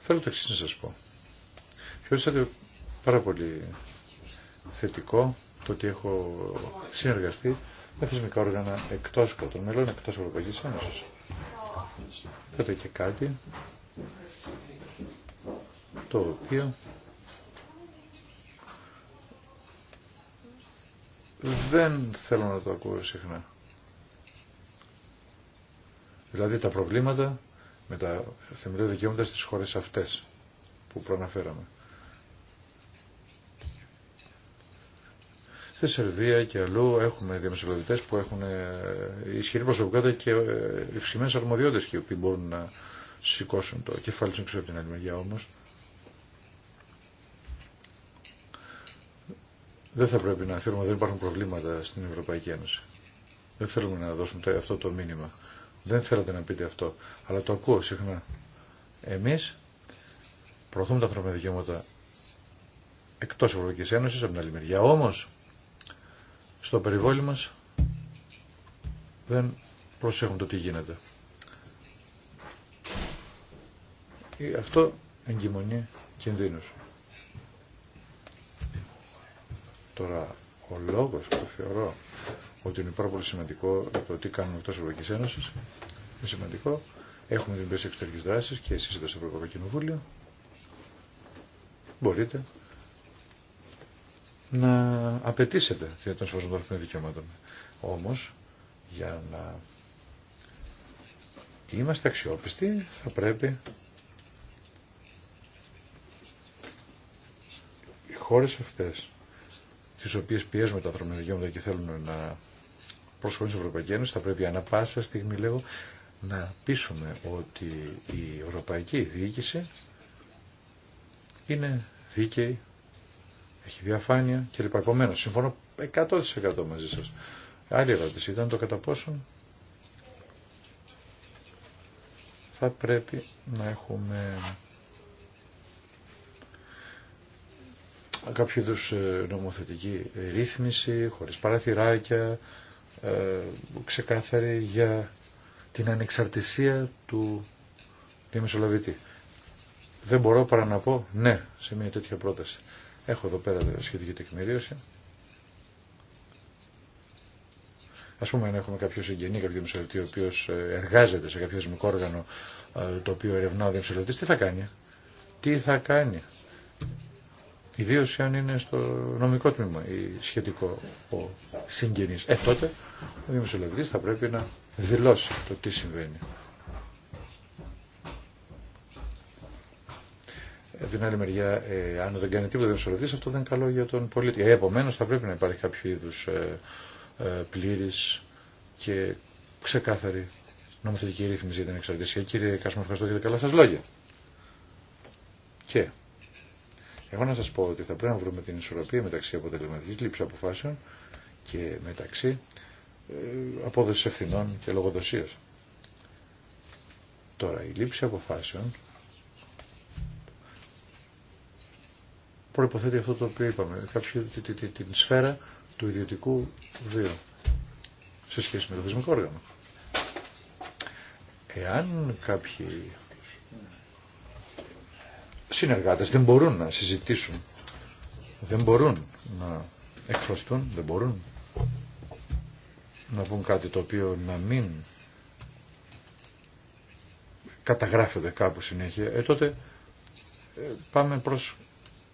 Θέλω το εξής να σας πω. Θεωρήσατε πάρα πολύ θετικό το ότι έχω συνεργαστεί με θεσμικά όργανα εκτός των μελών, εκτός Ευρωπαϊκής Ένωσης εδώ και κάτι το οποίο δεν θέλω να το ακούω συχνά. Δηλαδή τα προβλήματα με τα θεμελιώδη δικαιώματα στις χώρες αυτές που προαναφέραμε. Στη Σερβία και αλλού έχουμε διαμεσολαβητέ που έχουν ε, ισχυρή προσωπικότητα και ε, ευξημένες αρμοδιότητε και οι οποίοι μπορούν να σηκώσουν το κεφάλι τους από την άλλη μεριά όμω. Δεν θα πρέπει να θεωρούμε ότι δεν υπάρχουν προβλήματα στην Ευρωπαϊκή Ένωση. Δεν θέλουμε να δώσουμε αυτό το μήνυμα. Δεν θέλατε να πείτε αυτό. Αλλά το ακούω συχνά. Εμεί προωθούμε τα ανθρώπινα δικαιώματα εκτό Ευρωπαϊκή Ένωση από την άλλη μεριά. Όμω στο περιβόλι μας δεν προσέχουν το τι γίνεται. Ε, αυτό εγκυμονεί κινδύνους. Τώρα, ο λόγος που θεωρώ ότι είναι πάρα πολύ σημαντικό το τι κάνουμε εκτός Ευρωπαϊκής Ένωσης, είναι σημαντικό. Έχουμε την εξωτερικές δράσεις και εσείς εδώ στο Ευρωπαϊκό Κοινοβούλιο μπορείτε να απαιτήσετε για τον σεβασμό των δικαιωμάτων. Όμως, για να είμαστε αξιόπιστοι, θα πρέπει οι χώρες αυτές, τις οποίες πιέζουμε τα ανθρώπινα δικαιώματα και θέλουν να προσχωρήσουν στην Ευρωπαϊκή Ένωση, θα πρέπει ανά πάσα στιγμή, λέγω, να πείσουμε ότι η Ευρωπαϊκή Διοίκηση είναι δίκαιη έχει διαφάνεια κλπ. Επομένω, συμφωνώ 100% μαζί σας. Άλλη ερώτηση ήταν το κατά πόσον θα πρέπει να έχουμε κάποιο είδου ε, νομοθετική ρύθμιση, χωρίς παραθυράκια, ε, ξεκάθαρη για την ανεξαρτησία του διαμεσολαβητή. Δεν μπορώ παρά να πω ναι σε μια τέτοια πρόταση. Έχω εδώ πέρα σχετική τεκμηρίωση. Ας πούμε αν έχουμε κάποιο συγγενή, κάποιο δημοσιολογητή ο οποίος ε, εργάζεται σε κάποιο θεσμικό όργανο ε, το οποίο ερευνά ο τι θα κάνει. Τι θα κάνει. Ιδίω αν είναι στο νομικό τμήμα ή σχετικό ο συγγενής. Ε, τότε ο δημοσιολογητής θα πρέπει να δηλώσει το τι συμβαίνει. Από την άλλη μεριά, ε, αν δεν κάνει τίποτα δεν ρωτήσει, αυτό δεν είναι καλό για τον πολίτη. Ε, Επομένω θα πρέπει να υπάρχει κάποιο είδου ε, ε, πλήρης και ξεκάθαρη νομοθετική ρύθμιση για την εξαρτησία. Κύριε Κάσμα, ευχαριστώ για τα καλά σα λόγια. Και εγώ να σα πω ότι θα πρέπει να βρούμε την ισορροπία μεταξύ αποτελεσματική λήψη αποφάσεων και μεταξύ ε, απόδοσης ευθυνών και λογοδοσία. Τώρα, η λήψη αποφάσεων προϋποθέτει αυτό το οποίο είπαμε, κάποιο, την σφαίρα του ιδιωτικού βίου σε σχέση με το θεσμικό όργανο. Εάν κάποιοι συνεργάτες δεν μπορούν να συζητήσουν, δεν μπορούν να εκφραστούν, δεν μπορούν να πούν κάτι το οποίο να μην καταγράφεται κάπου συνέχεια, ε, τότε ε, πάμε προς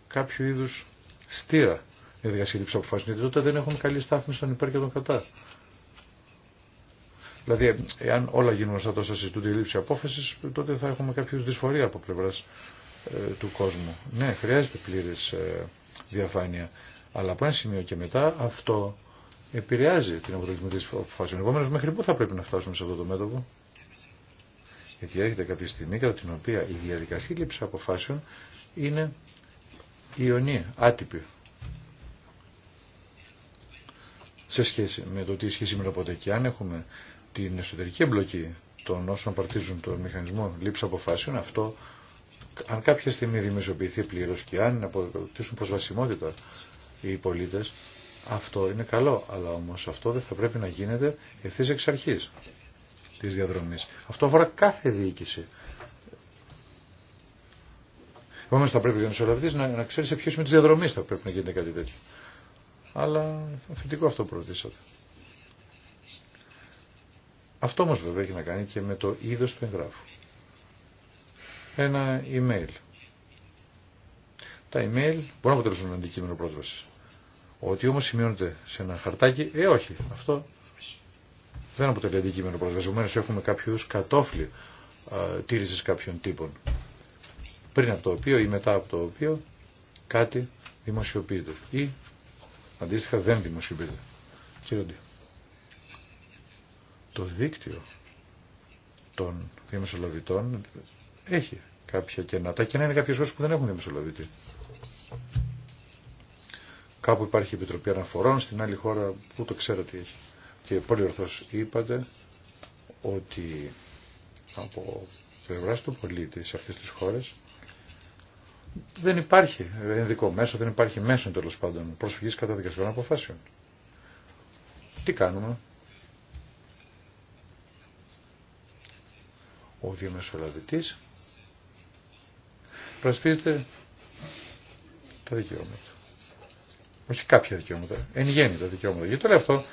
κάποιο είδους στήρα διαδικασία λήψη αποφάσεων, γιατί τότε δεν έχουν καλή στάθμη στον υπέρ και τον κατά. Δηλαδή, εάν όλα γίνουν σαν τόσα συζητούνται η λήψη απόφαση, τότε θα έχουμε κάποιο δυσφορία από πλευρά ε, του κόσμου. Ναι, χρειάζεται πλήρη ε, διαφάνεια. Αλλά από ένα σημείο και μετά αυτό επηρεάζει την αποτελεσματική αποφάσεων. Επομένω, μέχρι πού θα πρέπει να φτάσουμε σε αυτό το μέτωπο. Γιατί έρχεται κάποια στιγμή κατά την οποία η διαδικασία λήψη αποφάσεων είναι Ιωνία, άτυπη. Σε σχέση με το τι ισχύει σήμερα ποτέ και αν έχουμε την εσωτερική εμπλοκή των όσων παρτίζουν τον μηχανισμό λήψη αποφάσεων, αυτό αν κάποια στιγμή δημιουργηθεί πλήρω και αν αποκτήσουν προσβασιμότητα οι πολίτε, αυτό είναι καλό. Αλλά όμω αυτό δεν θα πρέπει να γίνεται ευθύ εξ αρχή τη διαδρομή. Αυτό αφορά κάθε διοίκηση. Επομένω θα πρέπει ο μεσολαβητή να, να ξέρει σε ποιο σημείο τη διαδρομή θα πρέπει να γίνεται κάτι τέτοιο. Αλλά θετικό αυτό που ρωτήσατε. Αυτό όμω βέβαια έχει να κάνει και με το είδο του εγγράφου. Ένα email. Τα email μπορεί να αποτελέσουν αντικείμενο πρόσβαση. Ότι όμω σημειώνεται σε ένα χαρτάκι, ε όχι, αυτό δεν αποτελεί αντικείμενο πρόσβαση. Επομένω έχουμε κάποιου κατόφλι ε, τήρηση κάποιων τύπων πριν από το οποίο ή μετά από το οποίο κάτι δημοσιοποιείται ή αντίστοιχα δεν δημοσιοποιείται. Κύριε το δίκτυο των δημοσιολογητών έχει κάποια κενά. Τα κενά είναι κάποιες χώρες που δεν έχουν δημοσιολογητή. Κάπου υπάρχει Επιτροπή Αναφορών, στην άλλη χώρα που το ξέρω τι έχει. Και πολύ ορθώς είπατε ότι από πλευρά του πολίτη σε αυτές τις χώρες δεν υπάρχει ενδικό μέσο, δεν υπάρχει μέσο τέλο πάντων προσφυγής κατά δικαστικών αποφάσεων. Τι κάνουμε. Ο διαμεσολαβητής προσφύγεται τα δικαιώματα. Όχι κάποια δικαιώματα, εν γέννη τα δικαιώματα. Γιατί το λέω αυτό,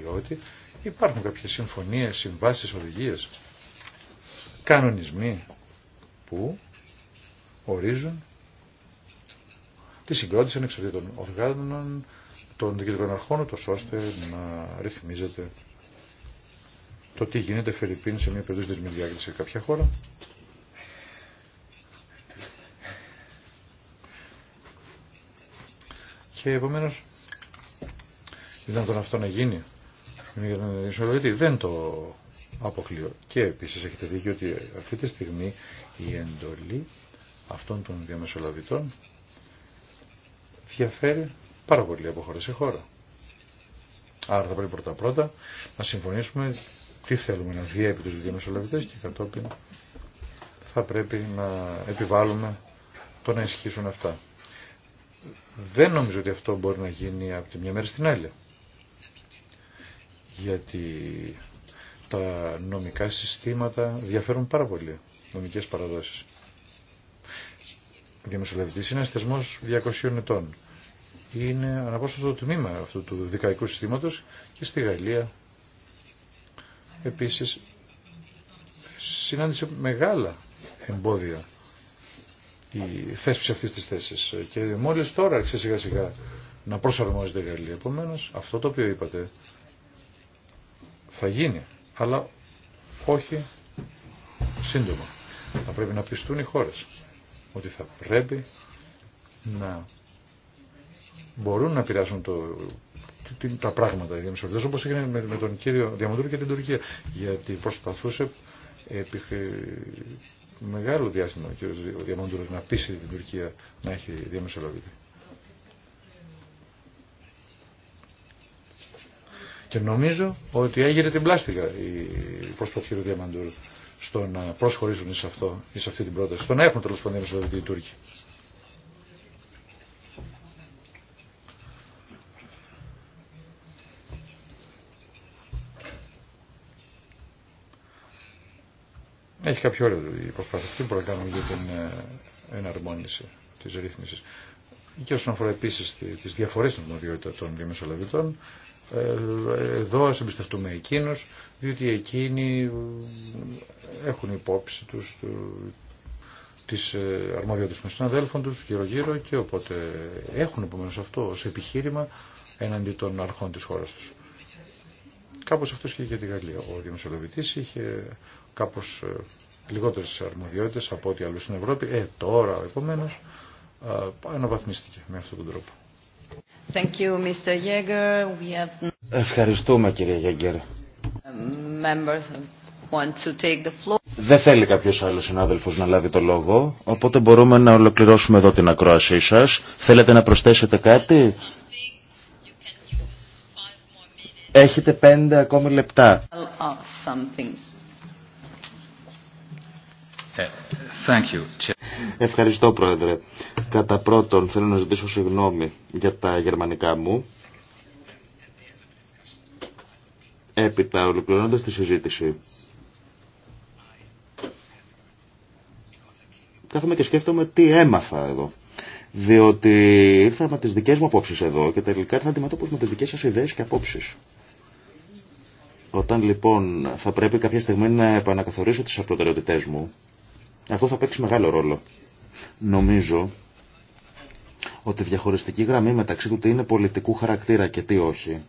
διότι υπάρχουν κάποιε συμφωνίες, συμβάσεις, οδηγίε κανονισμοί που ορίζουν τη συγκρότηση ανεξαρτήτων οργάνων των διοικητικών αρχών, ούτως ώστε να ρυθμίζεται το τι γίνεται Φερρυπίν σε μια περίπτωση δεσμή διάκριση σε κάποια χώρα. Και επομένω, ήταν τον αυτό να γίνει. Για τον ισολογητή. Δεν το αποκλείω. Και επίση έχετε δίκιο ότι αυτή τη στιγμή η εντολή αυτών των διαμεσολαβητών διαφέρει πάρα πολύ από χώρα σε χώρα. Άρα θα πρέπει πρώτα πρώτα να συμφωνήσουμε τι θέλουμε να διέπει τους διαμεσολαβητές και κατόπιν θα πρέπει να επιβάλλουμε το να ισχύσουν αυτά. Δεν νομίζω ότι αυτό μπορεί να γίνει από τη μια μέρα στην άλλη. Γιατί τα νομικά συστήματα διαφέρουν πάρα πολύ, νομικές παραδόσεις διαμεσολαβητής είναι ένας θεσμός 200 ετών. Είναι αναπόσπαστο τμήμα αυτού του δικαϊκού συστήματος και στη Γαλλία επίσης συνάντησε μεγάλα εμπόδια η θέσπιση αυτής της θέσης και μόλις τώρα άρχισε σιγά σιγά να προσαρμόζεται η Γαλλία. Επομένω, αυτό το οποίο είπατε θα γίνει, αλλά όχι σύντομα. Θα πρέπει να πιστούν οι χώρες ότι θα πρέπει να μπορούν να πειράσουν το, τα πράγματα οι δημοσιογραφητές όπως έγινε με, τον κύριο Διαμοντούρη και την Τουρκία γιατί προσπαθούσε επί μεγάλο διάστημα ο κύριος Διαμοντούρος να πείσει την Τουρκία να έχει διαμεσολαβητή. Και νομίζω ότι έγινε την πλάστηκα η προσπαθή του Διαμαντούρ στο να προσχωρήσουν σε, αυτό, σε αυτή την πρόταση. Στο να έχουν τέλο πάντων οι Τούρκοι. Έχει κάποιο όριο η προσπάθεια αυτή που κάνουμε για την ε, εναρμόνιση τη ρύθμιση. Και όσον αφορά επίση τι διαφορέ των ομοδιότητα των διαμεσολαβητών, εδώ ας εμπιστευτούμε εκείνους, διότι εκείνοι έχουν υπόψη τους τις ε, αρμοδιότητες των συναδέλφων τους γύρω γύρω και οπότε έχουν επομένως αυτό ως επιχείρημα έναντι των αρχών της χώρας τους. Κάπως αυτό και για τη Γαλλία. Ο Δημοσιολογητής είχε κάπως ε, λιγότερες αρμοδιότητες από ό,τι άλλους στην Ευρώπη. Ε, τώρα επομένως ε, αναβαθμίστηκε με αυτόν τον τρόπο. Ευχαριστούμε κύριε Γιέγκερ. Δεν θέλει κάποιος άλλος συνάδελφος να λάβει το λόγο, οπότε μπορούμε να ολοκληρώσουμε εδώ την ακρόασή σας. Θέλετε να προσθέσετε κάτι? Έχετε πέντε ακόμη λεπτά. Ευχαριστώ Πρόεδρε. Κατά πρώτον θέλω να ζητήσω συγγνώμη για τα γερμανικά μου. Έπειτα ολοκληρώνοντας τη συζήτηση. Κάθομαι και σκέφτομαι τι έμαθα εδώ. Διότι ήρθα με τις δικές μου απόψεις εδώ και τελικά ήρθα αντιμετώπως με τις δικές σας ιδέες και απόψεις. Όταν λοιπόν θα πρέπει κάποια στιγμή να επανακαθορίσω τις αυτοτεραιότητές μου, αυτό θα παίξει μεγάλο ρόλο. Νομίζω ότι η διαχωριστική γραμμή μεταξύ του τι είναι πολιτικού χαρακτήρα και τι όχι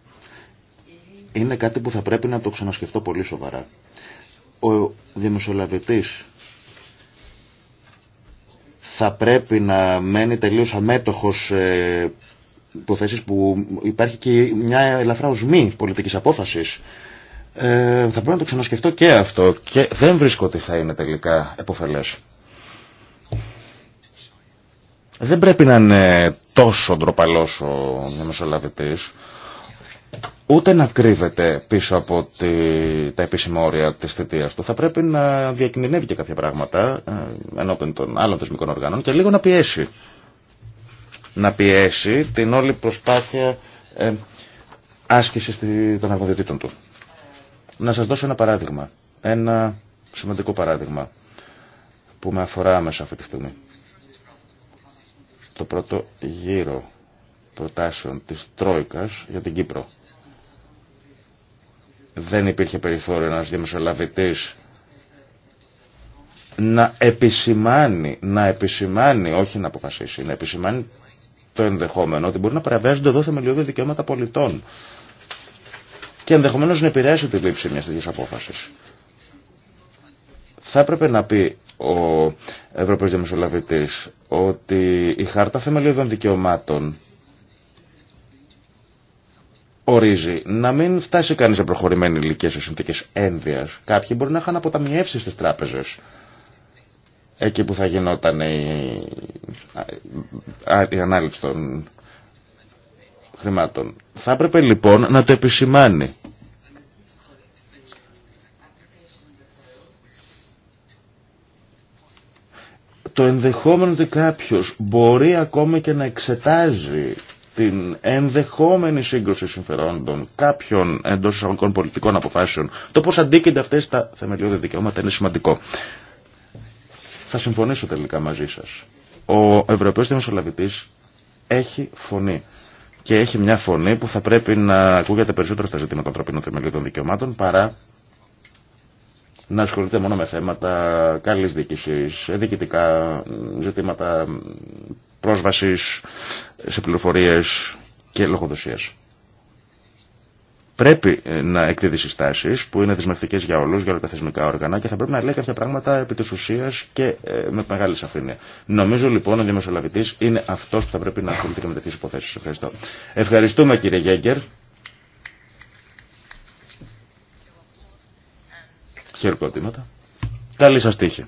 είναι κάτι που θα πρέπει να το ξανασκεφτώ πολύ σοβαρά. Ο δημοσιολαβητής θα πρέπει να μένει τελείως αμέτωχος ε, υποθέσεις που υπάρχει και μια ελαφρά οσμή πολιτικής απόφασης ε, θα πρέπει να το ξανασκεφτώ και αυτό και δεν βρίσκω ότι θα είναι τελικά εποφελές. Δεν πρέπει να είναι τόσο ντροπαλός ο Μεσολαβητής, ούτε να κρύβεται πίσω από τη, τα επίσημα όρια της θητείας του. Θα πρέπει να διακινδυνεύει και κάποια πράγματα ε, ενώπιν των άλλων θεσμικών οργάνων και λίγο να πιέσει. Να πιέσει την όλη προσπάθεια ε, άσκησης των αρμοδιοτήτων του. Να σας δώσω ένα παράδειγμα. Ένα σημαντικό παράδειγμα που με αφορά άμεσα αυτή τη στιγμή. Το πρώτο γύρο προτάσεων της Τρόικας για την Κύπρο. Δεν υπήρχε περιθώριο ένας δημοσιολαβητής να επισημάνει, να επισημάνει, όχι να αποφασίσει, να επισημάνει το ενδεχόμενο ότι μπορεί να παραβιάζονται εδώ θεμελιώδη δικαιώματα πολιτών και ενδεχομένω να επηρεάσει τη λήψη μιας τέτοια απόφαση. Θα έπρεπε να πει ο Ευρωπαίος Δημοσιολαβητής ότι η Χάρτα Θεμελιωδών Δικαιωμάτων ορίζει να μην φτάσει κανείς σε προχωρημένη ηλικία σε συνθήκες ένδυας. Κάποιοι μπορεί να είχαν αποταμιεύσει στις τράπεζες εκεί που θα γινόταν η, η ανάληψη των θα έπρεπε λοιπόν να το επισημάνει. Το ενδεχόμενο ότι κάποιος μπορεί ακόμη και να εξετάζει την ενδεχόμενη σύγκρουση συμφερόντων κάποιων εντό εισαγωγικών πολιτικών αποφάσεων, το πώς αντίκεινται αυτές τα θεμελιώδη δικαιώματα είναι σημαντικό. Θα συμφωνήσω τελικά μαζί σας. Ο Ευρωπαίος Δημοσιολαβητή έχει φωνή και έχει μια φωνή που θα πρέπει να ακούγεται περισσότερο στα ζητήματα ανθρωπίνων των δικαιωμάτων παρά να ασχολείται μόνο με θέματα καλή διοίκηση, διοικητικά ζητήματα πρόσβαση σε πληροφορίε και λογοδοσία πρέπει ε, να εκδίδει συστάσει που είναι δεσμευτικέ για όλου, για όλα τα θεσμικά όργανα και θα πρέπει να λέει κάποια πράγματα επί τη ουσία και ε, με μεγάλη σαφήνεια. Νομίζω λοιπόν ο διαμεσολαβητή είναι αυτό που θα πρέπει να ασχολείται με τέτοιε υποθέσει. Ευχαριστώ. Ευχαριστούμε κύριε Γέγκερ. Χειροκροτήματα. Καλή σα τύχη.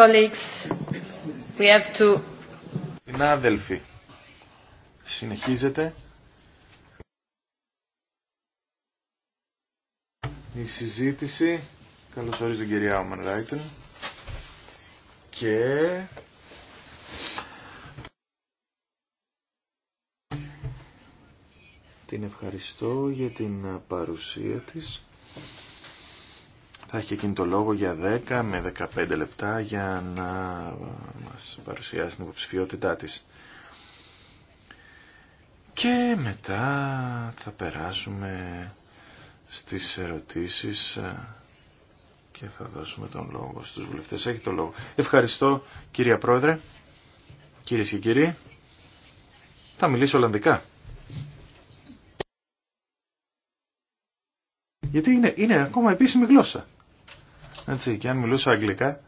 Colleagues, we have συνεχίζεται η συζήτηση. Καλώς ορίζει την κυρία Όμαν Ράιτεν. Και... Την ευχαριστώ για την παρουσία της θα έχει εκείνη το λόγο για 10 με 15 λεπτά για να μας παρουσιάσει την υποψηφιότητά της. Και μετά θα περάσουμε στις ερωτήσεις και θα δώσουμε τον λόγο στους βουλευτές. Έχει το λόγο. Ευχαριστώ κυρία Πρόεδρε, κυρίες και κύριοι. Θα μιλήσω Ολλανδικά. Γιατί είναι, είναι ακόμα επίσημη γλώσσα. Έτσι, και αν μιλούσα αγγλικά,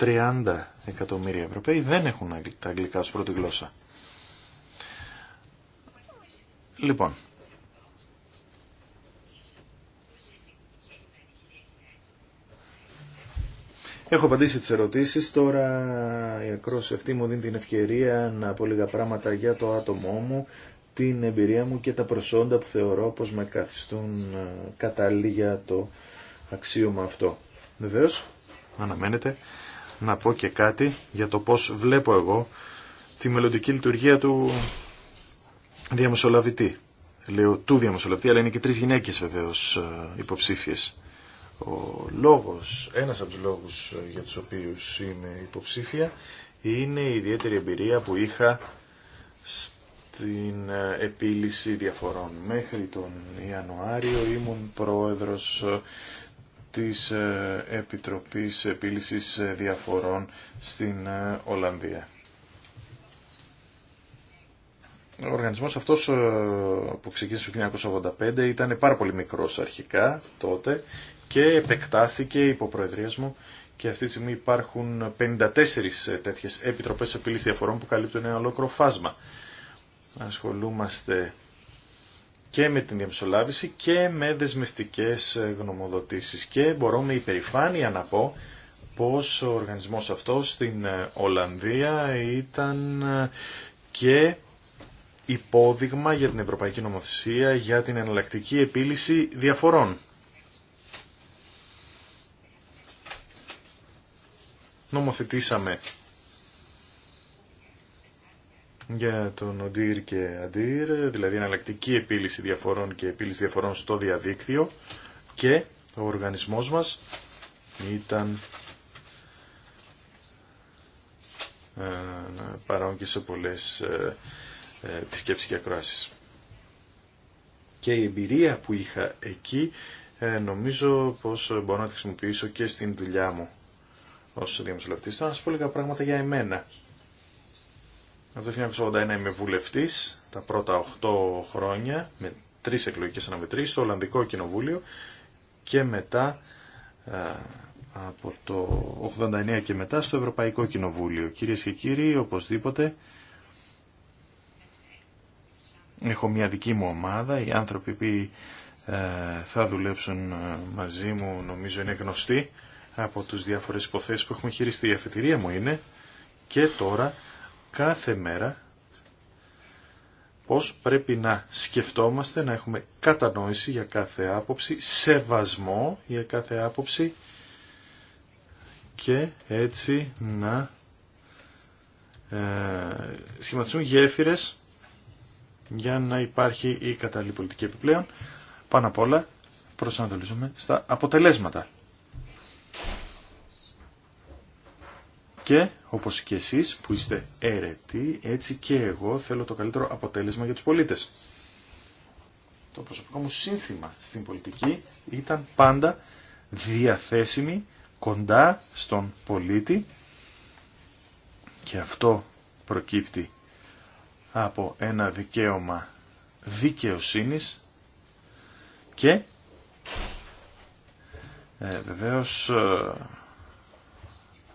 430 εκατομμύρια Ευρωπαίοι δεν έχουν τα αγγλικά ως πρώτη γλώσσα. Λοιπόν, Έχω απαντήσει τις ερωτήσεις, τώρα η ακρόση αυτή μου δίνει την ευκαιρία να πω λίγα πράγματα για το άτομό μου, την εμπειρία μου και τα προσόντα που θεωρώ πως με καθιστούν ε, κατάλληλοι για το αξίωμα αυτό. Βεβαίως, αναμένεται να πω και κάτι για το πώς βλέπω εγώ τη μελλοντική λειτουργία του διαμεσολαβητή. Λέω του διαμεσολαβητή, αλλά είναι και τρεις γυναίκες βεβαίως ε, υποψήφιες. Ο λόγος, ένας από τους λόγους ε, για τους οποίους είμαι υποψήφια είναι η ιδιαίτερη εμπειρία που είχα την ε, επίλυση διαφορών. Μέχρι τον Ιανουάριο ήμουν πρόεδρος ε, της ε, Επιτροπής Επίλυσης Διαφορών στην Ολλανδία. Ο οργανισμός αυτός που ξεκίνησε το 1985 ήταν πάρα πολύ μικρός αρχικά τότε και επεκτάθηκε υπό προεδρίας μου και αυτή τη στιγμή υπάρχουν 54 τέτοιες επιτροπές επίλυσης διαφορών που καλύπτουν ένα ολόκληρο φάσμα ασχολούμαστε και με την διαμεσολάβηση και με δεσμευτικές γνωμοδοτήσεις και μπορώ με υπερηφάνεια να πω πως ο οργανισμός αυτός στην Ολλανδία ήταν και υπόδειγμα για την Ευρωπαϊκή Νομοθεσία για την εναλλακτική επίλυση διαφορών. Νομοθετήσαμε για τον ΟΝΤΙΡ και ΑΝΤΙΡ, δηλαδή εναλλακτική επίλυση διαφορών και επίλυση διαφορών στο διαδίκτυο και ο οργανισμός μας ήταν ε, παρόν και σε πολλές ε, ε, επισκέψεις και ακροάσεις. Και η εμπειρία που είχα εκεί νομίζω πως μπορώ να τη χρησιμοποιήσω και στην δουλειά μου ως δημοσιολογητής. θα να σας πω λίγα πράγματα για εμένα. Από το 1981 είμαι βουλευτής, τα πρώτα 8 χρόνια, με τρεις εκλογικές αναμετρήσεις, στο Ολλανδικό Κοινοβούλιο και μετά ε, από το 89 και μετά στο Ευρωπαϊκό Κοινοβούλιο. Κυρίες και κύριοι, οπωσδήποτε έχω μια δική μου ομάδα, οι άνθρωποι που ε, θα δουλέψουν ε, μαζί μου νομίζω είναι γνωστοί από τους διάφορες υποθέσεις που έχουμε χειριστεί. Η αφετηρία μου είναι και τώρα κάθε μέρα πώς πρέπει να σκεφτόμαστε, να έχουμε κατανόηση για κάθε άποψη, σεβασμό για κάθε άποψη και έτσι να ε, σχηματιστούν γέφυρες για να υπάρχει η κατάλληλη πολιτική επιπλέον. Πάνω απ' όλα προσανατολίζουμε στα αποτελέσματα. Και, όπως και εσείς που είστε αίρετοι, έτσι και εγώ θέλω το καλύτερο αποτέλεσμα για τους πολίτες. Το προσωπικό μου σύνθημα στην πολιτική ήταν πάντα διαθέσιμη, κοντά στον πολίτη και αυτό προκύπτει από ένα δικαίωμα δικαιοσύνης και ε, βεβαίως ε,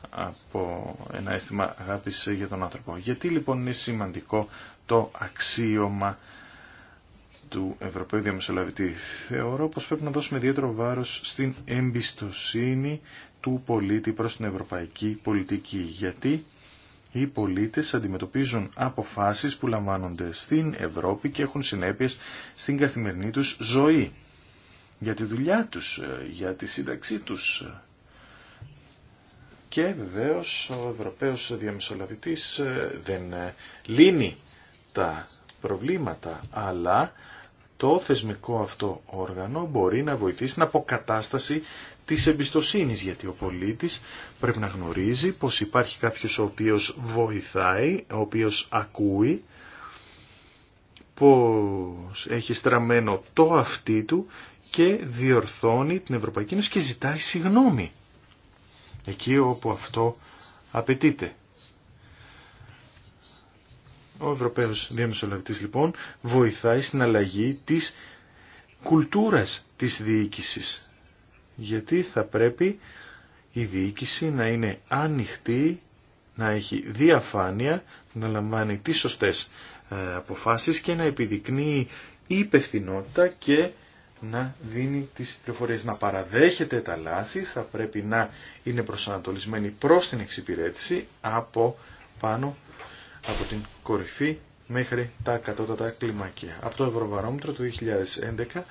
από ένα αίσθημα αγάπης για τον άνθρωπο. Γιατί λοιπόν είναι σημαντικό το αξίωμα του Ευρωπαίου Διαμεσολαβητή. Θεωρώ πως πρέπει να δώσουμε ιδιαίτερο βάρος στην εμπιστοσύνη του πολίτη προς την ευρωπαϊκή πολιτική. Γιατί οι πολίτες αντιμετωπίζουν αποφάσεις που λαμβάνονται στην Ευρώπη και έχουν συνέπειες στην καθημερινή τους ζωή. Για τη δουλειά τους, ε, για τη σύνταξή τους, ε, και βεβαίως ο Ευρωπαίος Διαμεσολαβητής ε, δεν ε, λύνει τα προβλήματα, αλλά το θεσμικό αυτό όργανο μπορεί να βοηθήσει την αποκατάσταση της εμπιστοσύνης, γιατί ο πολίτης πρέπει να γνωρίζει πως υπάρχει κάποιος ο οποίος βοηθάει, ο οποίος ακούει, πως έχει στραμμένο το αυτί του και διορθώνει την Ευρωπαϊκή Ένωση και ζητάει συγνώμη εκεί όπου αυτό απαιτείται. Ο Ευρωπαίος Διαμεσολαβητής λοιπόν βοηθάει στην αλλαγή της κουλτούρας της διοίκησης. Γιατί θα πρέπει η διοίκηση να είναι ανοιχτή, να έχει διαφάνεια, να λαμβάνει τις σωστές ε, αποφάσεις και να επιδεικνύει υπευθυνότητα και να δίνει τις πληροφορίες, να παραδέχεται τα λάθη, θα πρέπει να είναι προσανατολισμένη προς την εξυπηρέτηση από πάνω, από την κορυφή μέχρι τα κατώτατα κλιμάκια. Από το Ευρωβαρόμετρο του 2011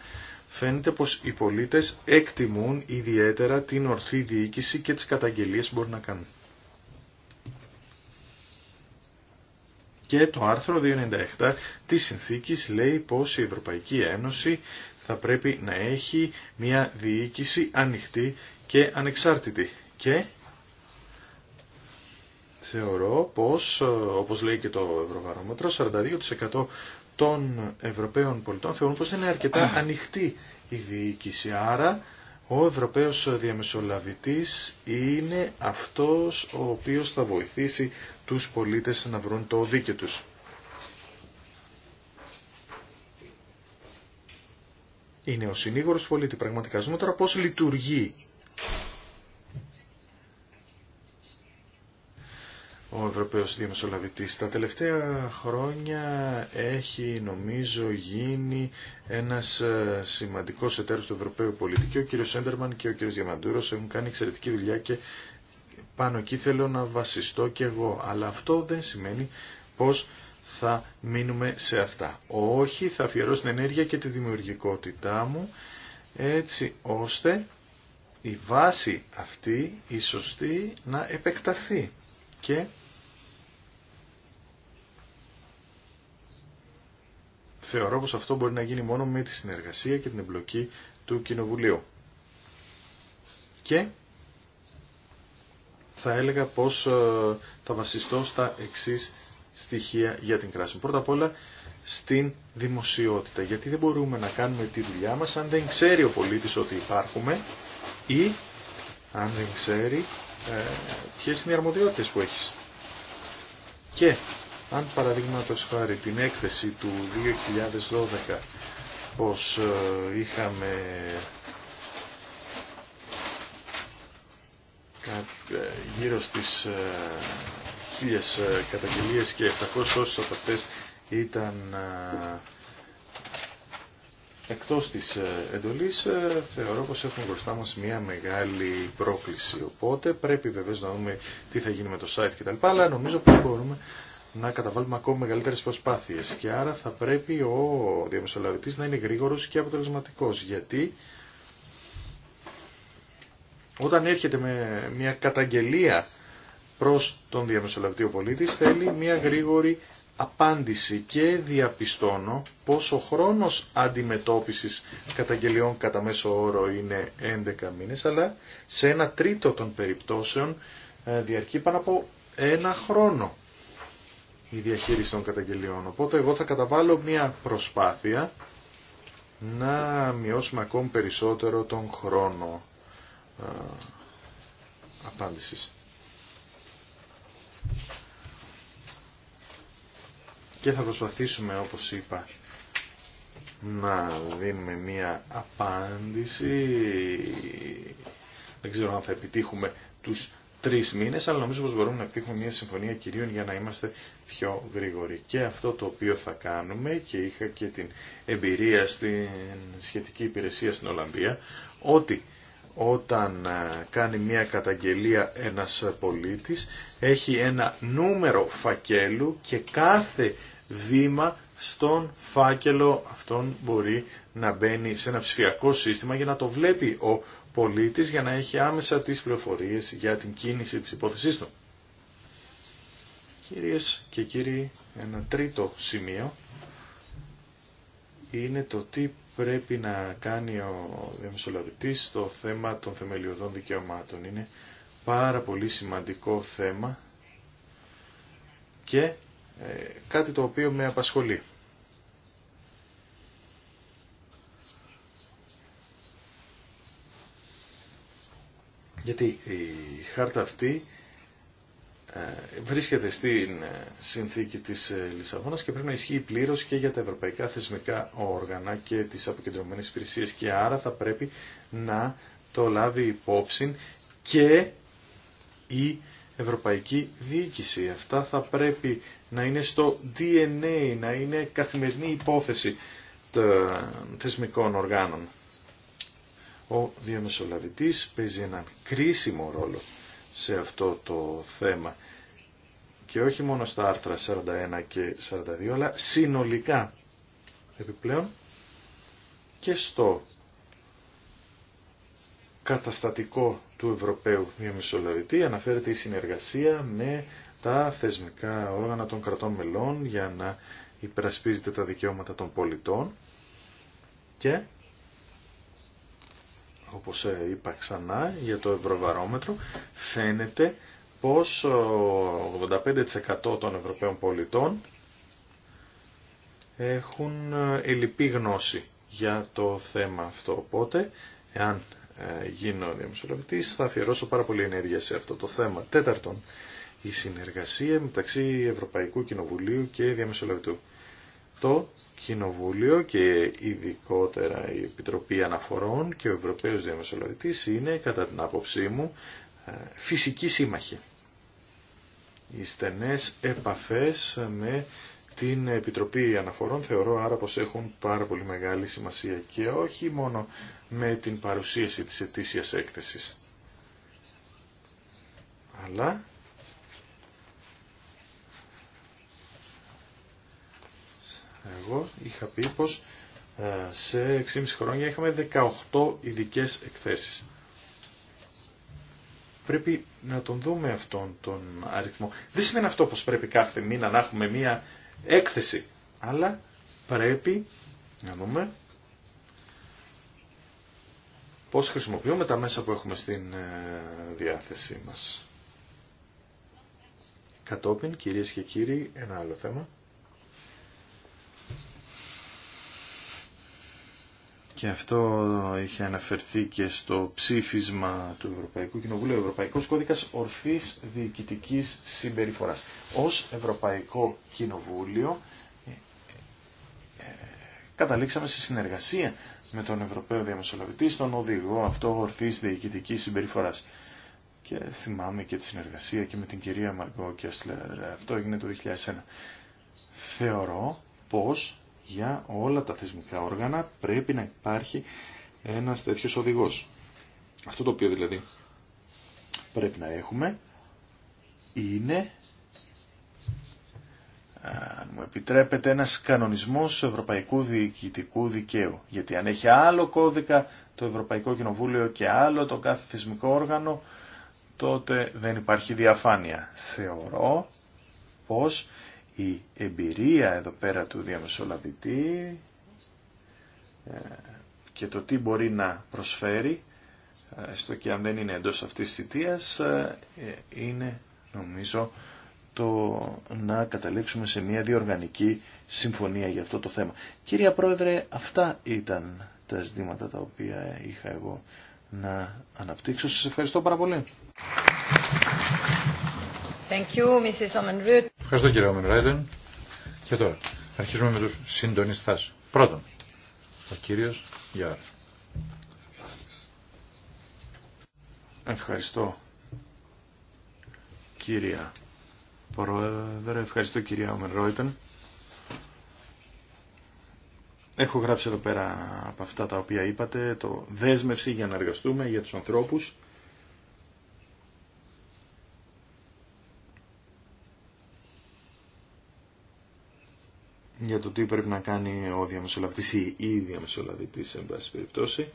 φαίνεται πως οι πολίτες εκτιμούν ιδιαίτερα την ορθή διοίκηση και τις καταγγελίες που μπορούν να κάνουν. Και το άρθρο 297 της συνθήκης λέει πως η Ευρωπαϊκή Ένωση θα πρέπει να έχει μια διοίκηση ανοιχτή και ανεξάρτητη. Και θεωρώ πως, όπως λέει και το Ευρωβαρόμετρο, 42% των Ευρωπαίων πολιτών θεωρούν πως είναι αρκετά ανοιχτή η διοίκηση. Άρα ο Ευρωπαίος Διαμεσολαβητής είναι αυτός ο οποίος θα βοηθήσει τους πολίτες να βρουν το δίκαιο τους. είναι ο συνήγορος πολίτη. Πραγματικά ζούμε τώρα πώς λειτουργεί ο Ευρωπαίος Διαμεσολαβητής. Τα τελευταία χρόνια έχει νομίζω γίνει ένας ε, σημαντικός εταίρος του Ευρωπαίου πολιτικού. ο κύριος Σέντερμαν και ο κύριος Διαμαντούρος έχουν κάνει εξαιρετική δουλειά και πάνω εκεί θέλω να βασιστώ κι εγώ. Αλλά αυτό δεν σημαίνει πως θα μείνουμε σε αυτά. Όχι, θα αφιερώσω την ενέργεια και τη δημιουργικότητά μου έτσι ώστε η βάση αυτή, η σωστή, να επεκταθεί και θεωρώ πως αυτό μπορεί να γίνει μόνο με τη συνεργασία και την εμπλοκή του Κοινοβουλίου. Και θα έλεγα πως ε, θα βασιστώ στα εξής στοιχεία για την κράση. Πρώτα απ' όλα στην δημοσιότητα, γιατί δεν μπορούμε να κάνουμε τη δουλειά μας αν δεν ξέρει ο πολίτης ότι υπάρχουμε ή αν δεν ξέρει ε, ποιες είναι οι αρμοδιότητες που έχεις. Και αν παραδείγματο χάρη την έκθεση του 2012 πως ε, είχαμε ε, γύρω στις ε, ε, καταγγελίες και 700 όσες από αυτές ήταν ε, εκτός της ε, εντολής θεωρώ πως έχουμε μπροστά μας μια μεγάλη πρόκληση οπότε πρέπει βεβαίως να δούμε τι θα γίνει με το site κτλ αλλά νομίζω πως μπορούμε να καταβάλουμε ακόμα μεγαλύτερες προσπάθειες και άρα θα πρέπει ο διαμεσολαβητής να είναι γρήγορος και αποτελεσματικός γιατί όταν έρχεται με μια καταγγελία προς τον διαμεσολαβητή ο πολίτης θέλει μια γρήγορη απάντηση και διαπιστώνω πως ο χρόνος αντιμετώπισης καταγγελιών κατά μέσο όρο είναι 11 μήνες, αλλά σε ένα τρίτο των περιπτώσεων ε, διαρκεί πάνω από ένα χρόνο η διαχείριση των καταγγελιών. Οπότε εγώ θα καταβάλω μια προσπάθεια να μειώσουμε ακόμη περισσότερο τον χρόνο ε, απάντησης. Και θα προσπαθήσουμε, όπως είπα, να δίνουμε μία απάντηση. Δεν ξέρω αν θα επιτύχουμε τους τρεις μήνες, αλλά νομίζω πως μπορούμε να επιτύχουμε μία συμφωνία κυρίων για να είμαστε πιο γρήγοροι. Και αυτό το οποίο θα κάνουμε, και είχα και την εμπειρία στην σχετική υπηρεσία στην Ολλανδία, ότι όταν ε, κάνει μια καταγγελία ένας πολίτης έχει ένα νούμερο φακέλου και κάθε βήμα στον φάκελο αυτόν μπορεί να μπαίνει σε ένα ψηφιακό σύστημα για να το βλέπει ο πολίτης για να έχει άμεσα τις πληροφορίες για την κίνηση της υπόθεσής του. Κυρίες και κύριοι, ένα τρίτο σημείο είναι το τι πρέπει να κάνει ο διαμεσολαβητής στο θέμα των θεμελιωδών δικαιωμάτων. Είναι πάρα πολύ σημαντικό θέμα και ε, κάτι το οποίο με απασχολεί. Γιατί η χάρτα αυτή ε, βρίσκεται στην ε, συνθήκη της ε, Λισαβόνας και πρέπει να ισχύει πλήρως και για τα ευρωπαϊκά θεσμικά όργανα και τις αποκεντρωμένες υπηρεσίε και άρα θα πρέπει να το λάβει υπόψη και η ευρωπαϊκή διοίκηση. Αυτά θα πρέπει να είναι στο DNA, να είναι καθημερινή υπόθεση των θεσμικών οργάνων. Ο διαμεσολαβητής παίζει έναν κρίσιμο ρόλο σε αυτό το θέμα. Και όχι μόνο στα άρθρα 41 και 42, αλλά συνολικά επιπλέον και στο καταστατικό του Ευρωπαίου Διαμεσολαβητή αναφέρεται η συνεργασία με τα θεσμικά όργανα των κρατών μελών για να υπερασπίζεται τα δικαιώματα των πολιτών και όπως ε, είπα ξανά για το ευρωβαρόμετρο, φαίνεται πως 85% των Ευρωπαίων πολιτών έχουν ε, ελλειπή γνώση για το θέμα αυτό. Οπότε, εάν ε, γίνω διαμεσολαβητής, θα αφιερώσω πάρα πολύ ενέργεια σε αυτό το θέμα. Τέταρτον, η συνεργασία μεταξύ Ευρωπαϊκού Κοινοβουλίου και Διαμεσολαβητού το Κοινοβούλιο και ειδικότερα η Επιτροπή Αναφορών και ο Ευρωπαίος Διαμεσολογητής είναι, κατά την άποψή μου, ε, φυσική σύμμαχη. Οι στενές επαφές με την Επιτροπή Αναφορών θεωρώ άρα πως έχουν πάρα πολύ μεγάλη σημασία και όχι μόνο με την παρουσίαση της ετήσιας έκθεσης. Αλλά Εγώ είχα πει πως ε, σε 6,5 χρόνια είχαμε 18 ειδικέ εκθέσεις. Πρέπει να τον δούμε αυτόν τον αριθμό. Δεν σημαίνει αυτό πως πρέπει κάθε μήνα να έχουμε μία έκθεση, αλλά πρέπει να δούμε πώς χρησιμοποιούμε τα μέσα που έχουμε στην ε, διάθεσή μας. Κατόπιν, κυρίες και κύριοι, ένα άλλο θέμα. Και αυτό είχε αναφερθεί και στο ψήφισμα του Ευρωπαϊκού Κοινοβουλίου, Ευρωπαϊκό Κώδικα Ορθής Διοικητική Συμπεριφοράς. Ως Ευρωπαϊκό Κοινοβούλιο ε, ε, καταλήξαμε σε συνεργασία με τον Ευρωπαίο Διαμεσολαβητή στον οδηγό αυτό ορθής διοικητική συμπεριφοράς. Και θυμάμαι και τη συνεργασία και με την κυρία Μαργκό Κέσλερ. Αυτό έγινε το 2001. Θεωρώ πως για όλα τα θεσμικά όργανα πρέπει να υπάρχει ένας τέτοιος οδηγός. Αυτό το οποίο δηλαδή πρέπει να έχουμε είναι, αν μου επιτρέπετε, ένας κανονισμός ευρωπαϊκού διοικητικού δικαίου. Γιατί αν έχει άλλο κώδικα το Ευρωπαϊκό Κοινοβούλιο και άλλο το κάθε θεσμικό όργανο, τότε δεν υπάρχει διαφάνεια. Θεωρώ πως η εμπειρία εδώ πέρα του διαμεσολαβητή ε, και το τι μπορεί να προσφέρει, ε, στο και αν δεν είναι εντός αυτής της θητείας, ε, είναι νομίζω το να καταλήξουμε σε μια διοργανική συμφωνία για αυτό το θέμα. Κυρία Πρόεδρε, αυτά ήταν τα ζητήματα τα οποία είχα εγώ να αναπτύξω. Σας ευχαριστώ πάρα πολύ. Ευχαριστώ κύριε Ομενράιντεν. Και τώρα αρχίζουμε με τους συντονιστάς. Πρώτον, ο κύριος Γιάρ. Ευχαριστώ κύρια Πρόεδρε, ευχαριστώ κυρία Ομενρόιτεν. Έχω γράψει εδώ πέρα από αυτά τα οποία είπατε, το δέσμευση για να εργαστούμε για τους ανθρώπους για το τι πρέπει να κάνει ο διαμεσολαβητής ή η διαμεσολαβητής εν πάση περιπτώσει.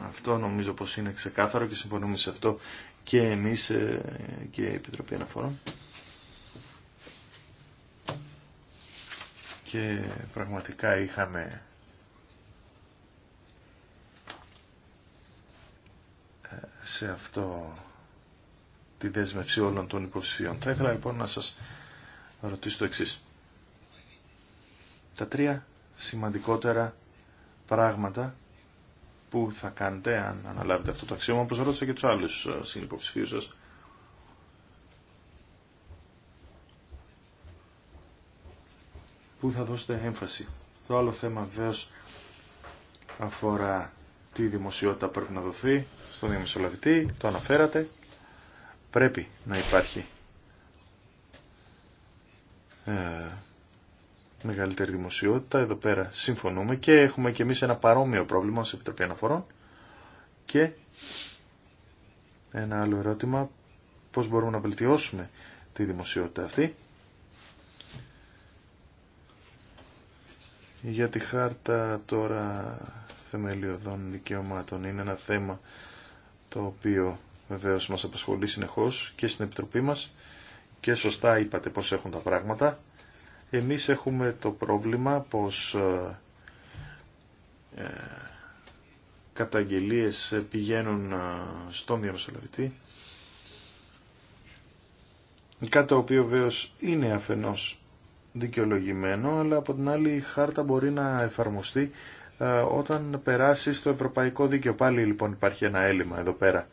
Αυτό νομίζω πως είναι ξεκάθαρο και συμφωνούμε σε αυτό και εμείς ε, και η Επιτροπή Αναφορών. Και πραγματικά είχαμε σε αυτό τη δέσμευση όλων των υποψηφίων. Θα ήθελα λοιπόν να σας ρωτήσω το εξή. Τα τρία σημαντικότερα πράγματα που θα κάνετε αν αναλάβετε αυτό το αξίωμα, όπως ρώτησα και τους άλλους ε, συνυποψηφίους σας. Πού θα δώσετε έμφαση. Το άλλο θέμα βεβαίω αφορά τι δημοσιότητα πρέπει να δοθεί στον διαμεσολαβητή, το αναφέρατε. Πρέπει να υπάρχει ε, μεγαλύτερη δημοσιότητα. Εδώ πέρα συμφωνούμε και έχουμε και εμείς ένα παρόμοιο πρόβλημα σε Επιτροπή Αναφορών. Και ένα άλλο ερώτημα, πώς μπορούμε να βελτιώσουμε τη δημοσιότητα αυτή. Για τη χάρτα τώρα θεμελιωδών δικαιωμάτων είναι ένα θέμα το οποίο βεβαίως μας απασχολεί συνεχώς και στην Επιτροπή μας και σωστά είπατε πώς έχουν τα πράγματα. Εμείς έχουμε το πρόβλημα πως ε, ε, καταγγελίες πηγαίνουν ε, στον διαμεσολαβητή. Κάτι το οποίο βέβαιω είναι αφενός δικαιολογημένο, αλλά από την άλλη η χάρτα μπορεί να εφαρμοστεί όταν περάσει στο ευρωπαϊκό δίκαιο. Πάλι λοιπόν υπάρχει ένα έλλειμμα εδώ πέρα.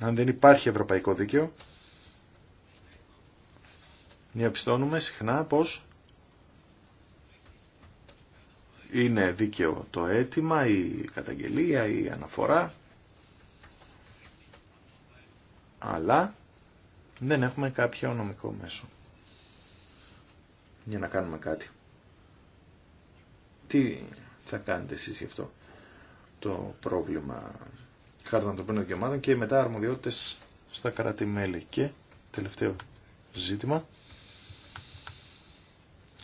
Αν δεν υπάρχει ευρωπαϊκό δίκαιο, διαπιστώνουμε συχνά πως είναι δίκαιο το αίτημα, η καταγγελία, η αναφορά, αλλά δεν έχουμε κάποιο νομικό μέσο για να κάνουμε κάτι. Τι θα κάνετε εσείς γι' αυτό το πρόβλημα χάρτα ανθρωπίνων πέντε δικαιωμάτων και μετά αρμοδιότητες στα κράτη-μέλη. Και τελευταίο ζήτημα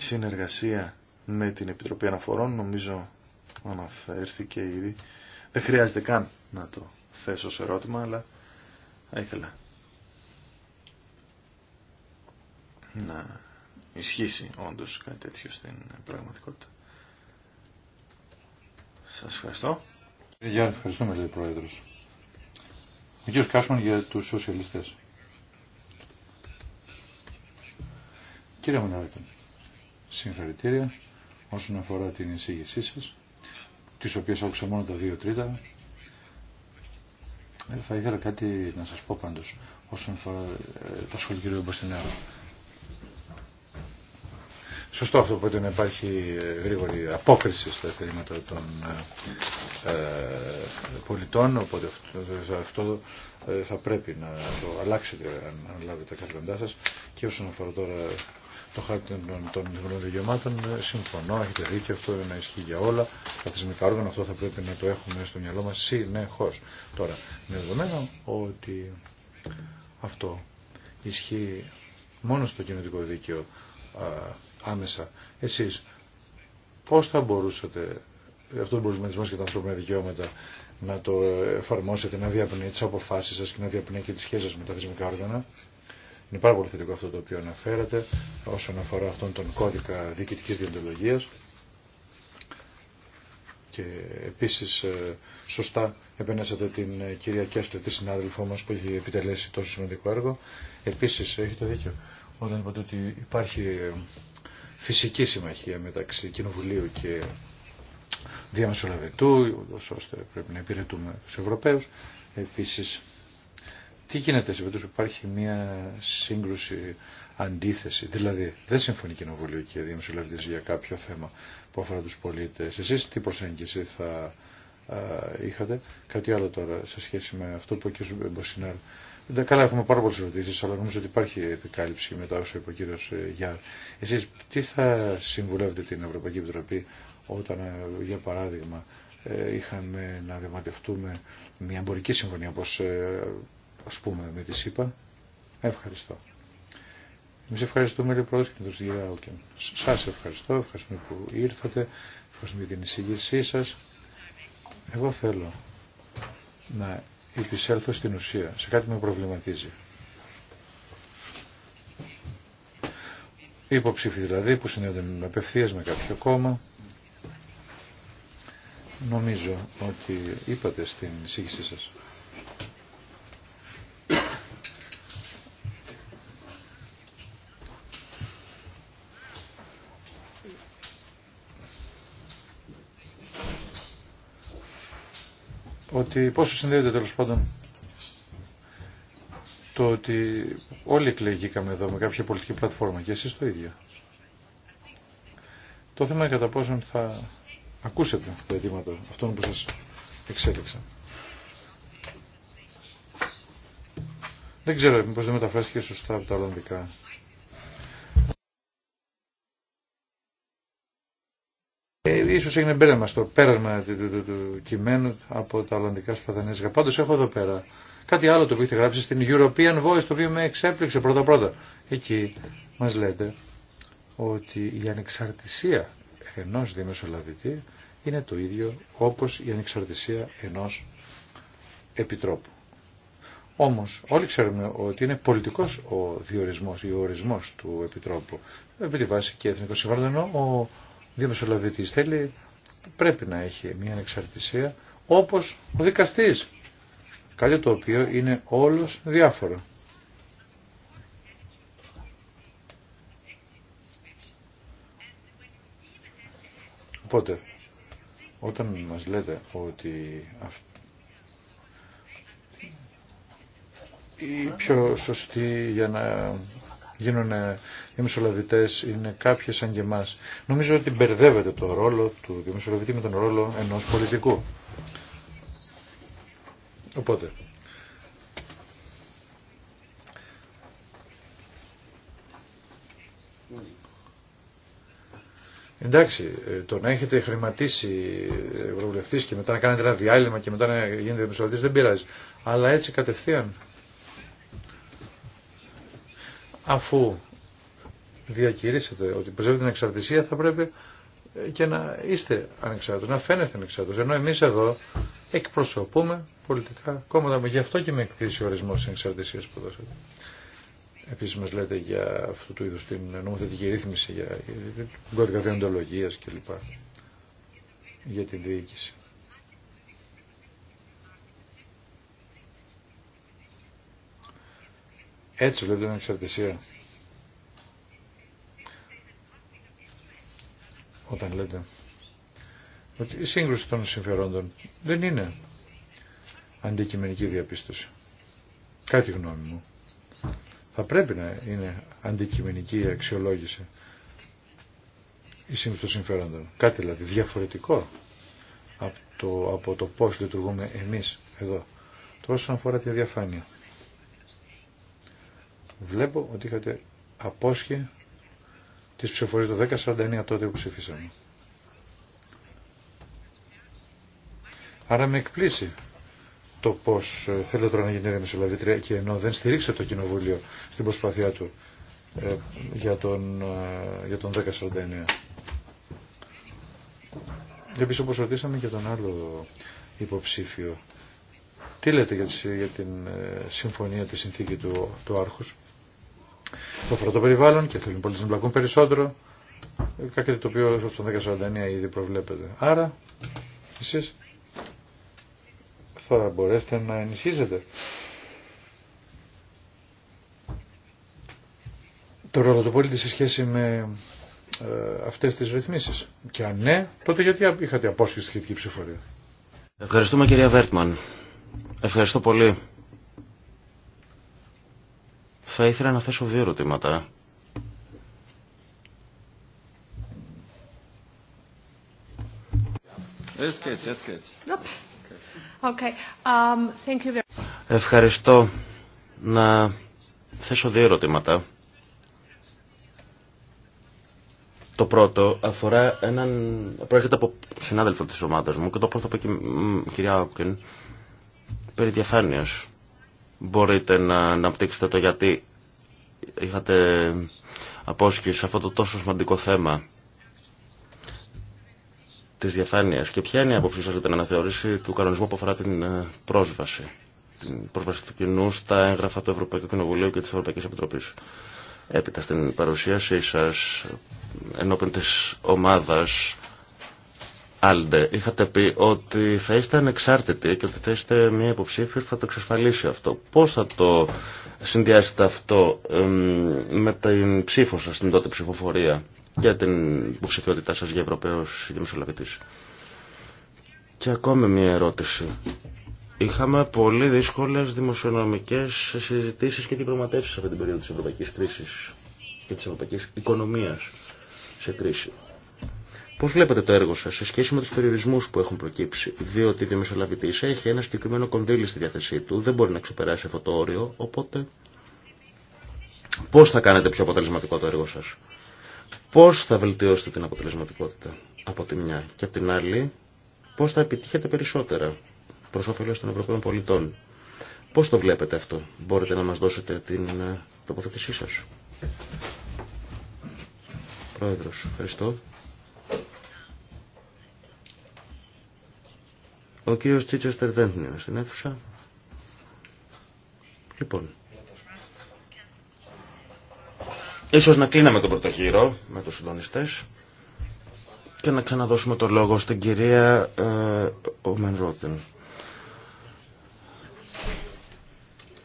συνεργασία με την Επιτροπή Αναφορών. Νομίζω αναφέρθηκε ήδη. Δεν χρειάζεται καν να το θέσω σε ερώτημα, αλλά θα ήθελα να ισχύσει όντως κάτι τέτοιο στην πραγματικότητα. Σας ευχαριστώ. Ε, Γεια, ευχαριστούμε λέει Πρόεδρος. Ο κ. Κάσμαν για τους σοσιαλιστές. Κύριε Μοναράκη, συγχαρητήρια όσον αφορά την εισήγησή σας, τις οποίες άκουσα μόνο τα δύο τρίτα. Ε, θα ήθελα κάτι να σας πω πάντως όσον αφορά ε, το σχολείο κ. Μποστινέρο. Σωστό αυτό που να υπάρχει ε, γρήγορη απόκριση στα θέματα των πολιτών, οπότε αυτό, θα πρέπει να το αλλάξετε αν, λάβετε τα καθήκοντά σας και όσον αφορά τώρα το χάρτη των, δικαιωμάτων, ε, συμφωνώ, έχετε δίκιο, αυτό να ισχύει για όλα. Τα θεσμικά όργανα αυτό θα πρέπει να το έχουμε στο μυαλό μα συνεχώ. Τώρα, με δεδομένο ότι αυτό ισχύει μόνο στο κοινωτικό δίκαιο α, άμεσα, Εσεί πώ θα μπορούσατε αυτό τον προβληματισμό και τα ανθρώπινα δικαιώματα να το εφαρμόσετε, να διαπνέει τι αποφάσει σα και να διαπνέει και τι σχέσει σα με τα θεσμικά όργανα. Είναι πάρα πολύ θετικό αυτό το οποίο αναφέρατε όσον αφορά αυτόν τον κώδικα διοικητικής διοντολογίας και επίσης ε, σωστά επενέσατε την ε, κυρία Κέστρε τη συνάδελφό μας που έχει επιτελέσει τόσο σημαντικό έργο. Επίσης έχετε δίκιο όταν είπατε ότι υπάρχει ε, φυσική συμμαχία μεταξύ Κοινοβουλίου και διαμεσολαβητού, ώστε πρέπει να υπηρετούμε του Ευρωπαίους. Επίσης τι γίνεται σε περίπτωση που υπάρχει μια σύγκρουση, αντίθεση, δηλαδή δεν συμφωνεί η Κοινοβουλία και η διαμεσολαβητή για κάποιο θέμα που αφορά του πολίτε. Εσεί τι προσέγγιση θα είχατε, κάτι άλλο τώρα σε σχέση με αυτό που ο κ. Μποσινάρ. Καλά, έχουμε πάρα πολλέ ερωτήσει, αλλά νομίζω ότι υπάρχει επικάλυψη μετά όσο είπε ο κ. Ε, Γιάρ. Εσεί τι θα συμβουλεύετε την Ευρωπαϊκή Επιτροπή όταν, ε, για παράδειγμα, ε, είχαμε να διαμαντευτούμε μια εμπορική συμφωνία ας πούμε, με τη ΣΥΠΑ. Ευχαριστώ. Εμείς ευχαριστούμε, λοιπόν και τον Άουκεν. Σας ευχαριστώ, ευχαριστούμε που ήρθατε, ευχαριστούμε για την εισήγησή σας. Εγώ θέλω να επισέλθω στην ουσία, σε κάτι που με προβληματίζει. Υποψήφοι δηλαδή που συνδέονται με απευθείας με κάποιο κόμμα. Νομίζω ότι είπατε στην εισήγησή σας ότι πόσο συνδέεται τέλο πάντων το ότι όλοι εκλεγήκαμε εδώ με κάποια πολιτική πλατφόρμα και εσείς το ίδιο. Το θέμα είναι κατά πόσον θα ακούσετε το τα αιτήματα αυτών που σας εξέλιξαν. Δεν ξέρω, μήπως δεν μεταφράστηκε σωστά από τα Ολλανδικά. ίσως έγινε μπέρδεμα στο πέρασμα του, του, του, του, κειμένου από τα Ολλανδικά στα Δανέζικα. Πάντως έχω εδώ πέρα κάτι άλλο το οποίο έχετε γράψει στην European Voice, το οποίο με εξέπληξε πρώτα-πρώτα. Εκεί μας λέτε ότι η ανεξαρτησία ενός δημοσιολαβητή είναι το ίδιο όπως η ανεξαρτησία ενός επιτρόπου. Όμω, όλοι ξέρουμε ότι είναι πολιτικό ο διορισμό ή ο ορισμό του επιτρόπου. Επί τη βάση και εθνικό συμβάρδενο ο διαμεσολαβητής θέλει, πρέπει να έχει μια ανεξαρτησία όπως ο δικαστής. Κάτι το οποίο είναι όλος διάφορο. Οπότε, όταν μας λέτε ότι η πιο σωστή για να γίνουν μεσολαβητέ, είναι κάποιε σαν και εμά. Νομίζω ότι μπερδεύεται το ρόλο του μεσολαβητή με τον ρόλο ενός πολιτικού. Οπότε, Εντάξει, ε, το να έχετε χρηματίσει ευρωβουλευτή και μετά να κάνετε ένα διάλειμμα και μετά να γίνετε δημοσιογραφητή δεν πειράζει. Αλλά έτσι κατευθείαν αφού διακηρύσετε ότι προσέχετε την εξαρτησία θα πρέπει και να είστε ανεξάρτητοι, να φαίνεστε ανεξάρτητοι. Ενώ εμείς εδώ εκπροσωπούμε πολιτικά κόμματα. Γι' αυτό και με εκπλήσει ο ορισμός της εξαρτησίας που δώσατε. Επίσης μας λέτε για αυτού του είδους την νομοθετική ρύθμιση, για την κώδικα διοντολογία κλπ. Για την διοίκηση. Έτσι βλέπετε την εξαρτησία. Όταν λέτε ότι η σύγκρουση των συμφερόντων δεν είναι αντικειμενική διαπίστωση. Κάτι γνώμη μου. Θα πρέπει να είναι αντικειμενική αξιολόγηση η σύγκρουση των συμφερόντων. Κάτι δηλαδή διαφορετικό από το, από το πώς λειτουργούμε εμείς εδώ. τόσο αφορά τη διαφάνεια. Βλέπω ότι είχατε απόσχε τις ψηφοφορίες το 1049 τότε που ψηφίσαμε. Άρα με εκπλήσει το πώς ε, θέλετε τώρα να γίνει η Μεσολαβήτρια και ενώ δεν στηρίξε το Κοινοβούλιο στην προσπάθειά του ε, για, τον, ε, για τον 1049. Επίσης όπως ρωτήσαμε για τον άλλο υποψήφιο, τι λέτε για, την συμφωνία, τη συνθήκη του, του Άρχους το αφορά περιβάλλον και θέλουν πολλοί να μπλακούν περισσότερο. Ε, Κάτι το οποίο στο 1049 ήδη προβλέπεται. Άρα, εσείς θα μπορέσετε να ενισχύσετε το ρόλο του πολίτη σε σχέση με ε, αυτές τις ρυθμίσεις. Και αν ναι, τότε γιατί είχατε απόσχεση στη σχετική ψηφορία. Ευχαριστούμε κυρία Βέρτμαν. Ευχαριστώ πολύ. Θα ήθελα να θέσω δύο ερωτήματα. Ευχαριστώ. Να θέσω δύο ερωτήματα. Το πρώτο αφορά έναν... προέρχεται από συνάδελφο της ομάδας μου και το πρώτο από κυρία Όκεν περί διαφάνειας μπορείτε να αναπτύξετε το γιατί είχατε απόσχεση σε αυτό το τόσο σημαντικό θέμα της διαφάνειας και ποια είναι η άποψή σας για την αναθεωρήση του κανονισμού που αφορά την ε, πρόσβαση την πρόσβαση του κοινού στα έγγραφα του Ευρωπαϊκού Κοινοβουλίου και της Ευρωπαϊκής Επιτροπής. Έπειτα στην παρουσίασή σας ενώπιν της ομάδας Άλντε, είχατε πει ότι θα είστε ανεξάρτητοι και ότι θα είστε μια υποψήφιο που θα το εξασφαλίσει αυτό. Πώ θα το συνδυάσετε αυτό με την ψήφο σα στην τότε ψηφοφορία για την υποψηφιότητά σα για Ευρωπαίο και Μεσολαβητή. Και ακόμη μια ερώτηση. Είχαμε πολύ δύσκολε δημοσιονομικέ συζητήσει και διπλωματεύσεις αυτή την περίοδο τη Ευρωπαϊκή κρίσης και τη Ευρωπαϊκή οικονομίας σε κρίση. Πώς βλέπετε το έργο σας σε σχέση με τους περιορισμούς που έχουν προκύψει, διότι δημοσιολαβητής έχει ένα συγκεκριμένο κονδύλι στη διάθεσή του, δεν μπορεί να ξεπεράσει αυτό το όριο, οπότε πώς θα κάνετε πιο αποτελεσματικό το έργο σας. Πώς θα βελτιώσετε την αποτελεσματικότητα από τη μια και από την άλλη, πώς θα επιτύχετε περισσότερα προς όφελος των Ευρωπαίων πολιτών. Πώς το βλέπετε αυτό, μπορείτε να μας δώσετε την ε, τοποθέτησή σας. Πρόεδρος, ευχαριστώ. Ο κύριος Τσίτσος δεν είναι στην αίθουσα. Λοιπόν. Ίσως να κλείναμε τον πρώτο γύρο με τους συντονιστές και να ξαναδώσουμε το λόγο στην κυρία ε, Ομεν Ρότεν.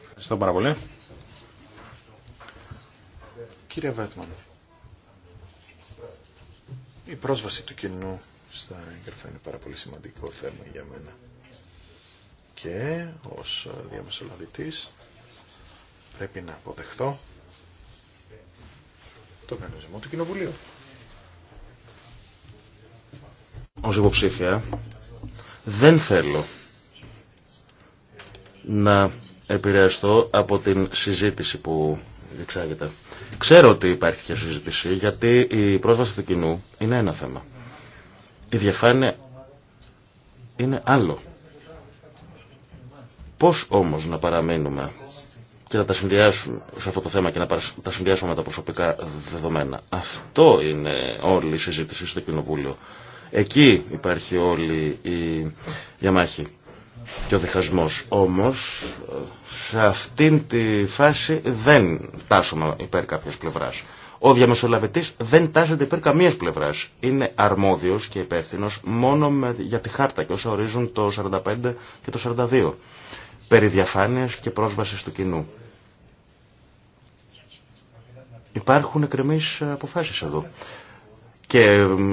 Ευχαριστώ πάρα πολύ. Κύριε Βέτμαν, η πρόσβαση του κοινού στα έγγραφα είναι πάρα πολύ σημαντικό θέμα για μένα. Και ως διαμεσολαβητής πρέπει να αποδεχθώ το κανονισμό του Κοινοβουλίου. Ως υποψήφια δεν θέλω να επηρεαστώ από την συζήτηση που διεξάγεται. Ξέρω ότι υπάρχει και συζήτηση γιατί η πρόσβαση του κοινού είναι ένα θέμα. Η διαφάνεια είναι άλλο. Πώς όμως να παραμείνουμε και να τα συνδυάσουμε σε αυτό το θέμα και να τα συνδυάσουμε με τα προσωπικά δεδομένα. Αυτό είναι όλη η συζήτηση στο Κοινοβούλιο. Εκεί υπάρχει όλη η διαμάχη και ο διχασμός. Όμως, σε αυτήν τη φάση δεν φτάσουμε υπέρ κάποιες πλευράς. Ο διαμεσολαβητής δεν τάζεται υπέρ καμίας πλευράς. Είναι αρμόδιος και υπεύθυνο μόνο με, για τη χάρτα και όσα ορίζουν το 45 και το 42. Περί διαφάνειας και πρόσβασης του κοινού. Υπάρχουν εκκρεμείς αποφάσεις εδώ. Και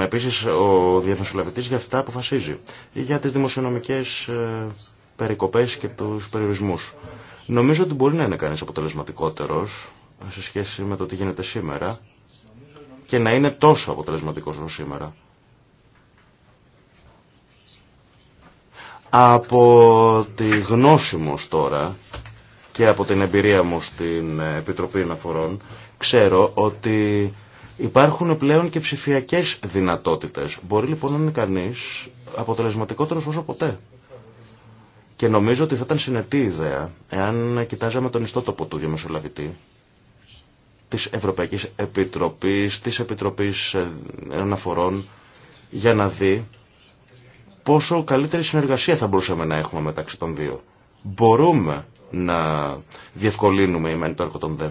επίσης ο διαμεσολαβητής για αυτά αποφασίζει. Για τις δημοσιονομικές ε, περικοπές και τους περιορισμούς. Νομίζω ότι μπορεί να είναι κανείς αποτελεσματικότερος σε σχέση με το τι γίνεται σήμερα και να είναι τόσο αποτελεσματικός όσο σήμερα. Από τη γνώση μου τώρα και από την εμπειρία μου στην Επιτροπή Αναφορών ξέρω ότι υπάρχουν πλέον και ψηφιακές δυνατότητες. Μπορεί λοιπόν να είναι κανείς αποτελεσματικότερος όσο ποτέ. Και νομίζω ότι θα ήταν συνετή ιδέα εάν κοιτάζαμε τον ιστότοπο του διαμεσολαβητή της Ευρωπαϊκής Επιτροπής, της Επιτροπής ε, Αναφορών, για να δει πόσο καλύτερη συνεργασία θα μπορούσαμε να έχουμε μεταξύ των δύο. Μπορούμε να διευκολύνουμε η μεν το έργο των δε.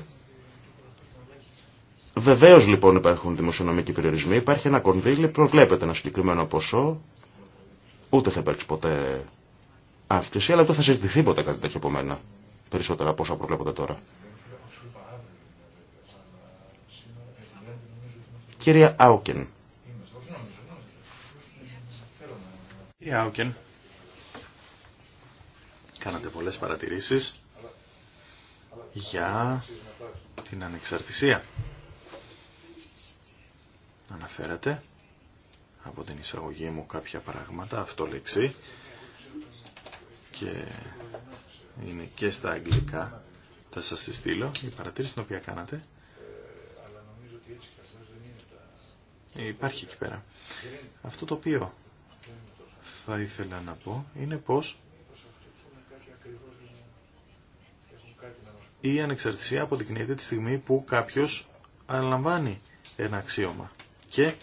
Βεβαίω λοιπόν υπάρχουν δημοσιονομικοί περιορισμοί, υπάρχει ένα κονδύλι, προβλέπεται ένα συγκεκριμένο ποσό, ούτε θα υπάρξει ποτέ αύξηση, αλλά ούτε θα συζητηθεί ποτέ κάτι τέτοιο από μένα, περισσότερα από όσα προβλέπονται τώρα. Κυρία Άουκεν. Κυρία Άουκεν, κάνατε πολλές παρατηρήσεις για την ανεξαρτησία. Αναφέρατε από την εισαγωγή μου κάποια πράγματα, αυτό λεξη και είναι και στα αγγλικά, θα σας τη στείλω, η παρατήρηση την οποία κάνατε Ε, υπάρχει εκεί πέρα. Αυτό το οποίο θα ήθελα να πω είναι πως η ανεξαρτησία αποδεικνύεται τη στιγμή που κάποιος αναλαμβάνει ένα αξίωμα. Και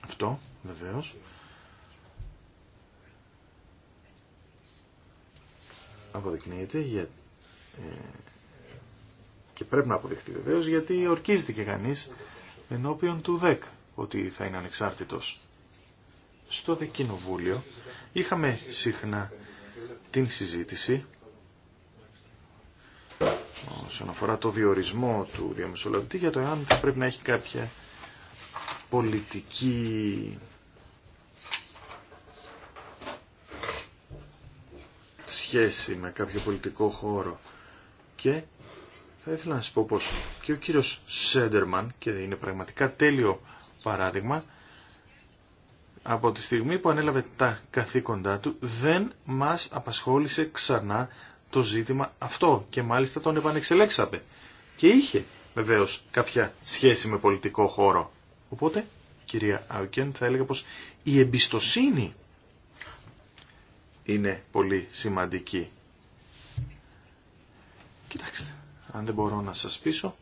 αυτό βεβαίως αποδεικνύεται για, ε, και πρέπει να αποδειχθεί βεβαίως γιατί ορκίζεται και κανείς ενώπιον του 10 ότι θα είναι ανεξάρτητος. Στο δε κοινοβούλιο είχαμε συχνά την συζήτηση όσον αφορά το διορισμό του διαμεσολαβητή για το εάν θα πρέπει να έχει κάποια πολιτική σχέση με κάποιο πολιτικό χώρο και θα ήθελα να σας πω πως και ο κύριος Σέντερμαν και είναι πραγματικά τέλειο παράδειγμα, από τη στιγμή που ανέλαβε τα καθήκοντά του, δεν μας απασχόλησε ξανά το ζήτημα αυτό και μάλιστα τον επανεξελέξαμε. Και είχε βεβαίως κάποια σχέση με πολιτικό χώρο. Οπότε, κυρία Αουκέν, θα έλεγα πως η εμπιστοσύνη είναι πολύ σημαντική. Κοιτάξτε, αν δεν μπορώ να σας πείσω,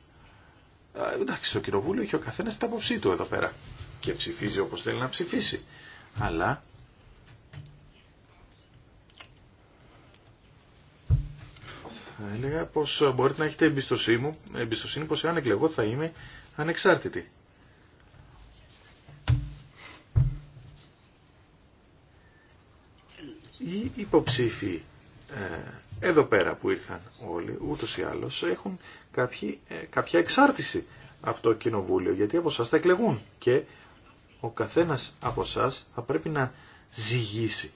εντάξει, στο κοινοβούλιο έχει ο καθένα την άποψή του εδώ πέρα και ψηφίζει όπως θέλει να ψηφίσει. Αλλά θα έλεγα πως μπορείτε να έχετε εμπιστοσύνη, μου, εμπιστοσύνη πως εάν εκλεγώ θα είμαι ανεξάρτητη. Οι υποψήφοι ε, εδώ πέρα που ήρθαν όλοι, ούτως ή άλλως, έχουν κάποιοι, ε, κάποια εξάρτηση από το κοινοβούλιο, γιατί από εσά θα εκλεγούν και ο καθένας από εσά θα πρέπει να ζυγίσει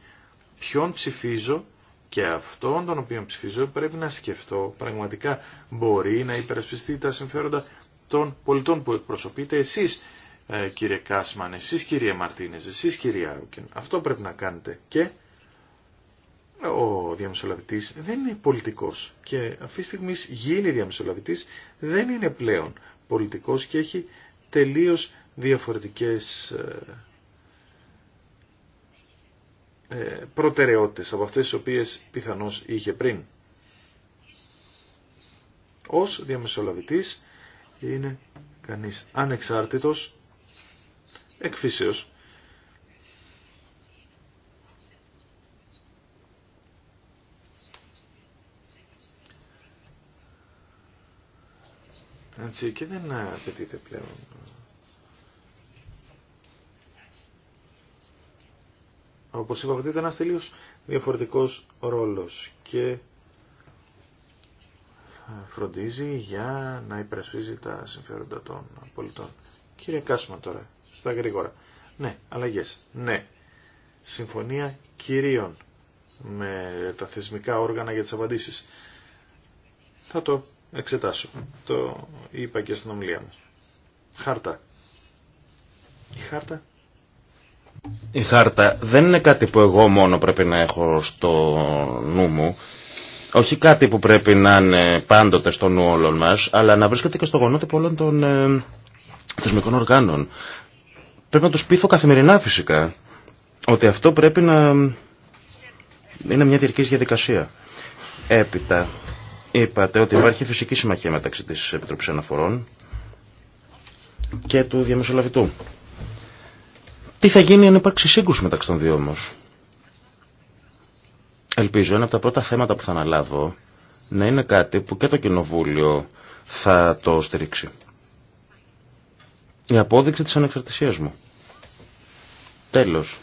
ποιον ψηφίζω και αυτόν τον οποίο ψηφίζω πρέπει να σκεφτώ πραγματικά μπορεί να υπερασπιστεί τα συμφέροντα των πολιτών που εκπροσωπείτε εσείς ε, κύριε Κάσμαν, εσείς κύριε Μαρτίνες, εσείς κύριε Άουκεν. Αυτό πρέπει να κάνετε και ο διαμεσολαβητής δεν είναι πολιτικός και αυτή τη στιγμή γίνει διαμεσολαβητής δεν είναι πλέον πολιτικός και έχει τελείως διαφορετικές ε, ε, προτεραιότητες από αυτές τις οποίες πιθανώς είχε πριν. Ως διαμεσολαβητής είναι κανείς ανεξάρτητος, εκφύσεως Έτσι, και δεν απαιτείται πλέον. Όπως είπα, απαιτείται ένας τελείως διαφορετικός ρόλος και φροντίζει για να υπερασπίζει τα συμφέροντα των πολιτών. Κύριε Κάσμα τώρα, στα γρήγορα. Ναι, αλλαγές. Ναι. Συμφωνία κυρίων με τα θεσμικά όργανα για τις απαντήσεις. Θα το εξετάσω. Το είπα και στην ομιλία μου. Χάρτα. Η χάρτα. Η χάρτα δεν είναι κάτι που εγώ μόνο πρέπει να έχω στο νου μου. Όχι κάτι που πρέπει να είναι πάντοτε στο νου όλων μας, αλλά να βρίσκεται και στο γονότυπο όλων των ε, θεσμικών οργάνων. Πρέπει να τους πείθω καθημερινά φυσικά ότι αυτό πρέπει να είναι μια διαρκής διαδικασία. Έπειτα Είπατε ότι υπάρχει φυσική συμμαχία μεταξύ τη Επιτροπή Αναφορών και του διαμεσολαβητού. Τι θα γίνει αν υπάρξει σύγκρουση μεταξύ των δύο όμω. Ελπίζω ένα από τα πρώτα θέματα που θα αναλάβω να είναι κάτι που και το Κοινοβούλιο θα το στηρίξει. Η απόδειξη της ανεξαρτησίας μου. Τέλος.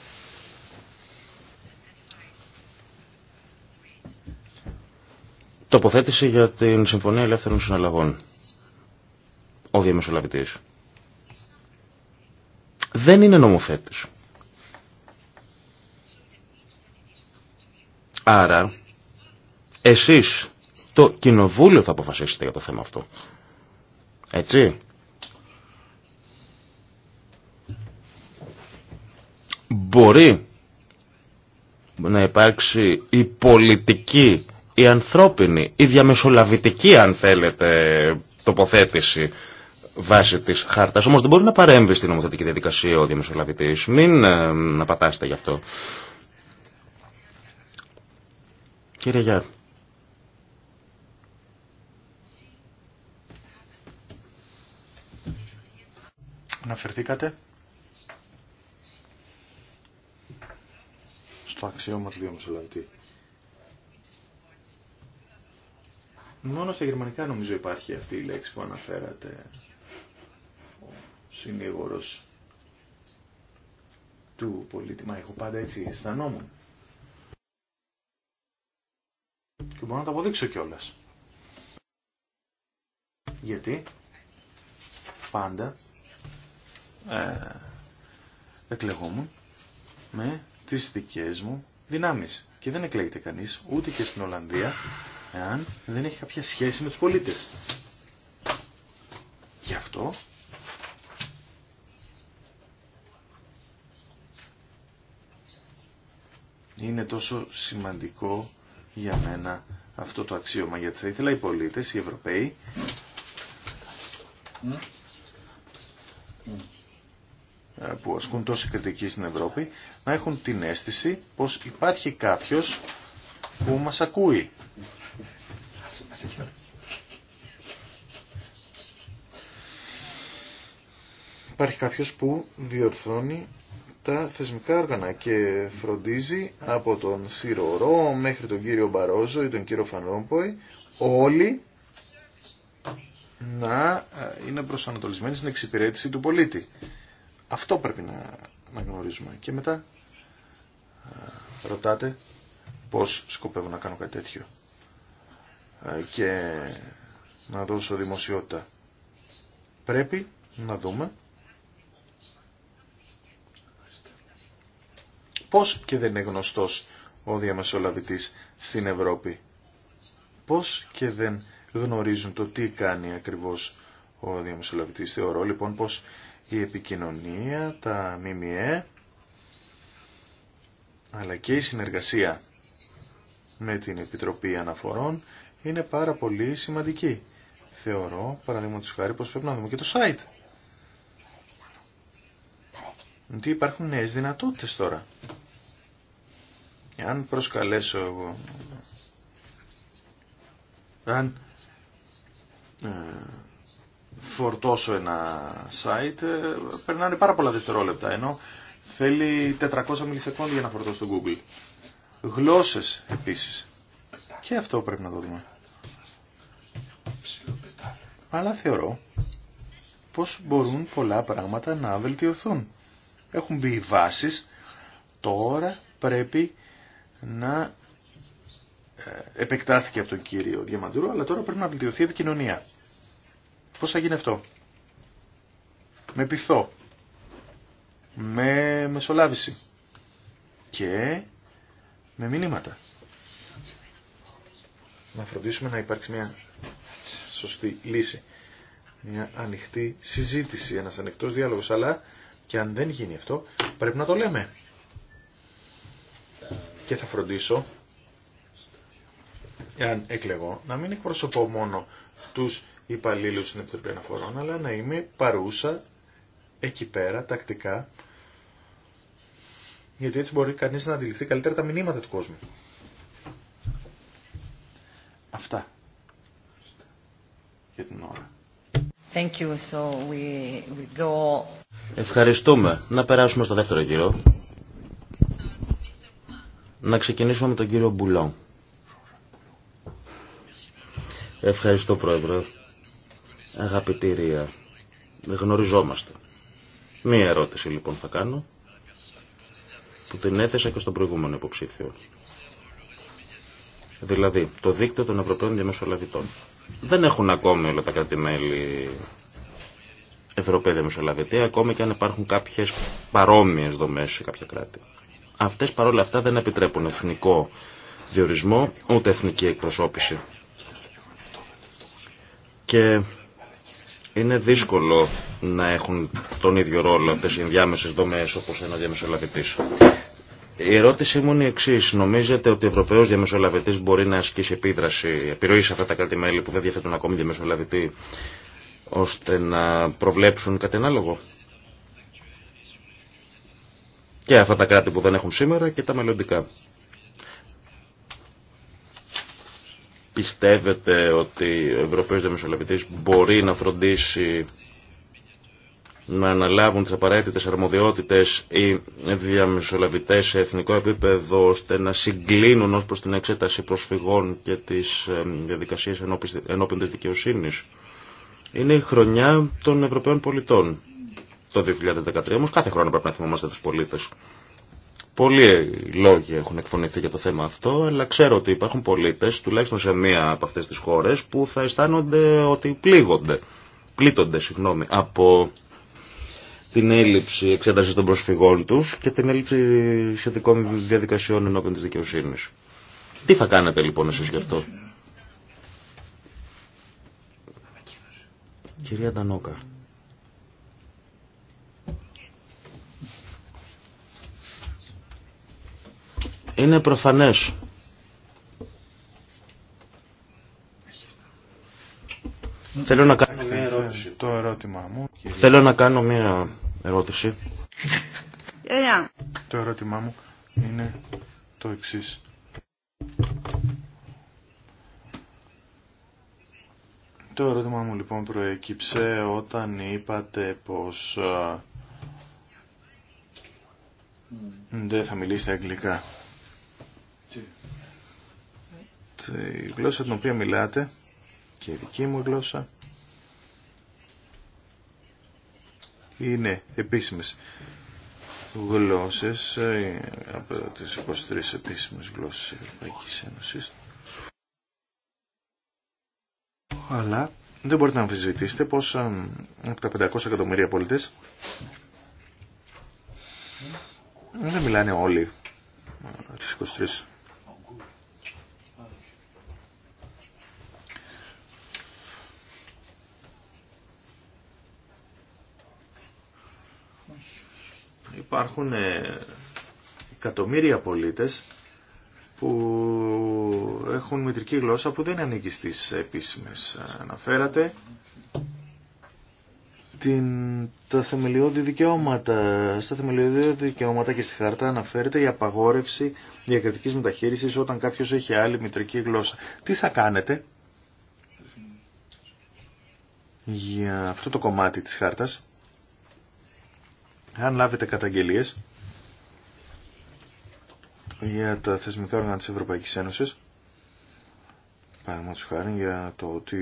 Τοποθέτηση για την Συμφωνία Ελεύθερων Συναλλαγών. Ο διαμεσολαβητής. Δεν είναι νομοθέτης. Άρα, εσείς το κοινοβούλιο θα αποφασίσετε για το θέμα αυτό. Έτσι. Μπορεί να υπάρξει η πολιτική η ανθρώπινη, η διαμεσολαβητική αν θέλετε τοποθέτηση βάσει της χάρτας. Όμως δεν μπορεί να παρέμβει στην νομοθετική διαδικασία ο διαμεσολαβητής. Μην ε, να γι' αυτό. Κύριε Γιάρ. Αναφερθήκατε στο αξίωμα του διαμεσολαβητή. Μόνο στα γερμανικά νομίζω υπάρχει αυτή η λέξη που αναφέρατε. Ο συνήγορος του πολίτη. Μα εγώ πάντα έτσι αισθανόμουν. Και μπορώ να το αποδείξω κιόλα. Γιατί πάντα ε, εκλεγόμουν με τις δικές μου δυνάμεις. Και δεν εκλέγεται κανείς, ούτε και στην Ολλανδία, εάν δεν έχει κάποια σχέση με τους πολίτες. Γι' αυτό είναι τόσο σημαντικό για μένα αυτό το αξίωμα, γιατί θα ήθελα οι πολίτες, οι Ευρωπαίοι, που ασκούν τόση κριτική στην Ευρώπη, να έχουν την αίσθηση πως υπάρχει κάποιος που μας ακούει Υπάρχει κάποιος που διορθώνει τα θεσμικά όργανα και φροντίζει από τον Σιρορό μέχρι τον κύριο Μπαρόζο ή τον κύριο Φανόμποη όλοι να είναι προσανατολισμένοι στην εξυπηρέτηση του πολίτη. Αυτό πρέπει να, γνωρίζουμε. Και μετά ρωτάτε πώς σκοπεύω να κάνω κάτι τέτοιο. Ε, και να δώσω δημοσιότητα. Πρέπει να δούμε πώς και δεν είναι γνωστός ο διαμεσολαβητής στην Ευρώπη. Πώς και δεν γνωρίζουν το τι κάνει ακριβώς ο διαμεσολαβητής. Θεωρώ λοιπόν πως η επικοινωνία, τα ΜΜΕ, αλλά και η συνεργασία με την Επιτροπή Αναφορών είναι πάρα πολύ σημαντική. Θεωρώ, παραδείγματος χάρη, πως πρέπει να δούμε και το site. Γιατί υπάρχουν νέες δυνατότητες τώρα. Αν προσκαλέσω εγώ... Αν ε, φορτώσω ένα site, ε, περνάνε πάρα πολλά δευτερόλεπτα, ενώ θέλει 400 μιλισεκόντια για να φορτώσω το Google. Γλώσσες επίσης. Και αυτό πρέπει να το δούμε. Αλλά θεωρώ πως μπορούν πολλά πράγματα να βελτιωθούν. Έχουν μπει οι βάσεις, τώρα πρέπει να ε, επεκτάθηκε από τον κύριο Διαμαντούρο, αλλά τώρα πρέπει να βελτιωθεί η επικοινωνία. Πώς θα γίνει αυτό. Με πυθό. Με μεσολάβηση. Και με μηνύματα. Να φροντίσουμε να υπάρξει μια σωστή λύση. Μια ανοιχτή συζήτηση, ένας ανοιχτός διάλογος, αλλά και αν δεν γίνει αυτό πρέπει να το λέμε. Και θα φροντίσω, εάν εκλεγώ, να μην εκπροσωπώ μόνο τους υπαλλήλους στην Επιτροπή Αναφορών, αλλά να είμαι παρούσα εκεί πέρα, τακτικά, γιατί έτσι μπορεί κανείς να αντιληφθεί καλύτερα τα μηνύματα του κόσμου. Ευχαριστούμε. Να περάσουμε στο δεύτερο γύρο. Να ξεκινήσουμε με τον κύριο Μπουλόν. Ευχαριστώ Πρόεδρε. Αγαπητή Ρία, γνωριζόμαστε. Μία ερώτηση λοιπόν θα κάνω, που την έθεσα και στον προηγούμενο υποψήφιο. Δηλαδή, το δίκτυο των Ευρωπαίων Διαμεσολαβητών. Δεν έχουν ακόμη όλα τα κράτη-μέλη Ευρωπαίοι μεσολαβητη ακόμη και αν υπάρχουν κάποιες παρόμοιες δομές σε κάποια κράτη. Αυτές παρόλα αυτά δεν επιτρέπουν εθνικό διορισμό, ούτε εθνική εκπροσώπηση. Και είναι δύσκολο να έχουν τον ίδιο ρόλο τις οι ενδιάμεσες δομές όπως ένα διαμεσολαβητή. Η ερώτησή μου είναι η εξή. Νομίζετε ότι ο Ευρωπαίο Διαμεσολαβητή μπορεί να ασκήσει επίδραση, επιρροή σε αυτά τα κράτη-μέλη που δεν διαθέτουν ακόμη διαμεσολαβητή, ώστε να προβλέψουν κάτι ανάλογο. Και αυτά τα κράτη που δεν έχουν σήμερα και τα μελλοντικά. Πιστεύετε ότι ο Ευρωπαίος Διαμεσολαβητής μπορεί να φροντίσει να αναλάβουν τις απαραίτητες αρμοδιότητες οι διαμεσολαβητές σε εθνικό επίπεδο ώστε να συγκλίνουν ως προς την εξέταση προσφυγών και τις ε, διαδικασίες ενώπιν της δικαιοσύνης. Είναι η χρονιά των Ευρωπαίων πολιτών. Το 2013 όμως κάθε χρόνο πρέπει να θυμόμαστε τους πολίτες. Πολλοί λόγοι έχουν εκφωνηθεί για το θέμα αυτό, αλλά ξέρω ότι υπάρχουν πολίτες, τουλάχιστον σε μία από αυτές τις χώρες, που θα αισθάνονται ότι πλήγονται, πλήττονται, συγγνώμη, από την έλλειψη εξέταση των προσφυγών του και την έλλειψη σχετικών διαδικασιών ενώπιον της δικαιοσύνη. Τι θα κάνετε λοιπόν εσεί γι' αυτό. Κυρία Ντανόκα. Είναι προφανές Θέλω να κάνω μια ερώτηση. Το ε, ερώτημά μου. Θέλω να κάνω μια ερώτηση. Το ερώτημά μου είναι το εξή. Το ερώτημά μου λοιπόν προέκυψε όταν είπατε πως δεν θα μιλήσετε αγγλικά. Τι. γλώσσα την οποία μιλάτε και η δική μου γλώσσα. Είναι επίσημες γλώσσες ε, από τις 23 επίσημες γλώσσες της Ευρωπαϊκής Ένωσης. Αλλά δεν μπορείτε να αμφισβητήσετε πως ε, από τα 500 εκατομμύρια πολίτες δεν μιλάνε όλοι ε, τις 23 υπάρχουν ε, εκατομμύρια πολίτες που έχουν μητρική γλώσσα που δεν ανήκει στις επίσημες. Ε, αναφέρατε την, τα θεμελιώδη δικαιώματα. Στα θεμελιώδη δικαιώματα και στη χάρτα αναφέρεται η απαγόρευση διακριτικής μεταχείρισης όταν κάποιος έχει άλλη μητρική γλώσσα. Τι θα κάνετε για αυτό το κομμάτι της χάρτας. Αν λάβετε καταγγελίες για τα θεσμικά όργανα της Ευρωπαϊκής Ένωσης, παραδείγματος χάρη για το ότι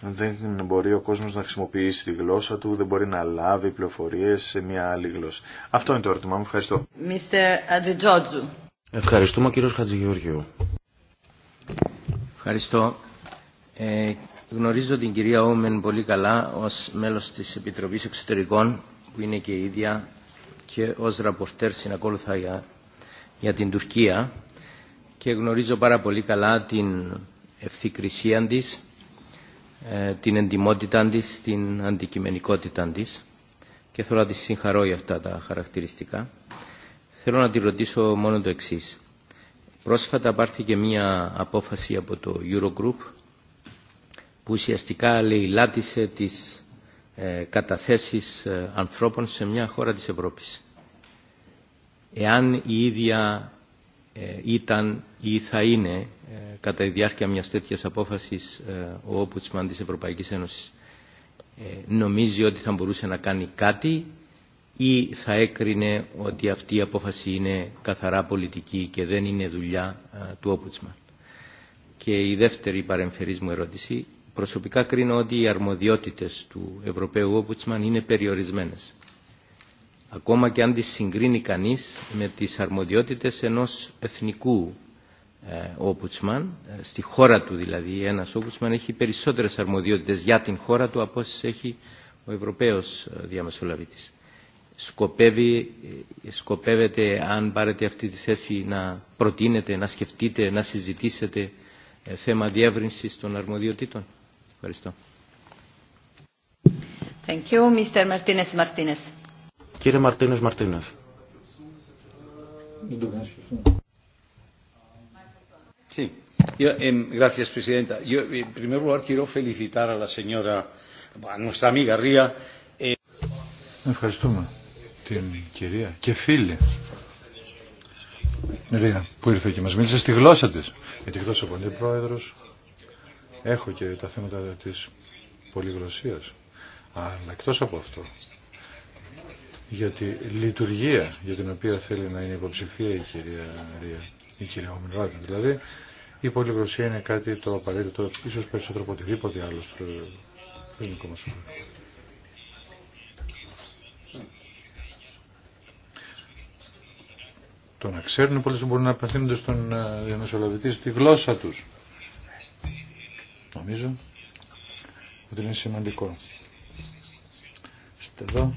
δεν μπορεί ο κόσμος να χρησιμοποιήσει τη γλώσσα του, δεν μπορεί να λάβει πληροφορίες σε μια άλλη γλώσσα. Αυτό είναι το ερώτημά μου. Ευχαριστώ. Mr. Ευχαριστούμε κύριο Χατζηγεωργίου. Ευχαριστώ. Ε, Γνωρίζω την κυρία Όμεν πολύ καλά ως μέλος της Επιτροπής Εξωτερικών που είναι και η ίδια και ως ραπορτέρ συνακόλουθα για, για την Τουρκία και γνωρίζω πάρα πολύ καλά την ευθυκρισία της, ε, την εντιμότητα της, την αντικειμενικότητα της και θέλω να τη συγχαρώ για αυτά τα χαρακτηριστικά. Θέλω να τη ρωτήσω μόνο το εξής. Πρόσφατα πάρθηκε μία απόφαση από το Eurogroup που ουσιαστικά λαιλάτισε τις ε, καταθέσεις ε, ανθρώπων σε μια χώρα της Ευρώπης. Εάν η ίδια ε, ήταν ή θα είναι κατά τη διάρκεια μιας τέτοιας απόφασης ο Όμπουτσμαν της Ευρωπαϊκής Ένωσης νομίζει ότι θα μπορούσε να κάνει κάτι ή θα έκρινε ότι αυτή η απόφαση ο οπουτσμαν της ευρωπαικης ενωσης νομιζει οτι καθαρά πολιτική και δεν είναι δουλειά του Όπουτσμαν. Και η δεύτερη παρεμφερής μου ερώτηση προσωπικά κρίνω ότι οι αρμοδιότητες του Ευρωπαίου Όπουτσμαν είναι περιορισμένες. Ακόμα και αν τις συγκρίνει κανείς με τις αρμοδιότητες ενός εθνικού Όμπουτσμαν, ε, ε, στη χώρα του δηλαδή ένας Όπουτσμαν έχει περισσότερες αρμοδιότητες για την χώρα του από όσες έχει ο Ευρωπαίος ε, διαμεσολαβητής. Σκοπεύει, σκοπεύετε αν πάρετε αυτή τη θέση να προτείνετε, να σκεφτείτε, να συζητήσετε θέμα διεύρυνσης των αρμοδιοτήτων. Ευχαριστώ. Thank you, Mr. Martinez Martinez. Κύριε Μαρτίνες Μαρτίνες. Sí. Yo, eh, gracias, Presidenta. Yo, en primer lugar, quiero felicitar a la señora, a nuestra amiga Ría. Eh... Ευχαριστούμε την κυρία και φίλη Ρία που ήρθε και μας μίλησε στη γλώσσα της. Γιατί γλώσσα που είναι πρόεδρος Έχω και τα θέματα της πολυγλωσσίας. Αλλά εκτός από αυτό, για τη λειτουργία για την οποία θέλει να είναι υποψηφία η κυρία Ρία, η κυρία Δηλαδή, η πολυγλωσία είναι κάτι το απαραίτητο, ίσως περισσότερο από οτιδήποτε άλλο στο ελληνικό μας Το να ξέρουν οι μπορούν να απευθύνονται στον ε, διαμεσολαβητή στη γλώσσα τους. Νομίζω ότι είναι σημαντικό. Είστε εδώ.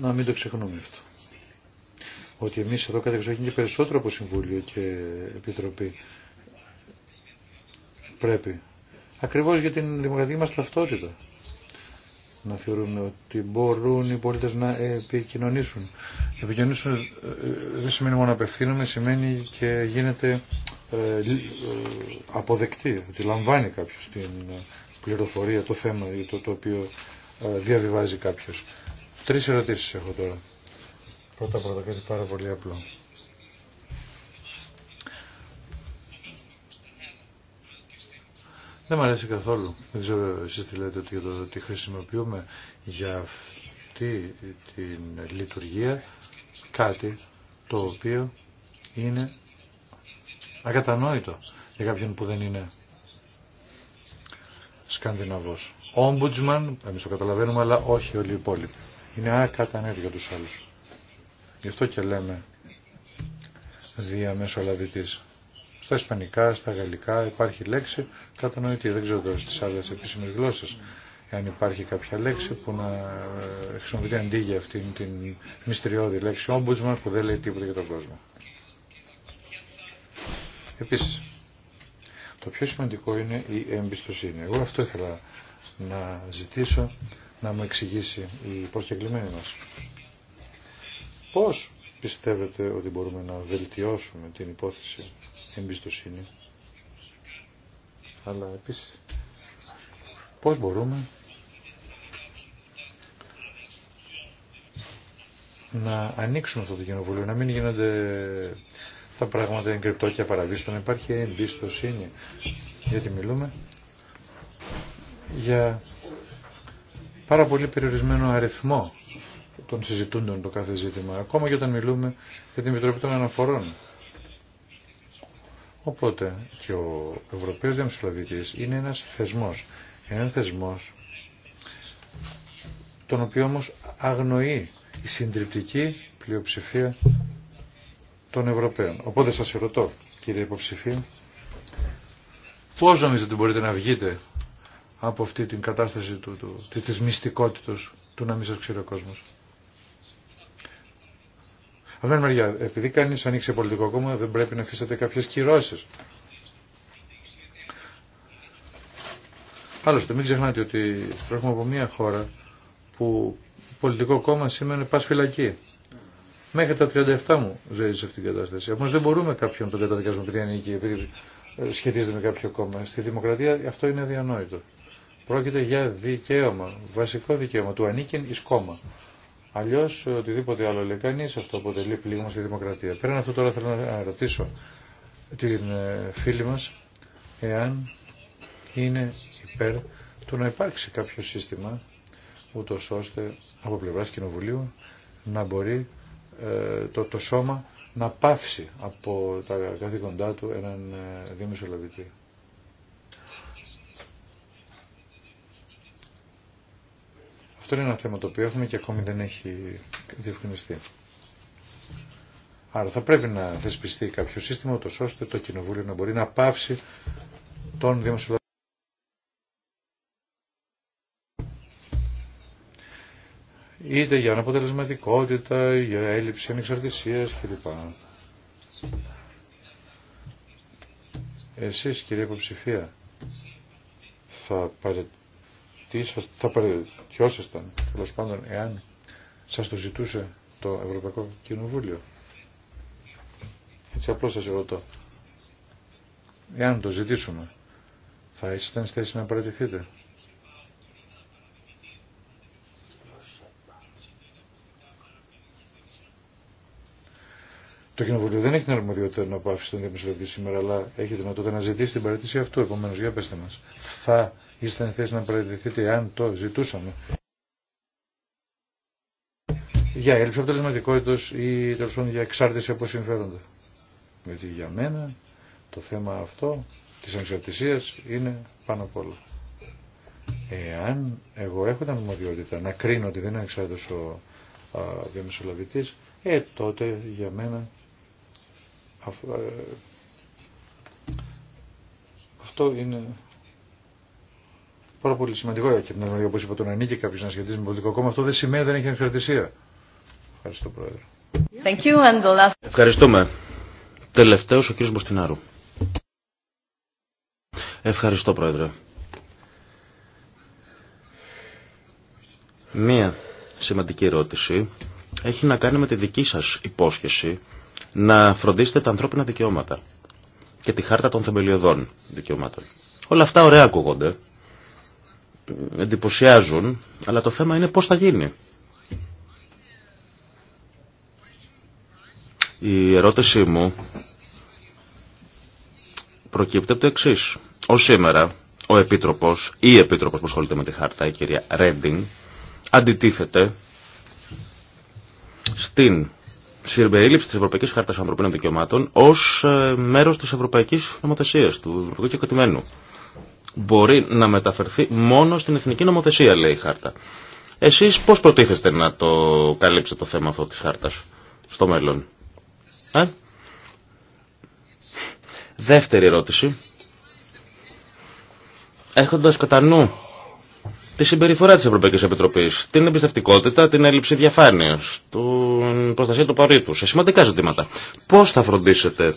Να μην το ξεχνούμε αυτό. Ότι εμείς εδώ κατευθυνθούμε και περισσότερο από Συμβούλιο και Επιτροπή πρέπει. Ακριβώς για την δημοκρατία μας ταυτότητα να θεωρούμε ότι μπορούν οι πολίτες να επικοινωνήσουν. Επικοινωνήσουν ε, ε, δεν σημαίνει μόνο απευθύνομαι, σημαίνει και γίνεται ε, αποδεκτή, ότι λαμβάνει κάποιος την πληροφορία, το θέμα το, το οποίο διαβιβάζει κάποιος. Τρεις ερωτήσεις έχω τώρα. Πρώτα πρώτα κάτι πάρα πολύ απλό. Δεν μου αρέσει καθόλου. Δεν ξέρω εσείς τι λέτε ότι τη χρησιμοποιούμε για αυτή την λειτουργία κάτι το οποίο είναι ακατανόητο για κάποιον που δεν είναι Σκανδιναβός. Ombudsman, εμείς το καταλαβαίνουμε, αλλά όχι όλοι οι υπόλοιποι. Είναι ακατανόητο για τους άλλους. Γι' αυτό και λέμε διαμεσολαβητής στα ισπανικά, στα γαλλικά υπάρχει λέξη κατανοητή. Δεν ξέρω τώρα στις άλλες επίσημες γλώσσες αν υπάρχει κάποια λέξη που να ε, χρησιμοποιείται αντί για αυτήν την μυστηριώδη λέξη ombudsman που δεν λέει τίποτα για τον κόσμο. Επίσης, το πιο σημαντικό είναι η εμπιστοσύνη. Εγώ αυτό ήθελα να ζητήσω να μου εξηγήσει η προσκεκλημένη μας. Πώς πιστεύετε ότι μπορούμε να βελτιώσουμε την υπόθεση εμπιστοσύνη. Αλλά επίσης πώς μπορούμε να ανοίξουμε αυτό το κοινοβουλίο, να μην γίνονται τα πράγματα εγκρυπτό και απαραβίστο, να υπάρχει εμπιστοσύνη. Γιατί μιλούμε για πάρα πολύ περιορισμένο αριθμό των συζητούντων το κάθε ζήτημα, ακόμα και όταν μιλούμε για την Επιτροπή των Αναφορών. Οπότε και ο Ευρωπαίος Διαμεσολαβητής είναι ένας θεσμός. ένας θεσμός τον οποίο όμως αγνοεί η συντριπτική πλειοψηφία των Ευρωπαίων. Οπότε σας ερωτώ, κύριε υποψηφία, πώς νομίζετε μπορείτε να βγείτε από αυτή την κατάσταση του, του, της μυστικότητας του να μην σας ξέρει ο κόσμος. Αλλά είναι μεριά, επειδή κανεί ανοίξει πολιτικό κόμμα δεν πρέπει να αφήσετε κάποιε κυρώσει. Άλλωστε, μην ξεχνάτε ότι προέρχομαι από μια χώρα που πολιτικό κόμμα σήμαινε πα φυλακή. Μέχρι τα 37 μου ζωή σε αυτήν την κατάσταση. Όμω δεν μπορούμε κάποιον τον καταδικάζουμε επειδή ανήκει, επειδή ε, σχετίζεται με κάποιο κόμμα. Στη δημοκρατία αυτό είναι αδιανόητο. Πρόκειται για δικαίωμα, βασικό δικαίωμα του ανήκειν ει κόμμα. Αλλιώ ε, οτιδήποτε άλλο λέει κανεί, αυτό αποτελεί πλήγμα στη δημοκρατία. Πέραν αυτό τώρα θέλω να ρωτήσω την ε, φίλη μα εάν είναι υπέρ του να υπάρξει κάποιο σύστημα ούτω ώστε από πλευρά κοινοβουλίου να μπορεί ε, το, το σώμα να πάυσει από τα καθήκοντά του έναν ε, Αυτό είναι ένα θέμα το οποίο έχουμε και ακόμη δεν έχει διευκρινιστεί. Άρα θα πρέπει να θεσπιστεί κάποιο σύστημα, ούτως ώστε το Κοινοβούλιο να μπορεί να πάψει τον δημοσιογράφο. Είτε για αναποτελεσματικότητα, για έλλειψη ανεξαρτησίας κλπ. Εσείς κύριε υποψηφία, θα πάρετε τι θα παραιτιόσασταν τέλο πάντων εάν σας το ζητούσε το Ευρωπαϊκό Κοινοβούλιο. Έτσι απλώς σας ρωτώ. Εάν το ζητήσουμε, θα ήσασταν στη θέση να παρατηθείτε. Το Κοινοβούλιο δεν έχει την αρμοδιότητα να πάψει τον διαμεσολαβητή σήμερα, αλλά έχει δυνατότητα να ζητήσει την παρατήση αυτού. Επομένω, για πετε μα, θα ήσταν θέση να παρατηρηθείτε αν το ζητούσαμε. Για έλλειψη αποτελεσματικότητα ή τέλο για εξάρτηση από συμφέροντα. Γιατί για μένα το θέμα αυτό της ανεξαρτησίας είναι πάνω απ' όλα. Εάν εγώ έχω την αρμοδιότητα να κρίνω ότι δεν είναι ανεξάρτητος ο διαμεσολαβητής, ε, τότε για μένα ε, αυτό είναι πάρα πολύ σημαντικό για την όπω είπα, το να ανήκει κάποιο να σχετίζει με πολιτικό κόμμα. Αυτό δεν σημαίνει δεν έχει ανεξαρτησία. Ευχαριστώ, Πρόεδρε. Ευχαριστούμε. Τελευταίο ο κ. Μποστινάρου. Ευχαριστώ, Πρόεδρε. Μία σημαντική ερώτηση έχει να κάνει με τη δική σας υπόσχεση να φροντίσετε τα ανθρώπινα δικαιώματα και τη χάρτα των θεμελιωδών δικαιωμάτων. Όλα αυτά ωραία ακούγονται, εντυπωσιάζουν, αλλά το θέμα είναι πώς θα γίνει. Η ερώτησή μου προκύπτει από το εξή. Ω σήμερα, ο Επίτροπο ή η Επίτροπο που ασχολείται με τη χάρτα, η κυρία Ρέντινγκ, αντιτίθεται στην συμπερίληψη τη Ευρωπαϊκή Χάρτας Ανθρωπίνων Δικαιωμάτων ω ε, μέρο τη Ευρωπαϊκή Νομοθεσία, του Ευρωπαϊκού Κεκτημένου μπορεί να μεταφερθεί μόνο στην εθνική νομοθεσία, λέει η χάρτα. Εσείς πώς προτίθεστε να το καλύψετε το θέμα αυτό της χάρτας στο μέλλον. Ε? Δεύτερη ερώτηση. Έχοντας κατά νου τη συμπεριφορά της Ευρωπαϊκής Επιτροπής, την εμπιστευτικότητα, την έλλειψη διαφάνειας, την προστασία του παρήτου, σε σημαντικά ζητήματα, πώς θα φροντίσετε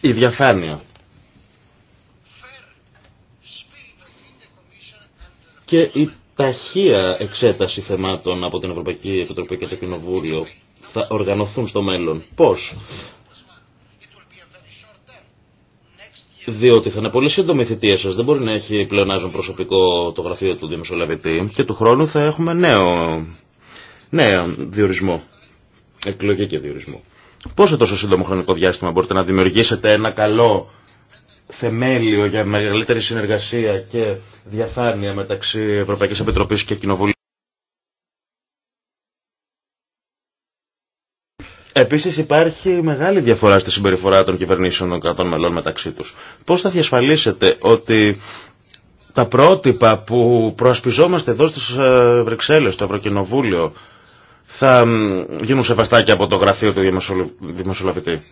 η διαφάνεια και η ταχεία εξέταση θεμάτων από την Ευρωπαϊκή Επιτροπή και το Κοινοβούλιο θα οργανωθούν στο μέλλον. Πώς? Διότι θα είναι πολύ σύντομη η θητεία σα. Δεν μπορεί να έχει πλεονάζον προσωπικό το γραφείο του Δημοσολαβητή. και του χρόνου θα έχουμε νέο, νέο διορισμό. Εκλογή και διορισμό. Πόσο τόσο σύντομο χρονικό διάστημα μπορείτε να δημιουργήσετε ένα καλό θεμέλιο για μεγαλύτερη συνεργασία και διαφάνεια μεταξύ Ευρωπαϊκής Επιτροπής και Κοινοβουλίου. Επίση υπάρχει μεγάλη διαφορά στη συμπεριφορά των κυβερνήσεων των κρατών μελών μεταξύ του. Πώ θα διασφαλίσετε ότι τα πρότυπα που προασπιζόμαστε εδώ στι ε, Βρυξέλλε, στο Ευρωκοινοβούλιο, θα γίνουν σεβαστά και από το γραφείο του δημοσιολαβητή.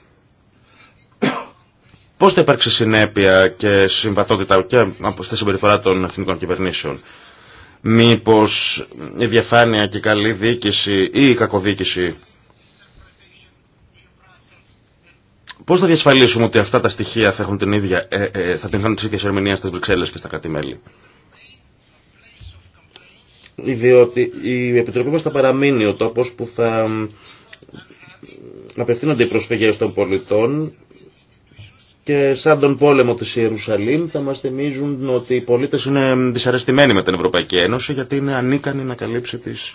Πώς θα υπάρξει συνέπεια και συμβατότητα και στη συμπεριφορά των εθνικών κυβερνήσεων. Μήπως η διαφάνεια και η καλή διοίκηση ή η κακοδιοίκηση Πώς θα διασφαλίσουμε ότι αυτά τα στοιχεία θα έχουν την ίδια, ε, ε, θα την κάνουν τις ίδιες στις Βρυξέλλες και στα κράτη-μέλη. Διότι η Επιτροπή μας θα παραμείνει ο τόπος που θα απευθύνονται οι προσφυγές των πολιτών και σαν τον πόλεμο της Ιερουσαλήμ θα μας θυμίζουν ότι οι πολίτες είναι δυσαρεστημένοι με την Ευρωπαϊκή Ένωση γιατί είναι ανίκανοι να καλύψει τις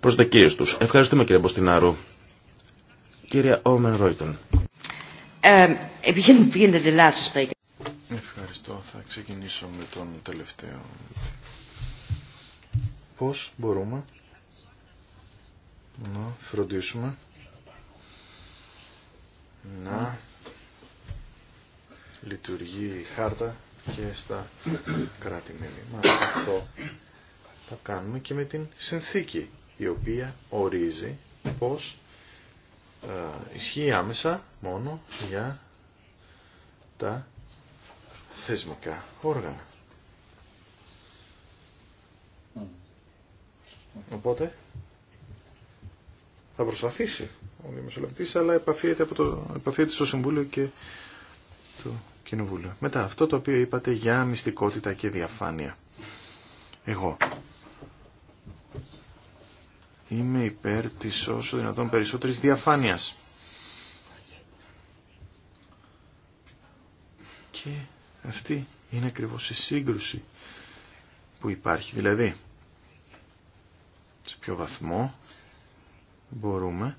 προσδοκίες τους. Ευχαριστούμε κύριε Μποστινάρου. Κύριε Όμεν Ρόιτον. Ευχαριστώ. Θα ξεκινήσω με τον τελευταίο. Πώς μπορούμε να φροντίσουμε να λειτουργεί η χάρτα και στα κράτη-μέλη. αυτό θα κάνουμε και με την συνθήκη, η οποία ορίζει πως ε, ισχύει άμεσα μόνο για τα θεσμικά όργανα. Οπότε θα προσπαθήσει ο Δημοσιολαβητής, αλλά επαφείται, από το, επαφείται στο Συμβούλιο και το μετά αυτό το οποίο είπατε για μυστικότητα και διαφάνεια. Εγώ είμαι υπέρ της όσο δυνατόν περισσότερης διαφάνειας. Και αυτή είναι ακριβώς η σύγκρουση που υπάρχει. Δηλαδή, σε ποιο βαθμό μπορούμε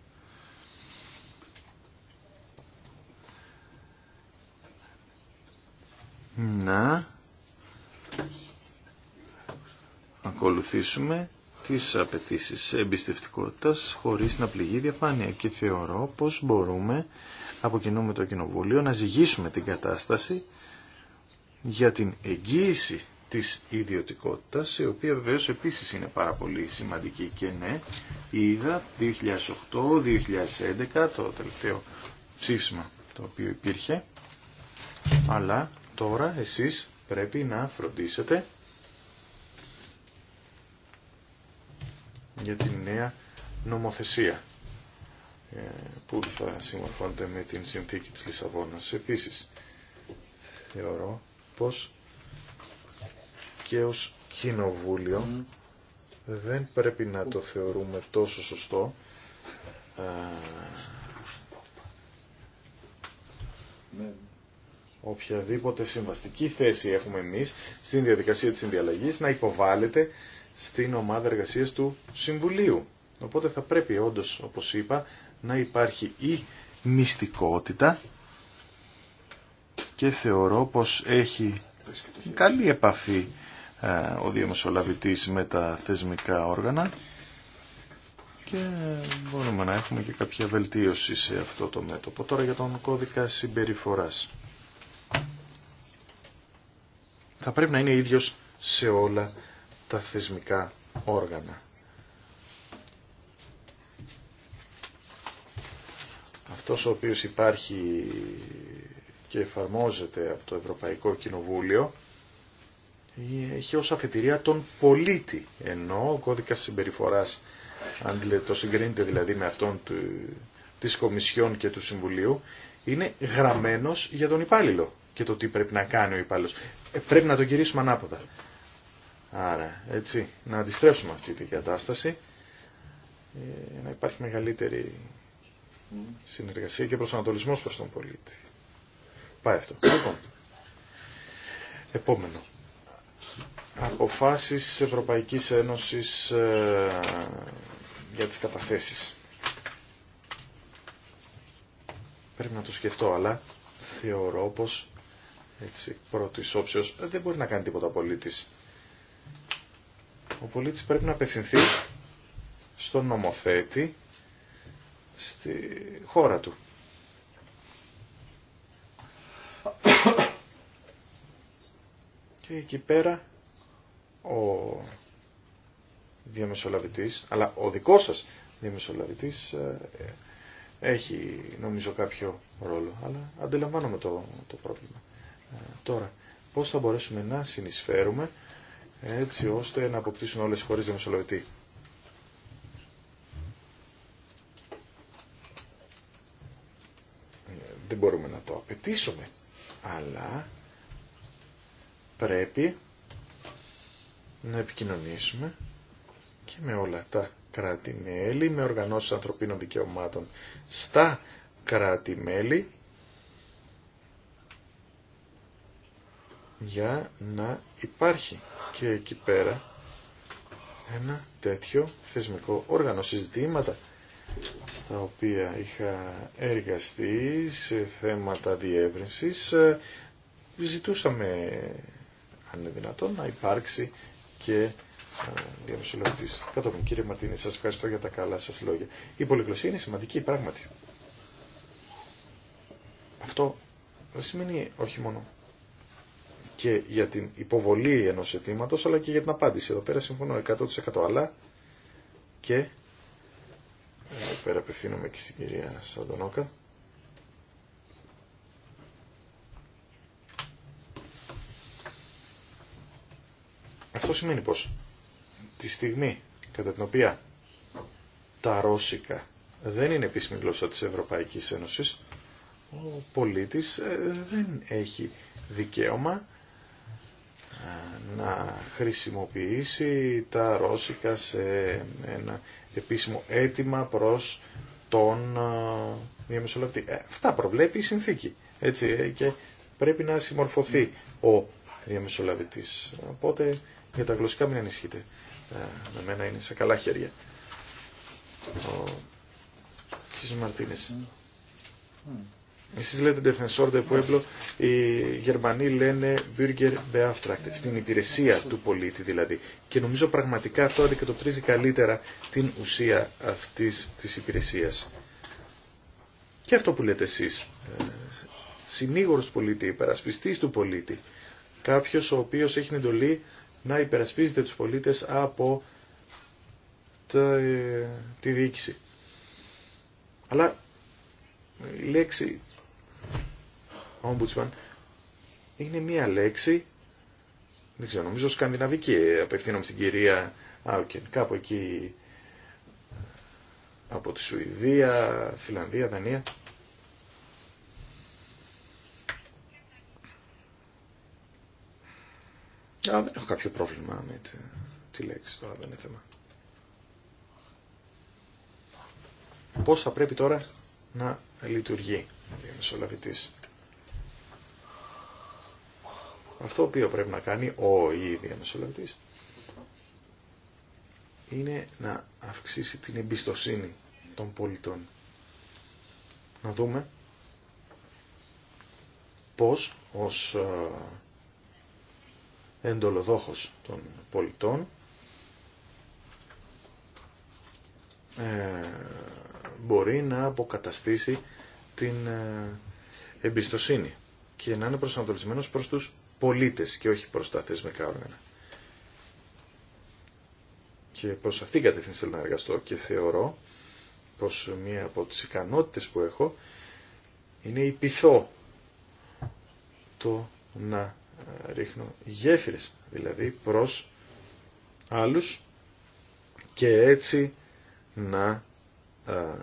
να ακολουθήσουμε τις απαιτήσει εμπιστευτικότητας χωρίς να πληγεί διαφάνεια και θεωρώ πως μπορούμε από κοινού με το Κοινοβούλιο να ζυγίσουμε την κατάσταση για την εγγύηση της ιδιωτικότητας η οποία βεβαίω επίσης είναι πάρα πολύ σημαντική και ναι είδα 2008-2011 το τελευταίο ψήφισμα το οποίο υπήρχε αλλά Τώρα εσείς πρέπει να φροντίσετε για την νέα νομοθεσία ε, που θα συμμορφώνεται με την συνθήκη της Λισαβόνας. Επίσης, θεωρώ πως και ως κοινοβούλιο δεν πρέπει να το θεωρούμε τόσο σωστό ε, οποιαδήποτε συμβαστική θέση έχουμε εμείς στην διαδικασία της συνδιαλλαγής να υποβάλλεται στην ομάδα εργασίας του Συμβουλίου. Οπότε θα πρέπει όντως, όπως είπα, να υπάρχει η μυστικότητα και θεωρώ πως έχει καλή επαφή ε, ο διαμεσολαβητής με τα θεσμικά όργανα και μπορούμε να έχουμε και κάποια βελτίωση σε αυτό το μέτωπο. Τώρα για τον κώδικα συμπεριφοράς θα πρέπει να είναι ίδιος σε όλα τα θεσμικά όργανα. Αυτός ο οποίος υπάρχει και εφαρμόζεται από το Ευρωπαϊκό Κοινοβούλιο έχει ως αφετηρία τον πολίτη, ενώ ο κώδικας συμπεριφοράς, αν το συγκρίνεται δηλαδή με αυτόν του, της Κομισιόν και του Συμβουλίου, είναι γραμμένος για τον υπάλληλο και το τι πρέπει να κάνει ο υπάλληλος. Ε, πρέπει να το γυρίσουμε ανάποδα. Άρα, έτσι, να αντιστρέψουμε αυτή την κατάσταση, ε, να υπάρχει μεγαλύτερη συνεργασία και προσανατολισμός προς τον πολίτη. Πάει αυτό. Λοιπόν, επόμενο. Αποφάσεις Ευρωπαϊκής Ένωσης ε, για τις καταθέσεις. Πρέπει να το σκεφτώ, αλλά θεωρώ πως έτσι, πρώτης όψεως, δεν μπορεί να κάνει τίποτα ο πολίτης. Ο πολίτης πρέπει να απευθυνθεί στον νομοθέτη στη χώρα του. Και εκεί πέρα ο διαμεσολαβητής, αλλά ο δικός σας διαμεσολαβητής ε, ε, έχει νομίζω κάποιο ρόλο, αλλά αντιλαμβάνομαι το, το πρόβλημα. Τώρα, πώς θα μπορέσουμε να συνεισφέρουμε έτσι ώστε να αποκτήσουν όλες οι χώρες δημοσιολογητή. Ε, δεν μπορούμε να το απαιτήσουμε, αλλά πρέπει να επικοινωνήσουμε και με όλα τα κράτη-μέλη, με οργανώσεις ανθρωπίνων δικαιωμάτων στα κράτη-μέλη για να υπάρχει και εκεί πέρα ένα τέτοιο θεσμικό όργανο. Συζητήματα στα οποία είχα εργαστεί σε θέματα διεύρυνσης ε, ζητούσαμε αν είναι δυνατόν να υπάρξει και ε, διαμεσολογητής. Κατόπιν κύριε Μαρτίνη σας ευχαριστώ για τα καλά σας λόγια. Η πολυγλωσία είναι σημαντική πράγματι. Αυτό δεν σημαίνει όχι μόνο και για την υποβολή ενός αιτήματος αλλά και για την απάντηση. Εδώ πέρα συμφωνώ 100% αλλά και εδώ πέρα απευθύνομαι και στην κυρία Σαντονόκα. Αυτό σημαίνει πως τη στιγμή κατά την οποία τα ρώσικα δεν είναι επίσημη γλώσσα της Ευρωπαϊκής Ένωσης, ο πολίτης ε, δεν έχει δικαίωμα να χρησιμοποιήσει τα ρώσικα σε ένα επίσημο αίτημα προς τον διαμεσολαβητή. Ε, αυτά προβλέπει η συνθήκη. Έτσι, ε, και πρέπει να συμμορφωθεί ο διαμεσολαβητής. Οπότε για τα γλωσσικά μην ανησυχείτε. Ε, με μένα είναι σε καλά χέρια. Ο εσείς λέτε Defensor de Pueblo, οι Γερμανοί λένε Bürger Beauftragte, στην υπηρεσία του πολίτη δηλαδή. Και νομίζω πραγματικά το αντικατοπτρίζει καλύτερα την ουσία αυτής της υπηρεσίας. Και αυτό που λέτε εσείς, ε, συνήγορος του πολίτη, υπερασπιστής του πολίτη, κάποιος ο οποίος έχει εντολή να υπερασπίζεται τους πολίτες από ε, τη διοίκηση. Αλλά η λέξη Ombudsman είναι μία λέξη, δεν ξέρω, νομίζω σκανδιναβική. Απευθύνομαι στην κυρία Άουκεν, κάπου εκεί από τη Σουηδία, Φιλανδία, Δανία. Α, δεν έχω κάποιο πρόβλημα με τη, λέξη τώρα, δεν είναι θέμα. Πώς θα πρέπει τώρα να λειτουργεί η Μεσολαβητής αυτό το πρέπει να κάνει ο ή μεσολαβητή είναι να αυξήσει την εμπιστοσύνη των πολιτών. Να δούμε πώς ως εντολοδόχος των πολιτών ε, μπορεί να αποκαταστήσει την ε, εμπιστοσύνη και να είναι προσανατολισμένος προς τους πολίτες και όχι προς τα θεσμικά όργανα. Και προς αυτήν την κατεύθυνση θέλω να εργαστώ και θεωρώ πως μία από τις ικανότητες που έχω είναι η πειθό το να ε, ρίχνω γέφυρες, δηλαδή προς άλλους και έτσι να α, ε,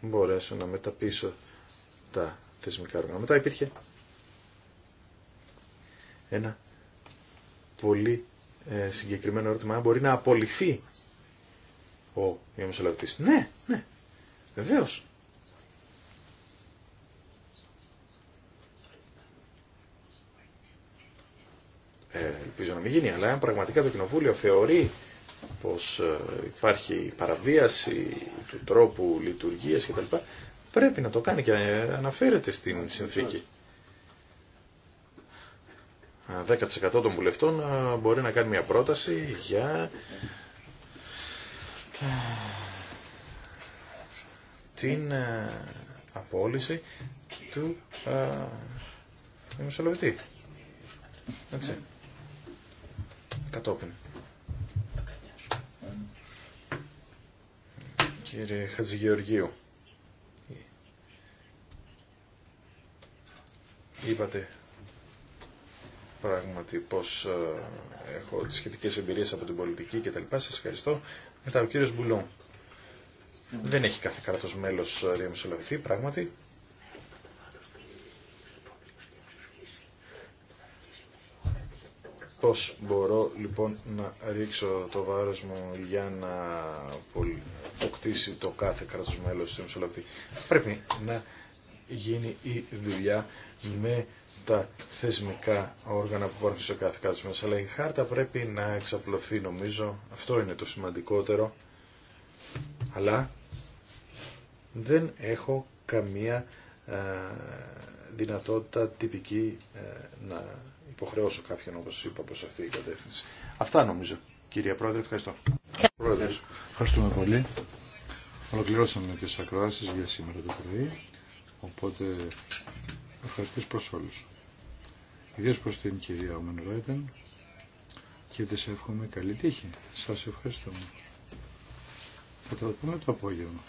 μπορέσω να μεταπίσω τα θεσμικά όργανα. Μετά υπήρχε ένα πολύ ε, συγκεκριμένο ερώτημα, αν μπορεί να απολυθεί ο διαμεσολαβητής. Ναι, ναι, βεβαίω. Ε, ελπίζω να μην γίνει, αλλά αν πραγματικά το Κοινοβούλιο θεωρεί πως ε, υπάρχει παραβίαση του τρόπου λειτουργίας κτλ. Πρέπει να το κάνει και αναφέρεται στην συνθήκη. 10% των βουλευτών μπορεί να κάνει μια πρόταση για την απόλυση του δημοσιολογητή. Έτσι. Κατόπιν. Κύριε Χατζηγεωργίου. Είπατε πράγματι πως ε, έχω τις σχετικές εμπειρίες από την πολιτική και τα λοιπά. Σας ευχαριστώ. Μετά ο κύριος Μπουλόν. Δεν έχει κάθε κράτο μέλος ε, διαμεσολαβηθεί πράγματι. Πώς μπορώ λοιπόν να ρίξω το βάρος μου για να αποκτήσει το κάθε κράτος μέλος διαμεσολαβηθεί. Πρέπει να γίνει η δουλειά με τα θεσμικά όργανα που υπάρχουν σε κάθε κάτω μας. Αλλά η χάρτα πρέπει να εξαπλωθεί νομίζω, αυτό είναι το σημαντικότερο. Αλλά δεν έχω καμία ε, δυνατότητα τυπική ε, να υποχρεώσω κάποιον όπως είπα προς αυτή η κατεύθυνση. Αυτά νομίζω. Κυρία Πρόεδρε, ευχαριστώ. Πρόεδρε. Ευχαριστούμε πολύ. Ολοκληρώσαμε τις ακροάσεις για σήμερα το πρωί. Οπότε ευχαριστήσω προς όλους. Ιδίως προς την κυρία Ρόιτεν και της εύχομαι καλή τύχη. Σας ευχαριστώ. Θα τα πούμε το απόγευμα.